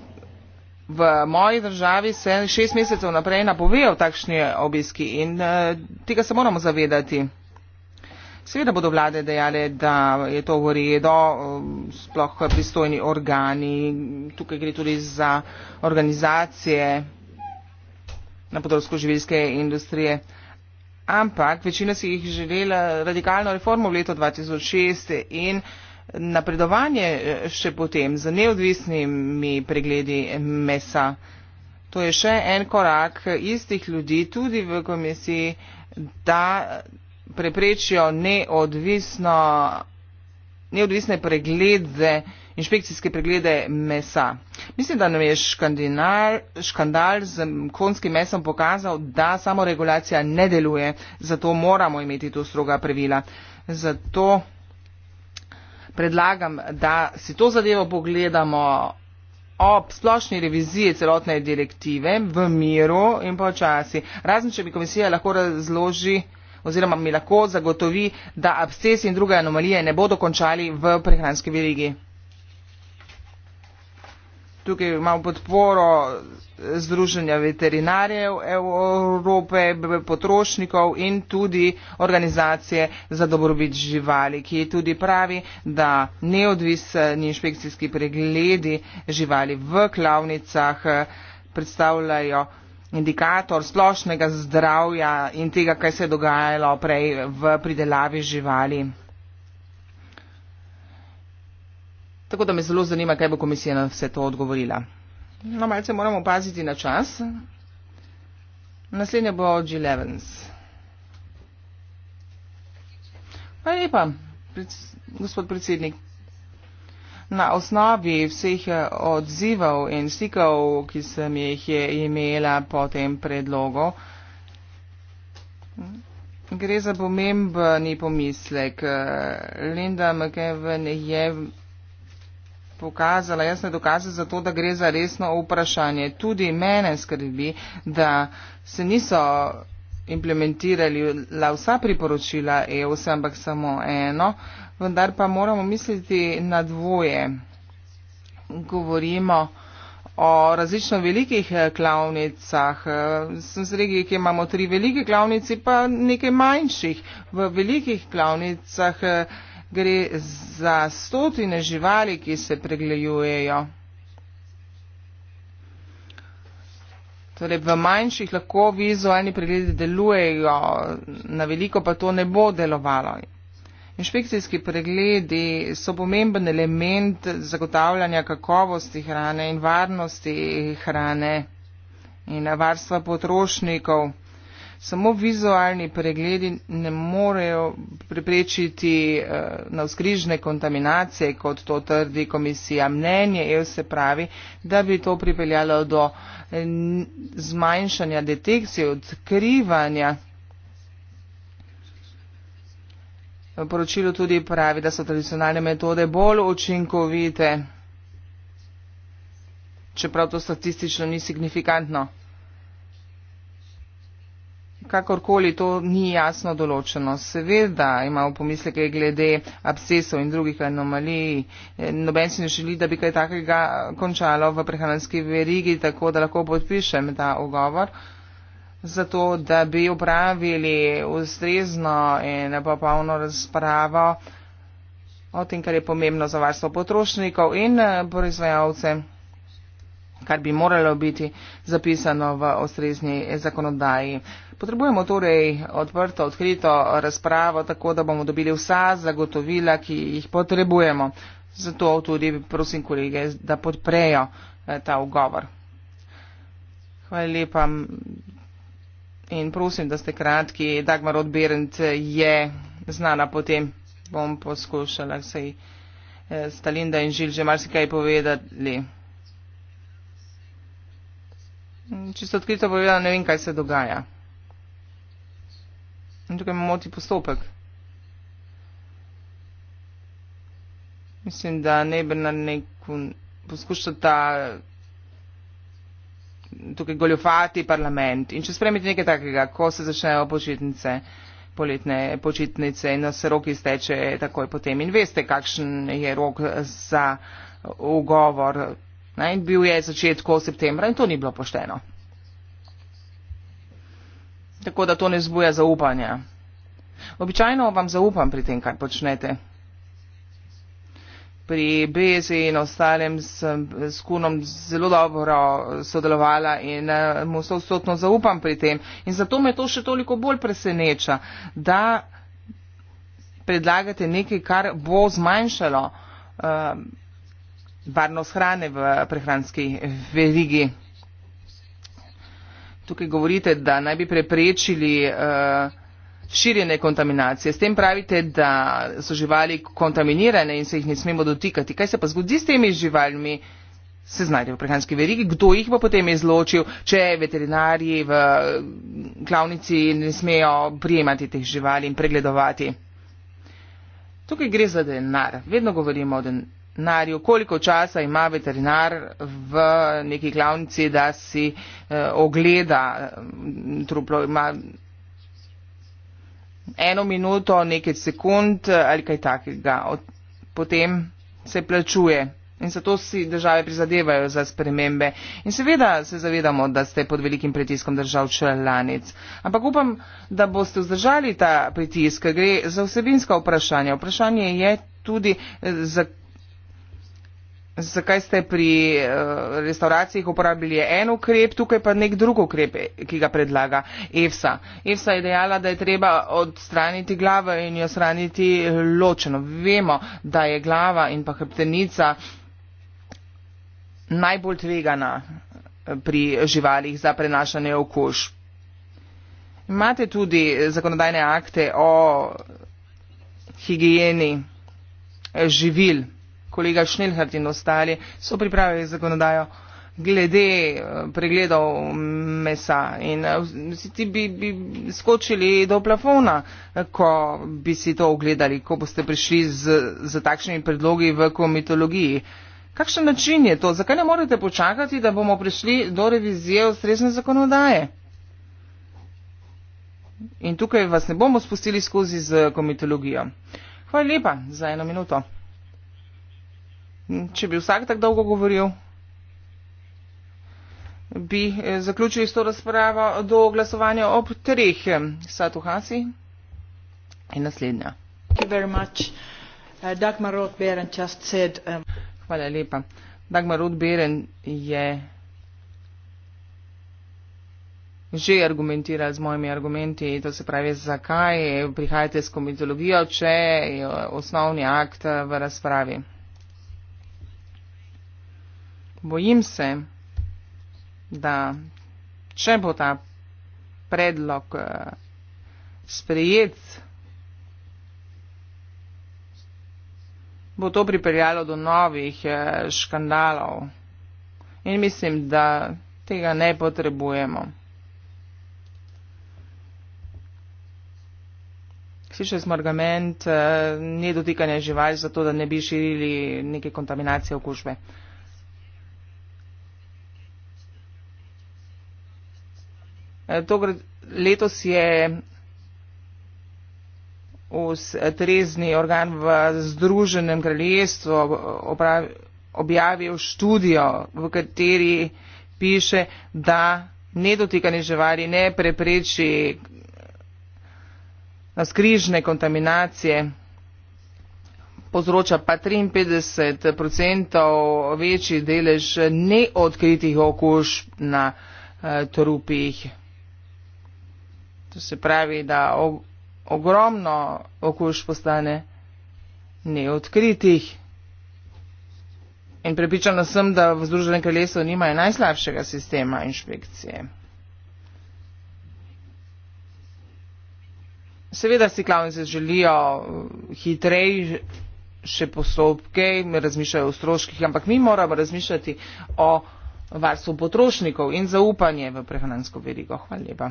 V moji državi se šest mesecev naprej napovejo takšni obiski in eh, tega se moramo zavedati. Seveda bodo vlade dejale, da je to v redu, sploh pristojni organi, tukaj gre tudi za organizacije, na področju živilske industrije. Ampak večina si jih želela radikalno reformo v letu 2006 in napredovanje eh, še potem z neodvisnimi pregledi mesa. To je še en korak istih ljudi tudi v komisiji, da preprečijo neodvisne preglede inšpekcijske preglede mesa. Mislim, da nam je škandal z konjskim mesom pokazal, da samo regulacija ne deluje, zato moramo imeti tu stroga pravila. Zato predlagam, da si to zadevo pogledamo ob splošni reviziji celotne direktive v miru in počasi. Razen, če bi komisija lahko razloži oziroma mi lahko zagotovi, da abscesi in druge anomalije ne bodo končali v prehranski verigi tukaj imamo podporo Združenja veterinarjev Evrope, potrošnikov in tudi organizacije za dobrobit živali, ki tudi pravi, da neodvisni inšpekcijski pregledi živali v klavnicah predstavljajo indikator splošnega zdravja in tega, kaj se je dogajalo prej v pridelavi živali. Tako da me zelo zanima, kaj bo komisija na vse to odgovorila. No, malce moramo paziti na čas. Naslednja bo G. Levens. Hvala lepa, gospod predsednik. Na osnovi vseh eh, odzivov in stikov, ki sem jih je imela po tem predlogu, gre za pomembni pomislek. Eh, Linda McKeven je pokazala jasne dokaze za to, da gre za resno vprašanje. Tudi mene skrbi, da se niso implementirali vsa priporočila EU, ampak samo eno, vendar pa moramo misliti na dvoje. Govorimo o različno velikih eh, klavnicah. Eh, sem z regije, kjer imamo tri velike klavnici, pa nekaj manjših. V velikih klavnicah eh, gre za stotine živali, ki se pregledujejo. Torej, v manjših lahko vizualni pregledi delujejo, na veliko pa to ne bo delovalo. Inšpekcijski pregledi so pomemben element zagotavljanja kakovosti hrane in varnosti hrane in varstva potrošnikov samo vizualni pregledi ne morejo preprečiti eh, na vzkrižne kontaminacije, kot to trdi komisija. Mnenje EU se pravi, da bi to pripeljalo do eh, zmanjšanja detekcije, odkrivanja. Poročilo tudi pravi, da so tradicionalne metode bolj učinkovite, čeprav to statistično ni signifikantno kakorkoli to ni jasno določeno. Seveda imamo pomisleke glede abscesov in drugih anomalij. Eh, noben si ne želi, da bi kaj takega končalo v prehranski verigi, tako da lahko podpišem ta ogovor. Zato, da bi upravili ustrezno in popolno razpravo o tem, kar je pomembno za varstvo potrošnikov in eh, proizvajalcev kar bi moralo biti zapisano v ostrezni zakonodaji. Potrebujemo torej odprto, odkrito razpravo, tako da bomo dobili vsa zagotovila, ki jih potrebujemo. Zato tudi prosim kolege, da podprejo eh, ta ugovor. Hvala lepa in prosim, da ste kratki. Dagmar Odberend je znana potem, bom poskušala, saj eh, Stalinda in Žil že marsikaj povedali. Čisto odkrito povedala, ne vem, kaj se dogaja. In tukaj moti postopek. Mislim, da ne bi na neku poskušata tukaj goljofati parlament. In če spremite nekaj takega, ko se začnejo počitnice, poletne počitnice in se rok izteče takoj potem. In veste, kakšen je rok za ugovor Ne, in bil je začetku septembra in to ni bilo pošteno. Tako da to ne zbuja zaupanja. Običajno vam zaupam pri tem, kar počnete. Pri Bezi in ostalem sem s Kunom zelo dobro sodelovala in eh, mu so vstotno zaupam pri tem. In zato me to še toliko bolj preseneča, da predlagate nekaj, kar bo zmanjšalo. Uh, varnost hrane v prehranski verigi. Tukaj govorite, da naj bi preprečili uh, eh, širjene kontaminacije. S tem pravite, da so živali kontaminirane in se jih ne smemo dotikati. Kaj se pa zgodi s temi živalmi? Se znajde v prehranski verigi, kdo jih bo potem izločil, če veterinarji v eh, klavnici ne smejo prijemati teh živali in pregledovati. Tukaj gre za denar. Vedno govorimo o denar veterinarju, koliko časa ima veterinar v neki klavnici, da si eh, ogleda mm, truplo, ima eno minuto, nekaj sekund ali kaj takega. Od, potem se plačuje. In zato si države prizadevajo za spremembe. In seveda se zavedamo, da ste pod velikim pritiskom držav članic. Ampak upam, da boste vzdržali ta pritisk. Gre za vsebinska vprašanja. Vprašanje je tudi, eh, za, Zakaj ste pri eh, restauracijah uporabili en ukrep, tukaj pa nek drug ukrep, ki ga predlaga EFSA? EFSA je dejala, da je treba odstraniti glavo in jo straniti ločeno. Vemo, da je glava in pa hrbtenica najbolj tvegana eh, pri živalih za prenašanje okuž. Imate tudi zakonodajne akte o higieni živil kolega Šnilhart in ostali so pripravili zakonodajo glede eh, pregledov mesa in eh, vsi ti bi, bi skočili do plafona, eh, ko bi si to ogledali, ko boste prišli z, z takšnimi predlogi v komitologiji. Kakšen način je to? Zakaj ne morete počakati, da bomo prišli do revizije ustrezne zakonodaje? In tukaj vas ne bomo spustili skozi z komitologijo. Hvala lepa za eno minuto. Hm, če bi vsak tako dolgo govoril, bi eh, zaključili s to razpravo do glasovanja ob treh. Satu Hasi in naslednja. Uh, um, Hvala lepa. Dagmar Rudberen je že argumentirala z mojimi argumenti, to se pravi, zakaj prihajate s komitologijo, če je osnovni akt v razpravi bojim se, da če bo ta predlog eh, sprejet, bo to pripeljalo do novih eh, škandalov. In mislim, da tega ne potrebujemo. Slišali smo argument, eh, ne dotikanje živali, zato da ne bi širili neke kontaminacije okužbe. Dobro, eh, letos je trezni organ v Združenem kraljestvu objavil študijo, v kateri piše, da nedotikanje živali ne prepreči naskrižne eh, kontaminacije, povzroča pa 53% večji delež neodkritih okužb na eh, trupih. To se pravi, da og, ogromno okuž postane neodkritih. In prepričana sem, da v Združenem kraljestvu nimajo najslabšega sistema inšpekcije. Seveda si klavnice želijo hitrejše postopke, razmišljajo o stroških, ampak mi moramo razmišljati o varstvu potrošnikov in zaupanje v prehranjsko verigo. Hvala lepa.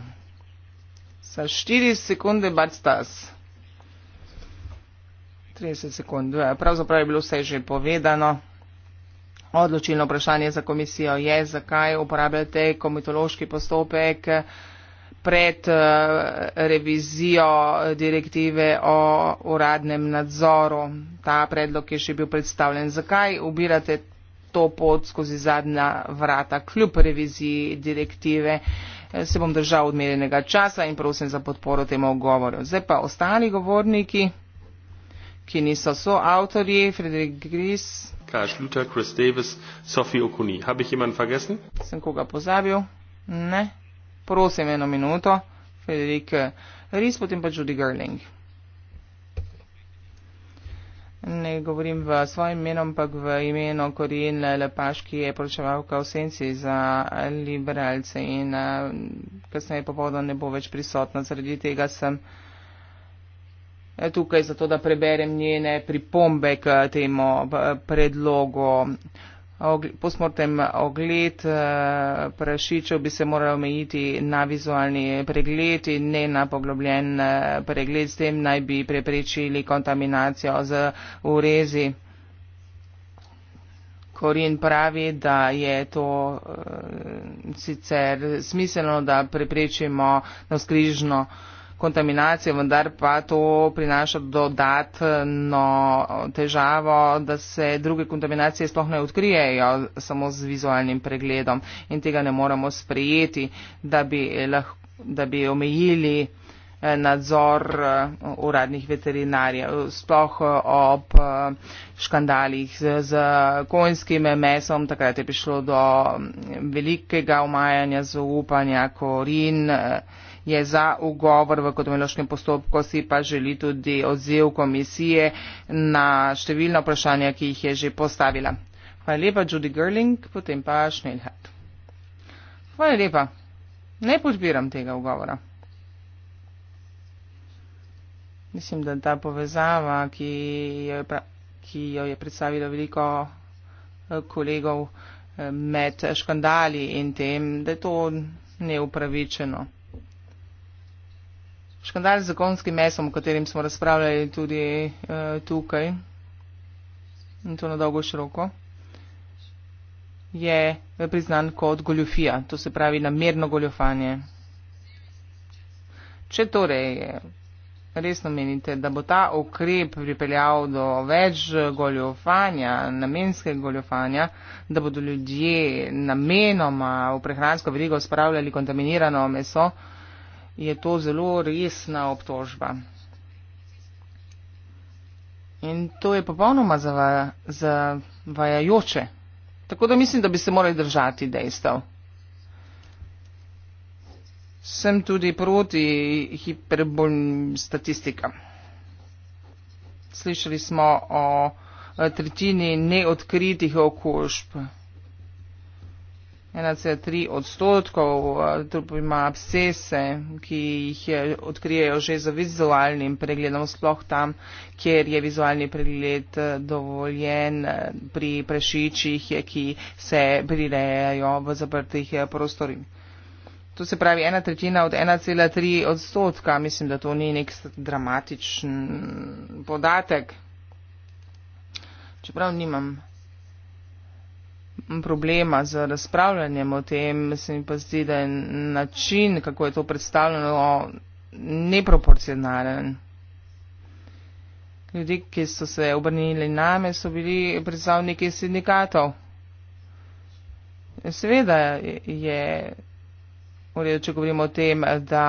Za 4 sekunde bat stas. 30 sekund. Ja, pravzaprav je bilo vse že povedano. Odločilno vprašanje za komisijo je, zakaj uporabljate komitološki postopek pred eh, revizijo direktive o uradnem nadzoru. Ta predlog je še bil predstavljen. Zakaj ubirate to pot skozi zadnja vrata, kljub reviziji direktive? se bom držal odmerjenega časa in prosim za podporo temu govoru. Zdaj pa ostali govorniki, ki niso soavtorji, Frederik Gris. Karl Schluter, Chris Davis, Sophie Okuni. Habe ich jemanden vergessen? Sem koga pozabil? Ne. Prosim eno minuto. Frederik Gris, eh, potem pa Judy Gerling. Ne govorim v svojem imenu, ampak v imenu Korin Lepaš, ki je poročevalka v senci za liberalce in eh, kasneje popovdno ne bo več prisotna. Zaradi tega sem eh, tukaj, zato da preberem njene pripombe k temu eh, predlogu. Postmortem ogled eh, prašičev bi se moral omejiti na vizualni pregled in ne na poglobljen eh, pregled, s tem naj bi preprečili kontaminacijo z urezi. Korin pravi, da je to uh, sicer smiselno, da preprečimo navskrižno uh, kontaminacije, vendar pa to prinaša dodatno težavo, da se druge kontaminacije sploh ne odkrijejo samo z vizualnim pregledom in tega ne moramo sprejeti, da bi, lahko, da bi omejili eh, nadzor eh, uradnih veterinarjev, sploh eh, ob škandalih z, z konjskim mesom, takrat je prišlo do mm, velikega omajanja zaupanja korin je za ugovor v kotomeloškem postopku, si pa želi tudi odziv komisije na številna vprašanja, ki jih je že postavila. Hvala lepa, Judy Gerling, potem pa Šnelhat. Hvala lepa. Ne podpiram tega ugovora. Mislim, da ta povezava, ki jo je, ki jo je predstavilo veliko eh, kolegov eh, med škandali in tem, da je to neupravičeno škandal z zakonskim mesom, o katerem smo razpravljali tudi uh, tukaj in to na dolgo široko, je eh, priznan kot goljofija, to se pravi namerno goljofanje. Če torej eh, resno menite, da bo ta ukrep pripeljal do več goljofanja, namenskega goljofanja, da bodo ljudje namenoma v prehransko verigo spravljali kontaminirano meso, je to zelo resna obtožba. In to je popolnoma zavajajoče. Tako da mislim, da bi se morali držati dejstev. Sem tudi proti hiperbolnim statistikam. Slišali smo o tretjini neodkritih okužb. 1,3 odstotkov, eh, tu ima abscese, ki jih je, eh, odkrijejo že za vizualnim pregledom, sploh tam, kjer je vizualni pregled eh, dovoljen pri prešičih, ki se prirejajo v zaprtih prostorih. To se pravi ena tretjina od 1,3 odstotka, mislim, da to ni nek dramatičen podatek. Čeprav nimam problema z razpravljanjem o tem, se mi pa zdi, da je način, kako je to predstavljeno, neproporcionalen. Ljudje, ki so se obrnili name, so bili predstavniki sindikatov. Seveda je v redu, če govorimo o tem, da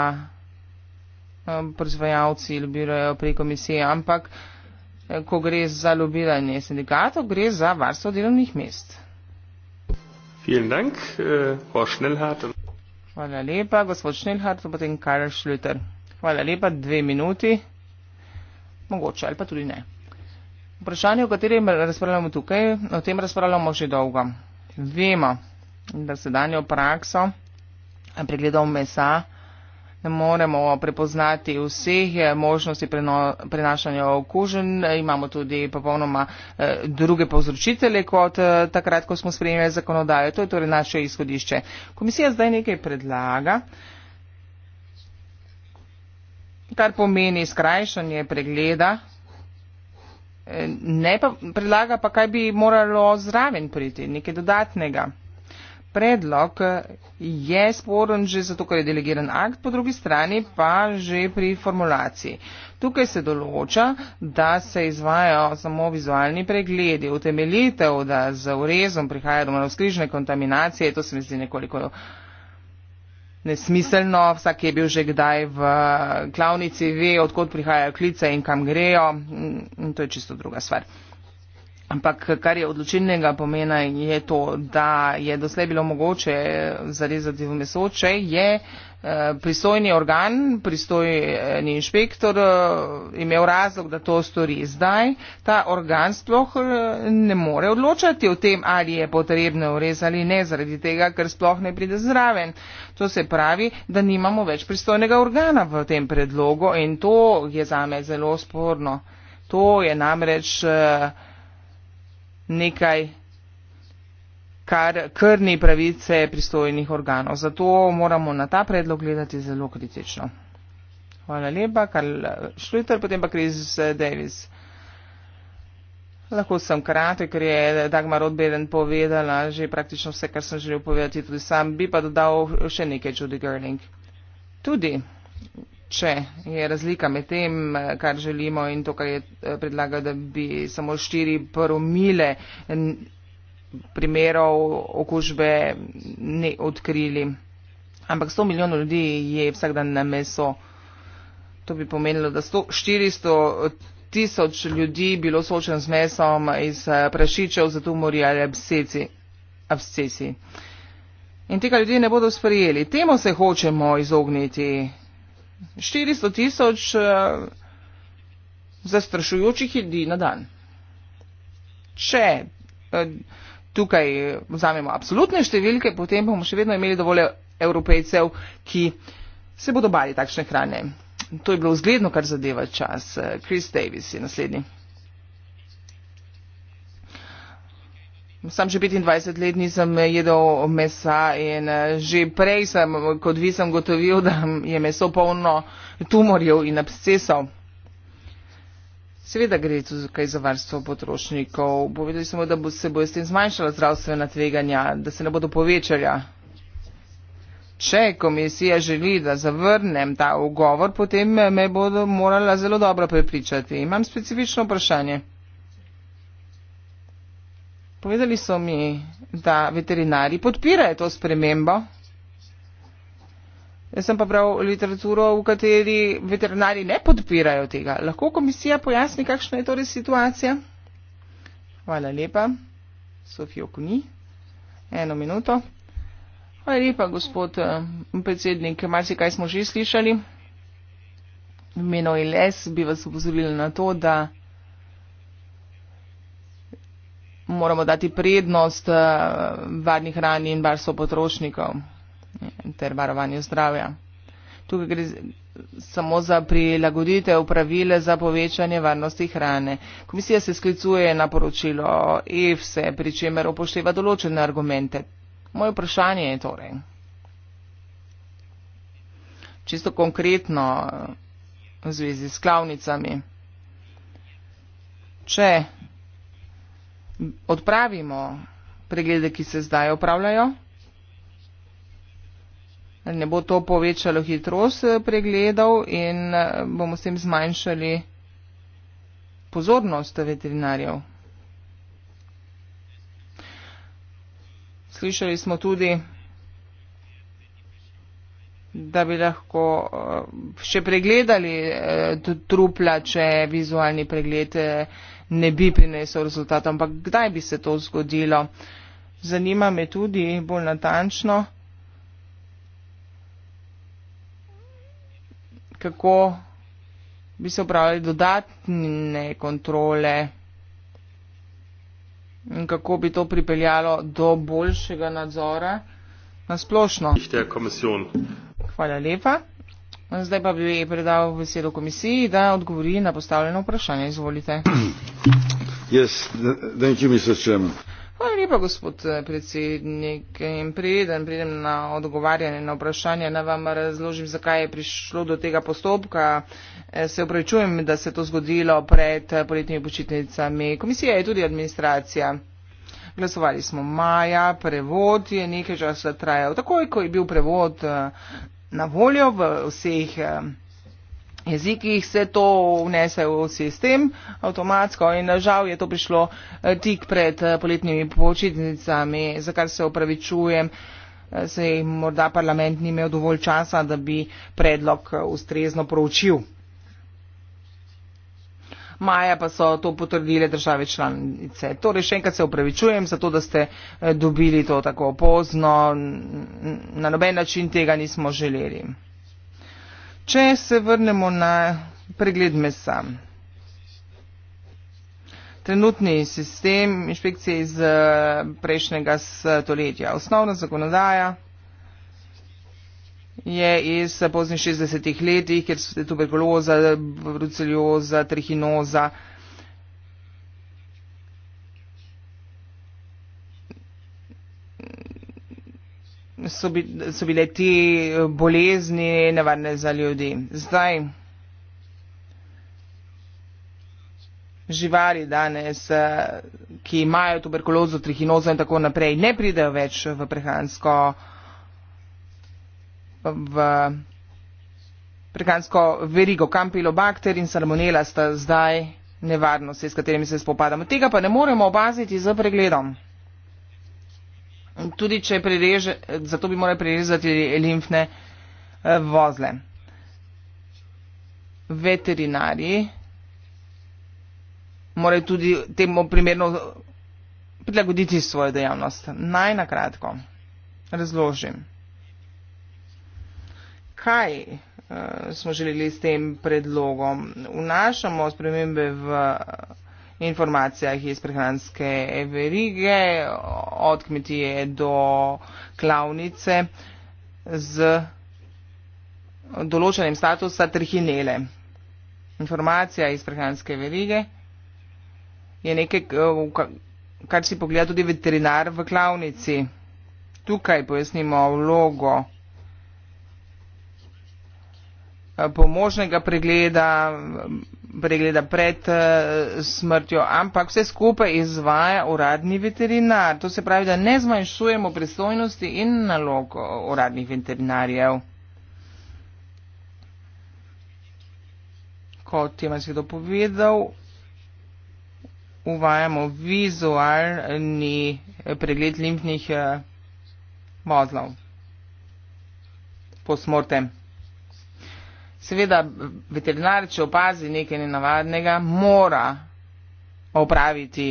eh, proizvajalci lobirajo prek komisije, ampak eh, ko gre za lobiranje sindikatov, gre za varstvo delovnih mest. Dank, äh, Hvala lepa, gospod Šnelhart, potem Karl Schlüter. Hvala lepa, dve minuti. Mogoče ali pa tudi ne. Vprašanje, o katerem razpravljamo tukaj, o tem razpravljamo že dolgo. Vemo, da sedanjo prakso pregledov mesa ne moremo prepoznati vseh eh, možnosti prenašanja okužen. Imamo tudi popolnoma eh, druge povzročitele kot eh, takrat, ko smo sprejeli zakonodajo. To je torej naše izhodišče. Komisija zdaj nekaj predlaga, kar pomeni skrajšanje pregleda. Ne pa predlaga pa, kaj bi moralo zraven priti, nekaj dodatnega predlog je sporen že zato, ker je delegiran akt, po drugi strani pa že pri formulaciji. Tukaj se določa, da se izvajo samo vizualni pregledi. Utemeljitev, da z urezom prihaja do malovskrižne kontaminacije, to se mi zdi nekoliko nesmiselno. Vsak je bil že kdaj v klavnici, ve, odkot prihajajo klice in kam grejo. Mm, to je čisto druga stvar. Ampak kar je odločilnega pomena je to, da je doslej bilo mogoče zarezati v meso, če je eh, pristojni organ, pristojni inšpektor eh, imel razlog, da to stori. Zdaj ta organ sploh eh, ne more odločati o tem, ali je potrebno urez ali ne, zaradi tega, ker sploh ne pride zraven. To se pravi, da nimamo več pristojnega organa v tem predlogu in to je zame zelo sporno. To je namreč nekaj, kar krni pravice pristojnih organov. Zato moramo na ta predlog gledati zelo kritično. Hvala lepa, Karl Schlüter, potem pa Kris Davis. Lahko sem kratek, ker je Dagmar Odbeden povedala že praktično vse, kar sem želel povedati tudi sam. Bi pa dodal še nekaj Judy Gerling. Tudi če je razlika med tem, kar želimo in to, kar je eh, predlagal, da bi samo štiri promile primerov okužbe ne odkrili. Ampak 100 milijonov ljudi je vsak dan na meso. To bi pomenilo, da 100, 400 tisoč ljudi bilo soočen z mesom iz eh, prašičev za tumori ali absesi. absesi. In tega ljudje ne bodo sprejeli. Temu se hočemo izogniti. 400 tisoč eh, zastrašujočih ljudi na dan. Če eh, tukaj vzamemo absolutne številke, potem bomo še vedno imeli dovolj evropejcev, ki se bodo bali takšne hrane. To je bilo vzgledno, kar zadeva čas. Eh, Chris Davis je naslednji. Sam že 25 let nisem jedel mesa in eh, že prej sem, kot vi, sem gotovil, da je meso polno tumorjev in abscesov. Seveda gre tukaj za varstvo potrošnikov. Povedali smo, da bo se bojo s tem zmanjšala zdravstvena tveganja, da se ne bodo povečala. Če komisija želi, da zavrnem ta ugovor, potem me bodo morala zelo dobro prepričati. Imam specifično vprašanje. Povedali so mi, da veterinari podpirajo to spremembo. Jaz sem pa bral literaturo, v kateri veterinari ne podpirajo tega. Lahko komisija pojasni, kakšna je torej situacija? Hvala lepa. Sofijo Kuni. Eno minuto. Hvala lepa, gospod eh, predsednik. Marsikaj smo že slišali. Meno in les bi vas upozorili na to, da. moramo dati prednost eh, varni hrani in varstvo potrošnikov ter varovanju zdravja. Tukaj gre samo za prilagoditev pravile za povečanje varnosti hrane. Komisija se sklicuje na poročilo EFSE, pri čemer upošteva določene argumente. Moje vprašanje je torej. Čisto konkretno eh, v zvezi s klavnicami. Če odpravimo preglede, ki se zdaj opravljajo? Ne bo to povečalo hitrost eh, pregledov in eh, bomo s tem zmanjšali pozornost veterinarjev? Slišali smo tudi, da bi lahko eh, še pregledali trupla, če vizualni pregled ne bi prinesel rezultata. Ampak kdaj bi se to zgodilo? Zanima me tudi bolj natančno, kako bi se upravljali dodatne kontrole in kako bi to pripeljalo do boljšega nadzora na splošno. Hvala lepa. Zdaj pa bi predal besedo komisiji, da odgovori na postavljeno vprašanje. Izvolite. Jaz, da nekje mi se čem. Hvala lepa, gospod eh, predsednik. In preden pridem na odgovarjanje na vprašanje, naj vam razložim, zakaj je prišlo do tega postopka. Eh, se upravičujem, da se to zgodilo pred eh, poletnimi počitnicami. Komisija je tudi administracija. Glasovali smo maja, prevod je nekaj časa trajal. Takoj, ko je bil prevod na voljo v vseh eh, jezikih, se to vnese v sistem avtomatsko in eh, žal je to prišlo eh, tik pred poletnimi počitnicami, za kar se opravičujem, se jim morda parlament ni imel dovolj časa, da bi predlog ustrezno proučil maja pa so to potrdile države članice. Torej, še enkrat se upravičujem za to, da ste eh, dobili to tako pozno. Na noben način tega nismo želeli. Če se vrnemo na pregled mesa. Trenutni sistem inšpekcije iz eh, prejšnjega eh, stoletja. Osnovna zakonodaja je iz poznih 60-ih letih, ker so tuberkuloza, brucelioza, trihinoza. So, bi, so bile te eh, bolezni nevarne za ljudi. Zdaj, živali danes, eh, ki imajo tuberkulozo, trihinozo in tako naprej, ne pridejo več v prehransko v prekansko verigo kampilobakter in salmonela sta zdaj nevarnosti, s katerimi se spopadamo. Tega pa ne moremo obaziti z pregledom. Tudi če prereže, zato bi morali prerezati limfne eh, vozle. Veterinari morajo tudi temu primerno prilagoditi svojo dejavnost. Naj na kratko razložim kaj eh, smo želeli s tem predlogom. Vnašamo spremembe v informacijah iz prehranske verige, od kmetije do klavnice z določenim statusa trihinele. Informacija iz prehranske verige je nekaj, eh, kar si pogleda tudi veterinar v klavnici. Tukaj pojasnimo vlogo pomožnega pregleda, pregleda pred eh, smrtjo, ampak vse skupaj izvaja uradni veterinar. To se pravi, da ne zmanjšujemo pristojnosti in nalog uradnih veterinarjev. Kot je vam svedo povedal, uvajamo vizualni pregled limfnih mozlov eh, po smrtem. Seveda veterinar, če opazi nekaj nenavadnega, mora opraviti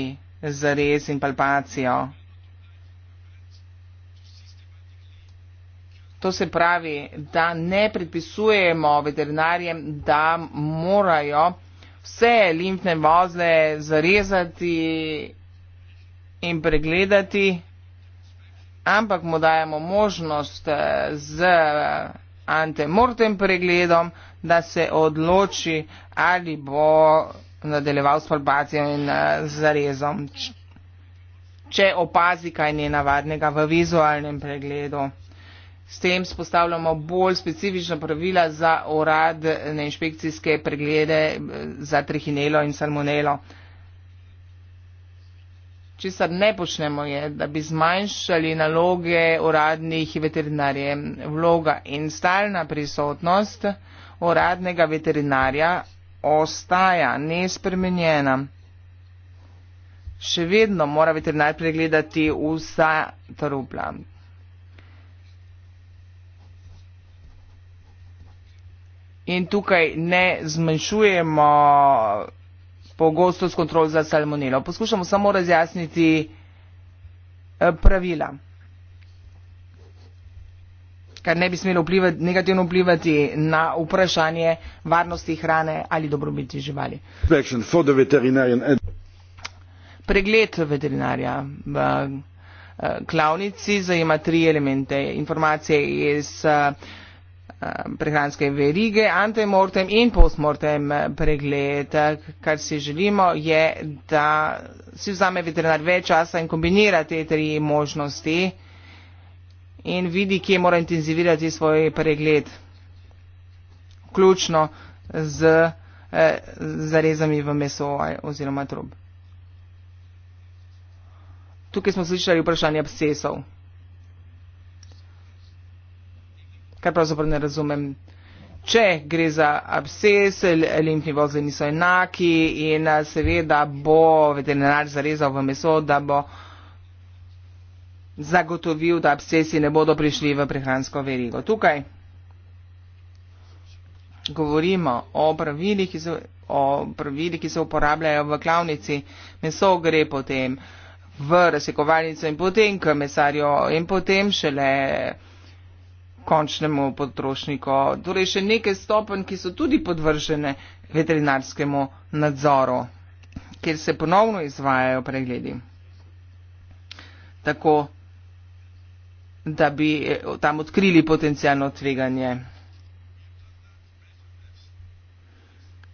zares in palpacijo. To se pravi, da ne predpisujemo veterinarjem, da morajo vse limfne vozle zarezati in pregledati, ampak mu dajemo možnost eh, z antemortem pregledom, da se odloči, ali bo nadaljeval s palpacijo in eh, zarezom, če opazi kaj nenavadnega v vizualnem pregledu. S tem spostavljamo bolj specifična pravila za uradne inšpekcijske preglede eh, za trihinelo in salmonelo česar ne počnemo je, da bi zmanjšali naloge uradnih veterinarjev. Vloga in stalna prisotnost uradnega veterinarja ostaja nespremenjena. Še vedno mora veterinar pregledati vsa trupla. In tukaj ne zmanjšujemo pogostost kontrol za salmonelo. Poskušamo samo razjasniti eh, pravila, kar ne bi smelo vplivati, negativno vplivati na vprašanje varnosti hrane ali dobrobiti živali. Pregled veterinarja v eh, klavnici zajema tri elemente. Informacije iz uh, Eh, prehranske verige antemortem in postmortem eh, pregled. Kar si želimo je, da si vzame veterinar več časa in kombinira te tri možnosti in vidi, kje mora intenzivirati svoj pregled, vključno z eh, zarezami v meso oziroma trub. Tukaj smo slišali vprašanje psesov. kar pravzaprav ne razumem. Če gre za absces, limfni vozli niso enaki in seveda bo veterinar zarezal v meso, da bo zagotovil, da abscesi ne bodo prišli v prehransko verigo. Tukaj govorimo o pravilih, ki so, pravili, ki so uporabljajo v klavnici. Meso gre potem v razsekovalnico in potem k mesarju in potem šele končnemu potrošniku. Torej še neke stopen, ki so tudi podvržene veterinarskemu nadzoru, kjer se ponovno izvajajo pregledi. Tako, da bi eh, tam odkrili potencijalno tveganje.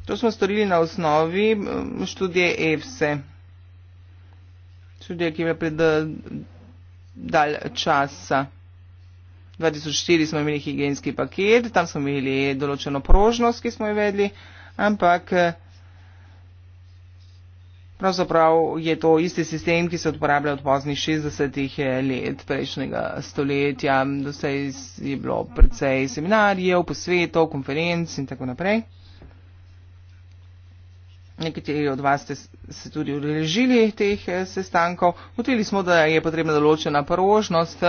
To smo storili na osnovi mm, študije EFSE. E. Študije, ki je pred eh, dal časa. 2004 smo imeli higijenski paket, tam smo imeli določeno prožnost, ki smo jo vedli, ampak eh, pravzaprav je to isti sistem, ki se uporablja od poznih 60-ih eh, let prejšnjega stoletja. Do sej je bilo precej seminarjev, posvetov, konferenc in tako naprej. Nekateri od vas ste se tudi odrežili teh eh, sestankov. Utili smo, da je potrebna določena prožnost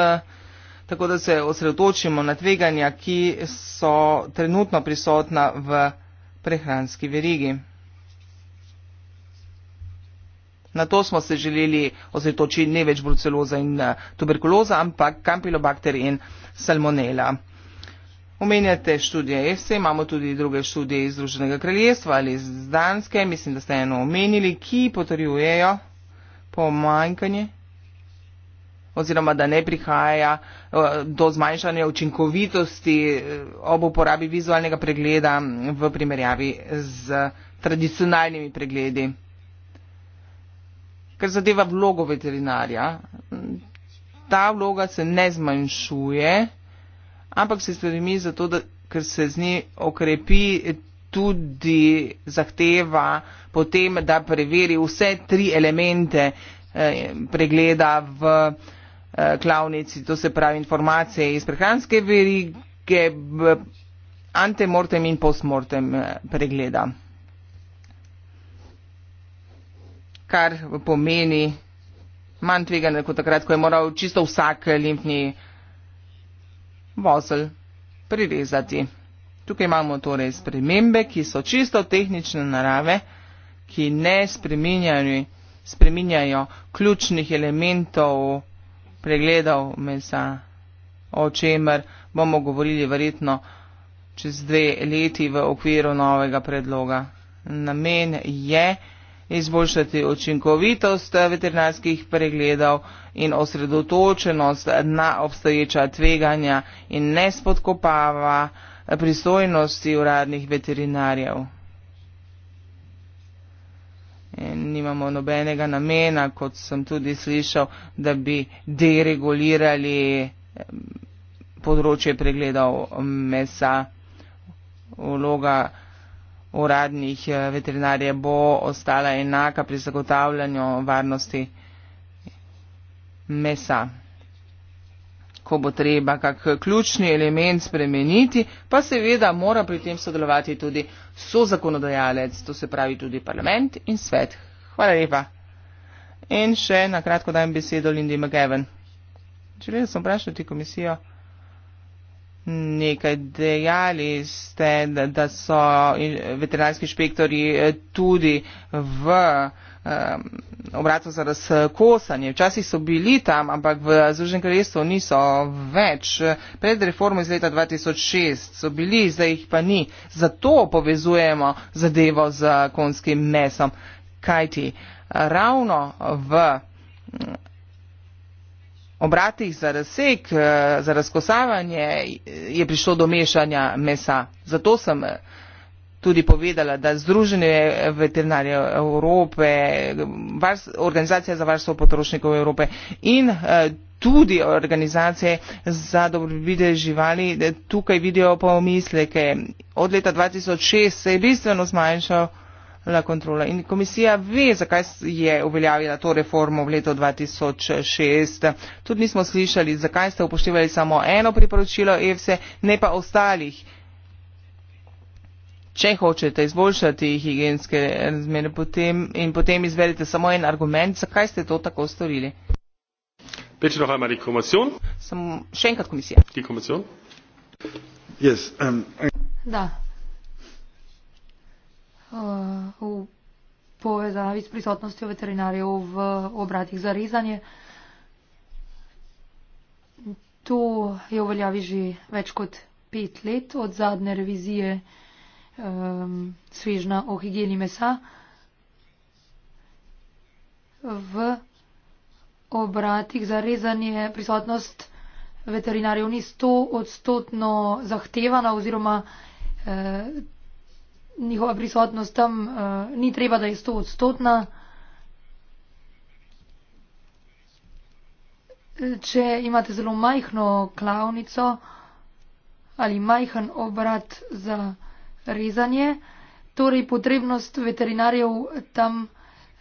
tako da se osredotočimo na tveganja, ki so trenutno prisotna v prehranski verigi. Na to smo se želeli osredotočiti ne več bruceloza in eh, tuberkuloza, ampak kampilobakter in salmonela. Omenjate študije ESE, imamo tudi druge študije iz Združenega kraljestva ali iz Danske, mislim, da ste eno omenili, ki potrjujejo pomanjkanje oziroma da ne prihaja eh, do zmanjšanja učinkovitosti eh, ob uporabi vizualnega pregleda v primerjavi z tradicionalnimi pregledi. Kar zadeva vlogo veterinarja, ta vloga se ne zmanjšuje, ampak se spremeni zato, da, ker se z nji okrepi tudi zahteva potem, da preveri vse tri elemente eh, pregleda v Eh, klavnici, to se pravi informacije iz prehranske verige, antemortem in postmortem eh, pregleda. Kar pomeni manj tvegane kot takrat, ko je moral čisto vsak limfni vozel prirezati. Tukaj imamo torej spremembe, ki so čisto tehnične narave, ki ne spreminjajo, spreminjajo ključnih elementov pregledal mesa, o čemer bomo govorili verjetno čez dve leti v okviru novega predloga. Namen je izboljšati učinkovitost veterinarskih pregledov in osredotočenost na obstoječa tveganja in ne spodkopava pristojnosti uradnih veterinarjev nimamo nobenega namena, kot sem tudi slišal, da bi deregulirali področje pregledov mesa. Vloga uradnih eh, veterinarjev bo ostala enaka pri zagotavljanju varnosti mesa ko bo treba kak ključni element spremeniti, pa seveda mora pri tem sodelovati tudi so zakonodajalec, to se pravi tudi parlament in svet. Hvala lepa. In še na kratko dajem besedo Lindy McGavin. Želela sem vprašati komisijo. Nekaj dejali ste, da, da so veterinarski inšpektori eh, tudi v. Um, obratov za razkosanje. Včasih so bili tam, ampak v Združenem kraljestvu niso več. Pred reformo iz leta 2006 so bili, zdaj jih pa ni. Zato povezujemo zadevo z konskim mesom. Kajti ravno v mm, obratih za razsek, eh, za razkosavanje je prišlo do mešanja mesa. Zato sem eh, tudi povedala, da Združenje veterinarjev Evrope, varst, organizacija za varstvo potrošnikov Evrope in eh, tudi organizacije za dobrobit živali tukaj vidijo pomisleke. Od leta 2006 se je bistveno zmanjšala kontrola in komisija ve, zakaj je uveljavila to reformo v letu 2006. Tudi nismo slišali, zakaj ste upoštevali samo eno priporočilo EFSE, e, ne pa ostalih. Če hočete izboljšati higijenske razmere potem, in potem izvedete samo en argument, zakaj ste to tako storili? Bitte noch einmal die Kommission. Sam, še enkrat komisija. Die Kommission. Yes, um, I... Da. Uh, v povezavi s prisotnostjo veterinarjev v obratih za rezanje. To je v veljavi že več kot pet let od zadnje revizije um, svežna o higieni mesa v obratih za rezanje prisotnost veterinarjev ni 100 odstotno zahtevana oziroma eh, njihova prisotnost tam eh, ni treba, da je 100 odstotna. Če imate zelo majhno klavnico ali majhen obrat za rezanje, torej potrebnost veterinarjev tam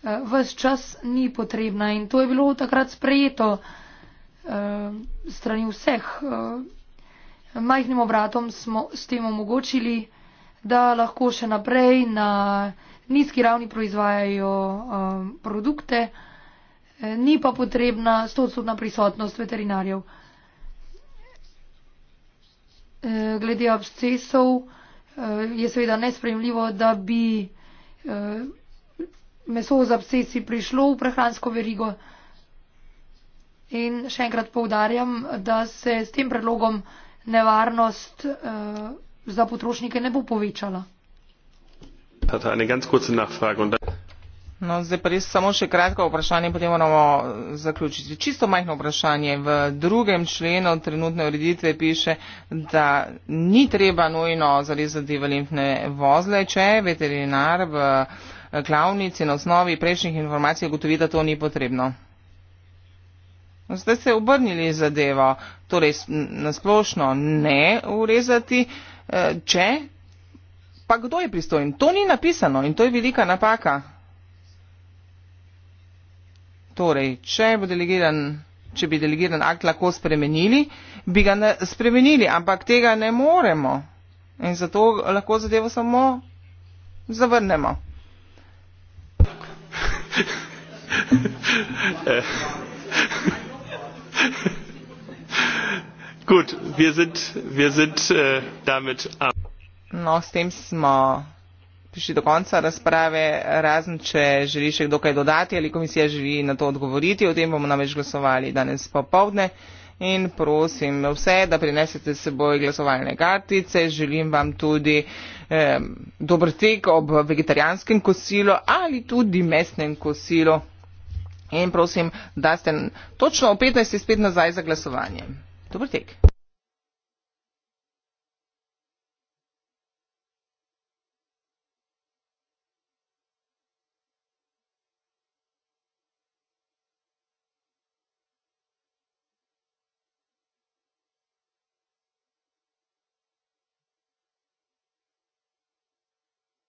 eh, vse čas ni potrebna in to je bilo takrat sprejeto eh, strani vseh. Eh, majhnim obratom smo s tem omogočili, da lahko še naprej na nizki ravni proizvajajo produkte, ni pa potrebna stotstotna prisotnost veterinarjev. Glede abscesov, Eh, je seveda nesprejemljivo, da bi eh, meso za pse si prišlo v prehransko verigo. In še enkrat povdarjam, da se s tem predlogom nevarnost eh, za potrošnike ne bo povečala. Hatte eine ganz kurze Nachfrage. Und No, zdaj pa res samo še kratko vprašanje, potem moramo eh, zaključiti. Čisto majhno vprašanje. V drugem členu trenutne ureditve piše, da ni treba nujno zarezati v limfne vozle, če veterinar v eh, klavnici na osnovi prejšnjih informacij gotovi, da to ni potrebno. Zdaj ste obrnili zadevo, torej nasplošno ne urezati, eh, če. Pa kdo je pristojen? To ni napisano in to je velika napaka. Torej, če, bo če bi delegiran akt lahko spremenili, bi ga spremenili, ampak tega ne moremo in zato lahko zadevo samo zavrnemo. Gut, wir sind, wir sind äh, damit am. No, s tem smo prišli do konca razprave, razen če želi še kdo kaj dodati ali komisija želi na to odgovoriti. O tem bomo namreč glasovali danes popovdne. In prosim vse, da prinesete s seboj glasovalne kartice. Želim vam tudi eh, dober tek ob vegetarijanskem kosilu ali tudi mestnem kosilu. In prosim, da ste točno o 15.05 nazaj za glasovanje. Dober tek.